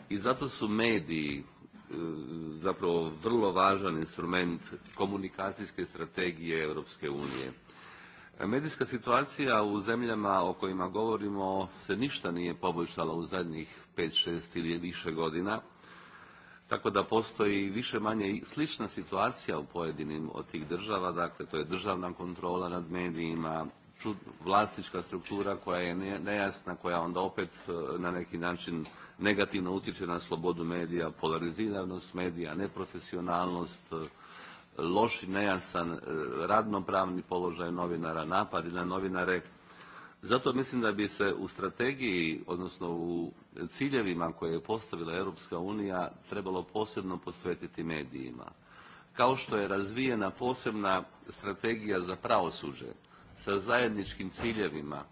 I zato su mediji e, zapravo vrlo važan instrument komunikacijske strategije Europske unije. Medijska situacija u zemljama o kojima govorimo se ništa nije poboljšala u zadnjih 5, 6 ili više godina, tako da postoji više manje slična situacija u pojedinim od tih država, dakle to je državna kontrola nad medijima, vlastička struktura koja je nejasna, koja onda opet e, na neki način negativno utječe na slobodu medija, polariziranost medija, neprofesionalnost, loš i nejasan e, radnopravni položaj novinara, napadi na novinare. Zato mislim da bi se u strategiji, odnosno u ciljevima koje je postavila Europska unija, trebalo posebno posvetiti medijima. Kao što je razvijena posebna strategija za pravosuđe sa zajedničkim ciljevima,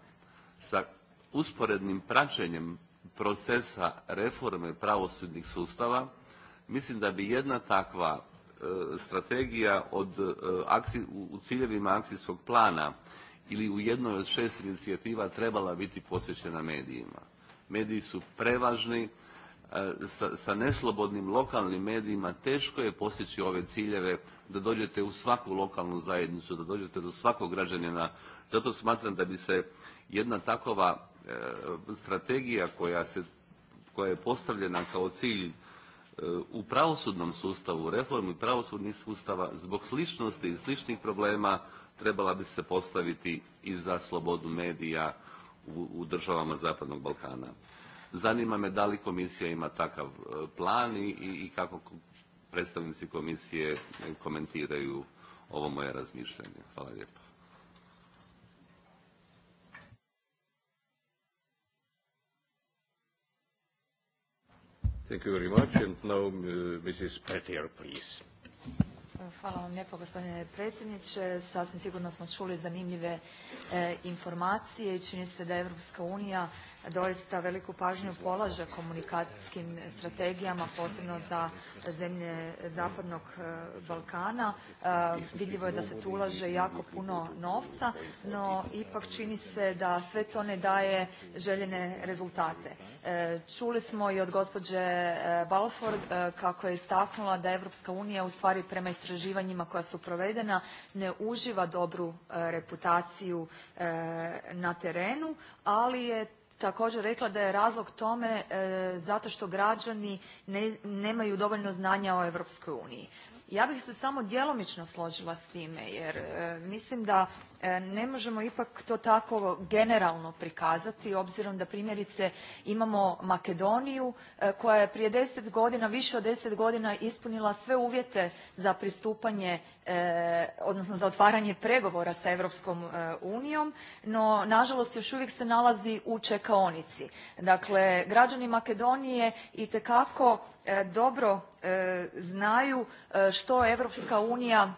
sa usporednim praćenjem procesa reforme pravosudnih sustava, mislim da bi jedna takva E, strategija od, e, akci, u ciljevima akcijskog plana ili u jednoj od šest inicijativa trebala biti posvećena medijima. Mediji su prevažni, e, sa, sa neslobodnim lokalnim medijima teško je posjeći ove ciljeve da dođete u svaku lokalnu zajednicu, da dođete do svakog građanina. Zato smatram da bi se jedna takova strategija koja, se, koja je postavljena kao cilj u pravosudnom sustavu, u reformi pravosudnih sustava, zbog sličnosti i sličnih problema trebala bi se postaviti i za slobodu medija u, u državama Zapadnog Balkana. Zanima me da li komisija ima takav e, plan i, i kako predstavnici komisije komentiraju ovo moje razmišljanje. Hvala lijepo. Thank you very much. And now uh, Mrs. Petir, please. Hvala vam lijepo gospodine predsjedniče. Sasvim sigurno smo čuli zanimljive e, informacije i čini se da Europska unija doista veliku pažnju polaže komunikacijskim strategijama, posebno za zemlje Zapadnog e, Balkana. E, vidljivo je da se tu ulaže jako puno novca, no ipak čini se da sve to ne daje željene rezultate. E, čuli smo i od gospođe Balfour kako je istaknula da Europska unija ustvari prema istraživanjima koja su provedena ne uživa dobru reputaciju na terenu, ali je također rekla da je razlog tome e, zato što građani nemaju dovoljno znanja o Europskoj uniji. Ja bih se samo djelomično složila s time jer e, mislim da E, ne možemo ipak to tako generalno prikazati obzirom da primjerice imamo makedoniju e, koja je prije deset godina više od deset godina ispunila sve uvjete za pristupanje e, odnosno za otvaranje pregovora s europskom unijom no nažalost još uvijek se nalazi u čekaonici. dakle građani makedonije itekako dobro znaju što europska unija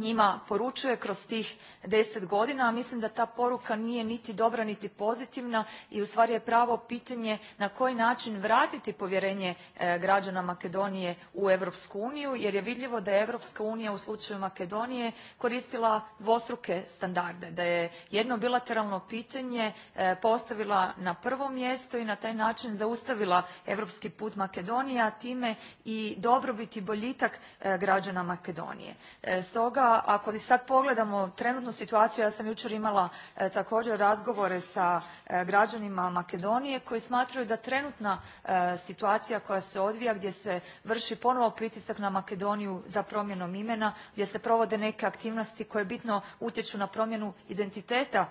njima poručuje kroz tih deset godina a mislim da ta poruka nije niti dobra niti pozitivna i ustvari je pravo pitanje na koji način vratiti povjerenje e, građana makedonije u europsku uniju jer je vidljivo da je europska unija u slučaju makedonije koristila dvostruke standarde da je jedno bilateralno pitanje e, postavila na prvo mjesto i na taj način zaustavila europski put makedonije a time i dobrobit i boljitak e, građana makedonije. stoga ako ako sad pogledamo trenutnu situaciju, ja sam jučer imala e, također razgovore sa e, građanima Makedonije koji smatraju da trenutna e, situacija koja se odvija gdje se vrši ponovo pritisak na Makedoniju za promjenom imena, gdje se provode neke aktivnosti koje bitno utječu na promjenu identiteta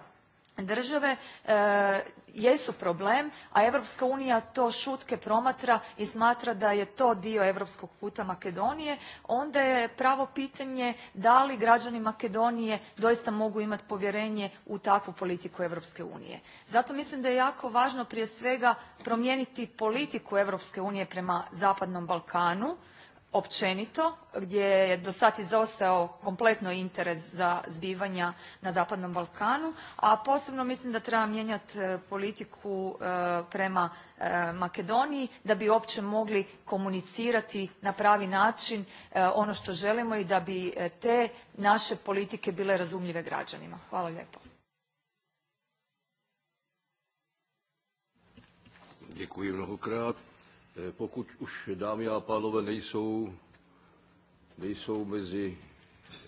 države e, jesu problem a europska unija to šutke promatra i smatra da je to dio europskog puta makedonije onda je pravo pitanje da li građani makedonije doista mogu imati povjerenje u takvu politiku europske unije. zato mislim da je jako važno prije svega promijeniti politiku europske unije prema zapadnom balkanu općenito, gdje je do sad izostao kompletno interes za zbivanja na Zapadnom Balkanu, a posebno mislim da treba mijenjati e, politiku e, prema e, Makedoniji da bi uopće mogli komunicirati na pravi način ono što želimo i da bi te naše politike bile razumljive građanima. Hvala lijepo. Eh, pokud už, dámy a pánové, nejsou, nejsou mezi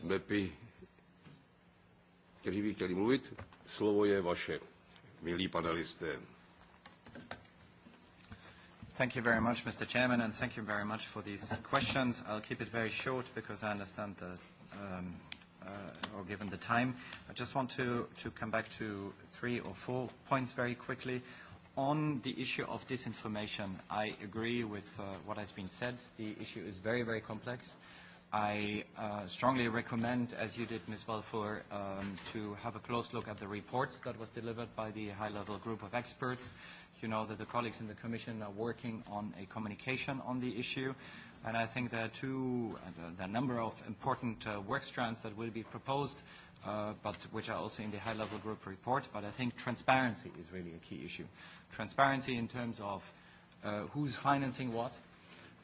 MEPy, kteří by chtěli mluvit, slovo je vaše, milí panelisté. Thank you very much, Mr. Chairman, and thank you very much for these questions. I'll keep it very short because I understand the um, uh, or given the time. I just want to, to come back to three or four points very quickly. On the issue of disinformation, I agree with uh, what has been said. The issue is very, very complex. I uh, strongly recommend, as you did, Ms. Balfour, um, to have a close look at the report that was delivered by the high-level group of experts. You know that the colleagues in the Commission are working on a communication on the issue, and I think there are two, uh, the number of important uh, work strands that will be proposed Uh, but which are also in the high-level group report. But I think transparency is really a key issue. Transparency in terms of uh, who's financing what,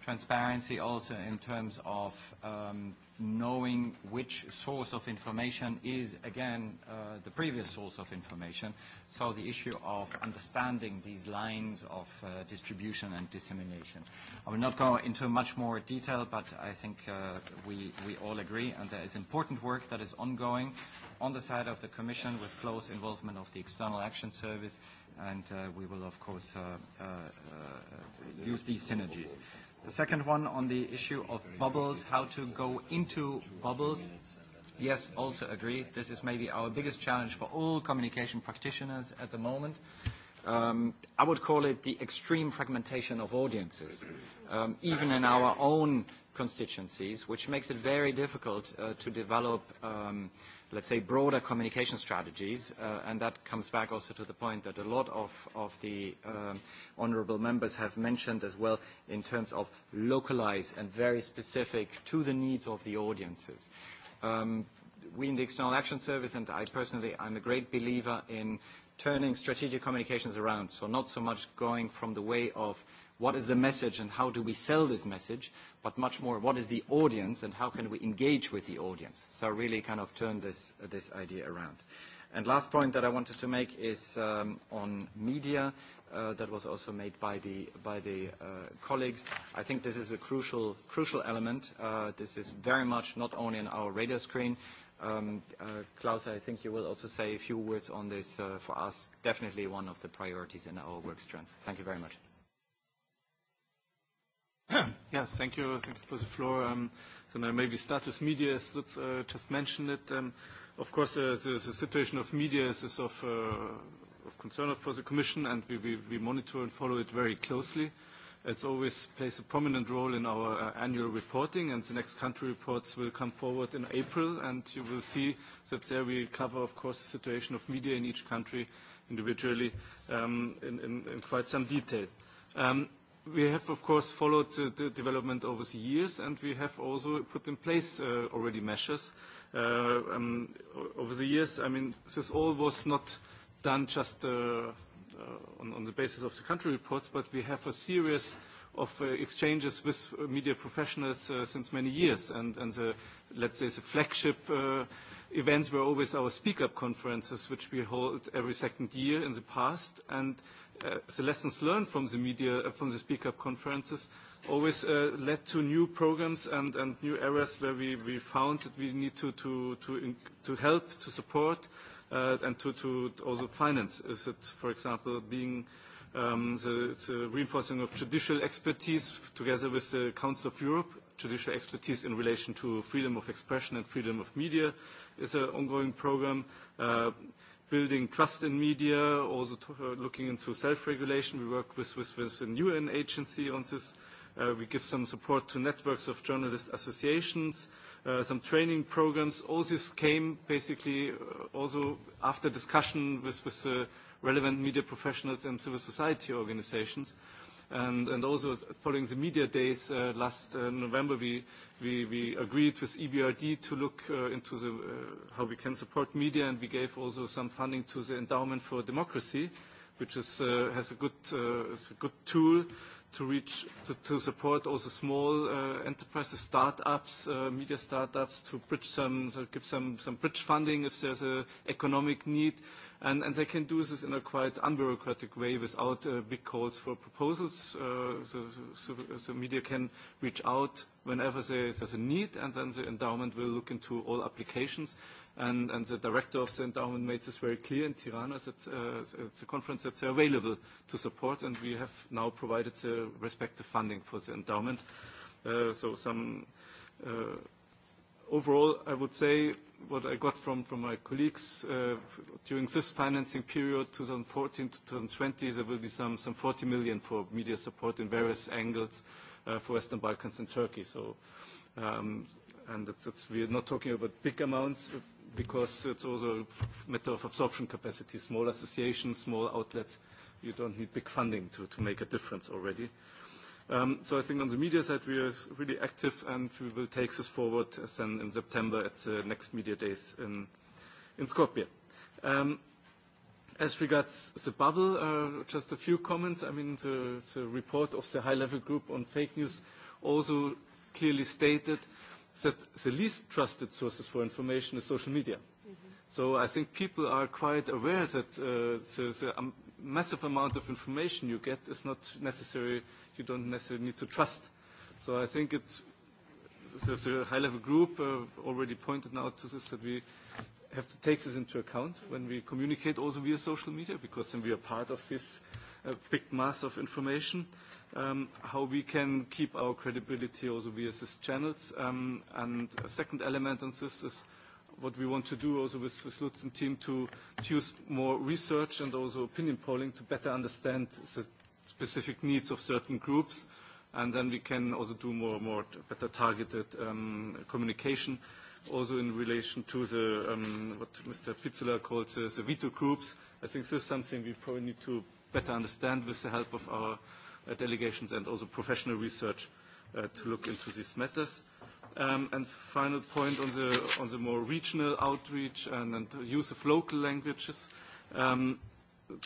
transparency also in terms of um, knowing which source of information is, again, uh, the previous source of information. So the issue of understanding these lines of uh, distribution and dissemination. I will not go into much more detail, but I think uh, we, we all agree, and there is important work that is ongoing on the side of the Commission with close involvement of the External Action Service, and uh, we will, of course, uh, uh, uh, use these synergies. The second one on the issue of bubbles, how to go into bubbles. Yes, also agree. This is maybe our biggest challenge for all communication practitioners at the moment. Um, I would call it the extreme fragmentation of audiences, um, even in our own constituencies, which makes it very difficult uh, to develop um, uh, let's say, broader communication strategies. Uh, and that comes back also to the point that a lot of, of the um, honourable members have mentioned as well in terms of localized and very specific to the needs of the audiences. Um, we in the External Action Service, and I personally, I'm a great believer in turning strategic communications around. So not so much going from the way of what is the message and how do we sell this message, but much more what is the audience and how can we engage with the audience. So I really kind of turn this, uh, this idea around. And last point that I wanted to make is um, on media. Uh, that was also made by the, by the uh, colleagues. I think this is a crucial, crucial element. Uh, this is very much not only on our radio screen. Um, uh, Klaus, I think you will also say a few words on this. uh, For us, definitely one of the priorities in our work strands. Thank you very much. yes, thank you. Thank you for the floor. Um, so now maybe start with media, as Lutz uh, just mentioned it. Um, of course, uh, the, the situation of media is, is of, uh, of concern for the Commission, and we, we, we monitor and follow it very closely. It always plays a prominent role in our uh, annual reporting, and the next country reports will come forward in April, and you will see that there we cover, of course, the situation of media in each country individually um, in, in, in quite some detail. Um, We have, of course, followed the development over the years, and we have also put in place uh, already measures. Uh, um, over the years, I mean, this all was not done just uh, on, the basis of the country reports, but we have a series of exchanges with media professionals since many years. and the, let's say, the flagship events were always our Speak Up conferences, which we hold every second year in the past. And Uh, the lessons learned from the media, uh, from the Speak Up conferences, always uh, led to new programs and, and new areas where we, we found that we need to, to, to, to help, to support, uh, and to, to also finance. Is it, for example, being um, the, the reinforcing of judicial expertise together with the Council of Europe, judicial expertise in relation to freedom of expression and freedom of media is an ongoing program. Uh, building trust in media, also to, uh, looking into self-regulation. We work with, with, with the UN agency on this. Uh, we give some support to networks of journalist associations, uh, some training programs. All this came basically uh, also after discussion with, with the uh, relevant media professionals and civil society organizations. Uh, And, and also following the media days uh, last uh, November, we, we, we agreed with EBRD to look uh, into the, uh, how we can support media, and we gave also some funding to the Endowment for Democracy, which is, uh, has a good, uh, a good tool to reach to, to support also small uh, enterprises, startups, uh, media startups, to bridge some, to give some, some bridge funding if there's an economic need. Uh, And, and they can do this in a quite unbureaucratic way without uh, big calls for proposals. Uh, so, so, so media can reach out whenever there, there's a need, and then the endowment will look into all applications. And, and the director of the endowment made this very clear in Tirana that uh, it's a conference that's available to support, and we have now provided the respective funding for the endowment. Uh, so some uh, overall, I would say what I got from, my colleagues uh, during this financing period, 2014 to 2020, there will be some, some 40 million for media support in various angles uh, for Western Balkans and Turkey. So, um, and not talking about big amounts because it's also a matter of absorption capacity. Small associations, small outlets, you don't need big funding to, make a difference already. Um, I think on the media side we are really active and we will take this forward then in September at the next media days in, Skopje. Um, as regards the bubble, uh, just a few comments. I mean, the, report of the high-level group on fake news also clearly stated that the least trusted sources for information is social media. Mm -hmm. I think people are quite aware that uh, the, um, massive amount of information you get is not necessarily you don't necessarily need to trust. So I think it's there's a high-level group uh, already pointed now to this that we have to take this into account when we communicate also via social media because then we are part of this uh, big mass of information. Um, how we can keep our credibility also via these channels. Um, and a second element on this is what we want to do also with, with Lutz and team to, to use more research and also opinion polling to better understand the specific needs of certain groups, and then we can also do more, more better targeted um, communication. Also in relation to the, um, what Mr. Pitzler calls the veto groups, I think this is something we probably need to better understand with the help of our uh, delegations and also professional research uh, to look into these matters. Um, and final point on the, on the more regional outreach and, and use of local languages. Um,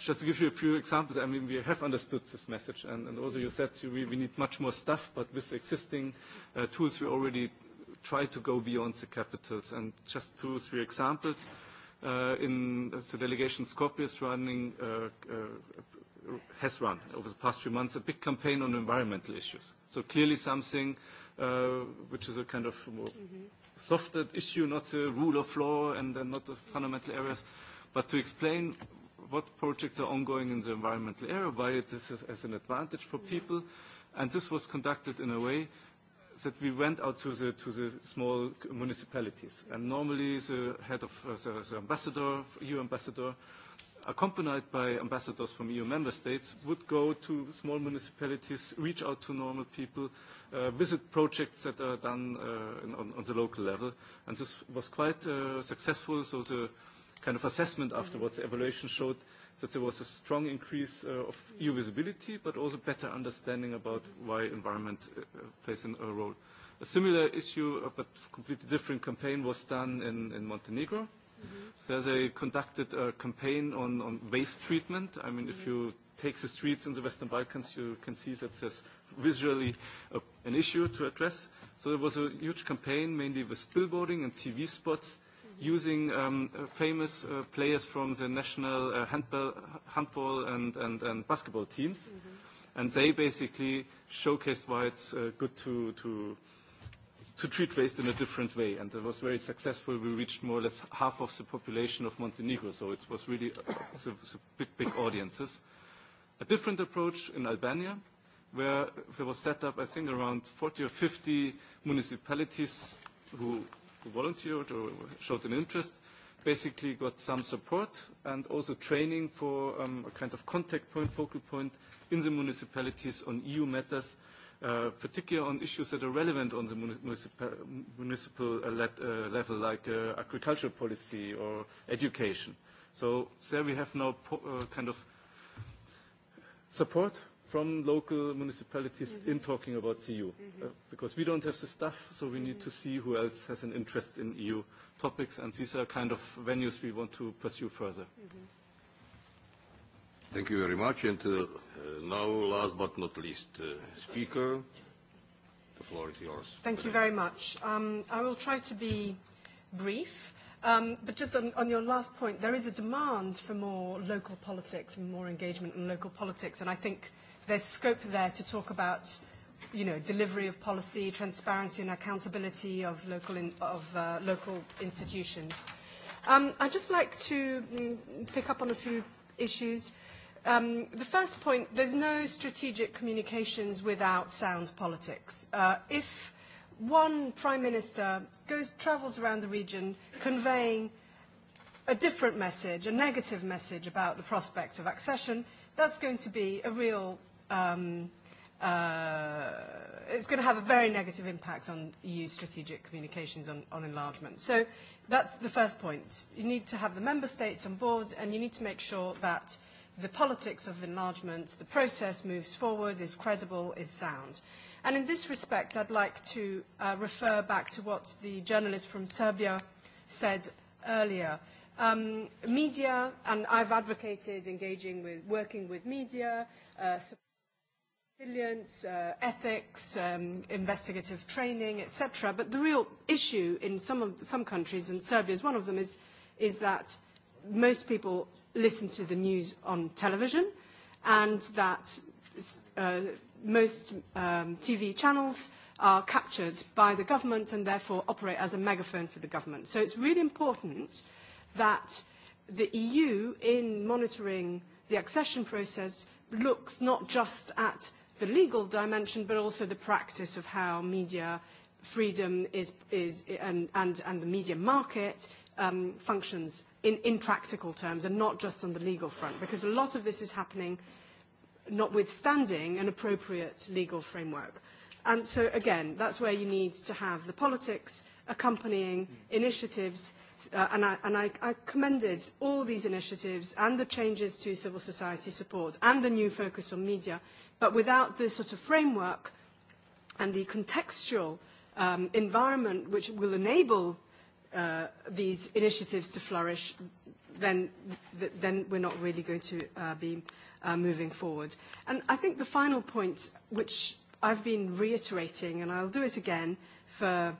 just to give you a few examples, I mean, we have understood this message, and, and also you said we, we need much more stuff, but with existing uh, tools, we already try to go beyond the capitals. And just two, or three examples. Uh, in uh, the delegation Scorpio is running, uh, uh, has run over the past few months, a big campaign on environmental issues. So clearly something uh, which is a kind of more mm-hmm. softer issue, not the rule of law and, and not the fundamental areas, but to explain what projects are ongoing in the environmental area, why it is as, as an advantage for people. And this was conducted in a way that we went out to the, to the small municipalities. And normally the head of uh, the, the ambassador, EU ambassador, accompanied by ambassadors from EU member states, would go to small municipalities, reach out to normal people, uh, visit projects that are done uh, in, on, on the local level. And this was quite uh, successful, so the uh, kind of assessment afterwards, the evaluation showed that there was a strong increase uh, of EU visibility, but also better understanding about why environment uh, uh plays a role. A similar issue, uh, but completely different campaign, was done in, in Montenegro. Mm-hmm. So they conducted a campaign on, on waste treatment. I mean, mm-hmm. if you take the streets in the Western Balkans, you can see that there's visually a, an issue to address. So there was a huge campaign, mainly with billboarding and TV spots, uh, using um, uh, famous uh, players from the national uh, handball, handball and, and, and basketball teams. Mm-hmm. And they basically showcased why it's uh, good to, to, to treat waste in a different way. And it was very successful. We reached more or less half of the population of Montenegro. So it was really uh, big, big audiences. A different approach in Albania, where there was set up, I think, around 40 or 50 municipalities who who volunteered or showed an interest basically got some support and also training for um, a kind of contact point, focal point in the municipalities on EU matters, uh, particularly on issues that are relevant on the municipal, municipal uh, let, uh, level, like uh, agricultural policy or education. So there we have now po uh, kind of support from local municipalities mm-hmm. in talking about CU, mm-hmm. uh, because we don't have the stuff, so we mm-hmm. need to mm-hmm. see who else has an interest in EU topics, and these are kind of venues we want to pursue further. Mm-hmm. Thank you very much, and uh, uh, now, last but not least, uh, speaker, the floor is yours. Thank you very much. Um, I will try to be brief. Um, but just on, on your last point, there is a demand for more local politics and more engagement in local politics, and I think there's scope there to talk about you know, delivery of policy, transparency and accountability of local, in, of, uh, local institutions. Um, I'd just like to mm, pick up on a few issues. Um, the first point, there's no strategic communications without sound politics. Uh, if one prime minister goes, travels around the region conveying a different message, a negative message about the prospect of accession, that's going to be a real um, uh, it's going to have a very negative impact on EU strategic communications on, on enlargement. So that's the first point. You need to have the member states on board, and you need to make sure that the politics of enlargement, the process moves forward, is credible, is sound. And in this respect, I'd like to uh, refer back to what the journalist from Serbia said earlier. Um, media, and I've advocated engaging with, working with media, uh, Resilience, uh, ethics, um, investigative training, etc. But the real issue in some, of, some countries, and Serbia is one of them, is, is that most people listen to the news on television and that uh, most um, TV channels are captured by the government and therefore operate as a megaphone for the government. So it's really important that the EU, in monitoring the accession process, looks not just at the legal dimension, but also the practice of how media freedom is, is, and, and, and the media market um, functions in, in practical terms and not just on the legal front, because a lot of this is happening notwithstanding an appropriate legal framework. And so, again, that's where you need to have the politics accompanying initiatives. Uh, and I, and I, I commended all these initiatives and the changes to civil society support and the new focus on media But without this sort of framework and the contextual um, environment which will enable uh, these initiatives to flourish, then, th then we're not really going to uh, be uh, moving forward. And I think the final point, which I've been reiterating, and I'll do it again for,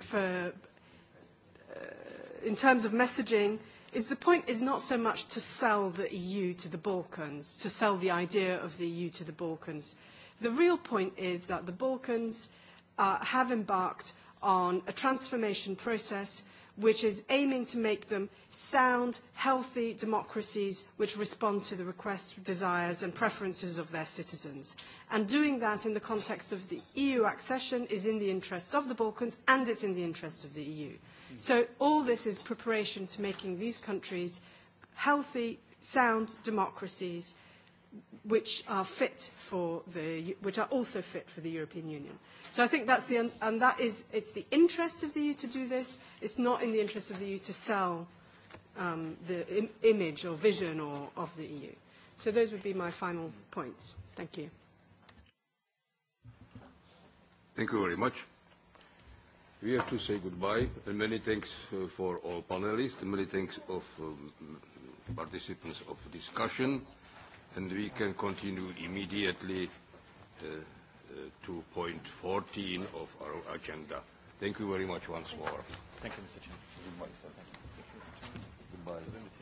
for uh, in terms of messaging, is the point is not so much to sell the EU to the Balkans, to sell the idea of the EU to the Balkans. The real point is that the Balkans uh, have embarked on a transformation process which is aiming to make them sound, healthy democracies which respond to the requests, desires and preferences of their citizens. And doing that in the context of the EU accession is in the interest of the Balkans and it's in the interest of the EU. So all this is preparation to making these countries healthy, sound democracies which are fit for the, which are also fit for the European Union. So I think that's the, and that is, it's the interest of the EU to do this. It's not in the interest of the EU to sell um, the Im- image or vision or, of the EU. So those would be my final points. Thank you. Thank you very much. We have to say goodbye, and many thanks uh, for all panelists, many thanks of um, participants of discussion, and we can continue immediately uh, uh, to point 14 of our agenda. Thank you very much once more. Thank you, Mr. Chairman. Goodbye, sir. Thank you. Goodbye.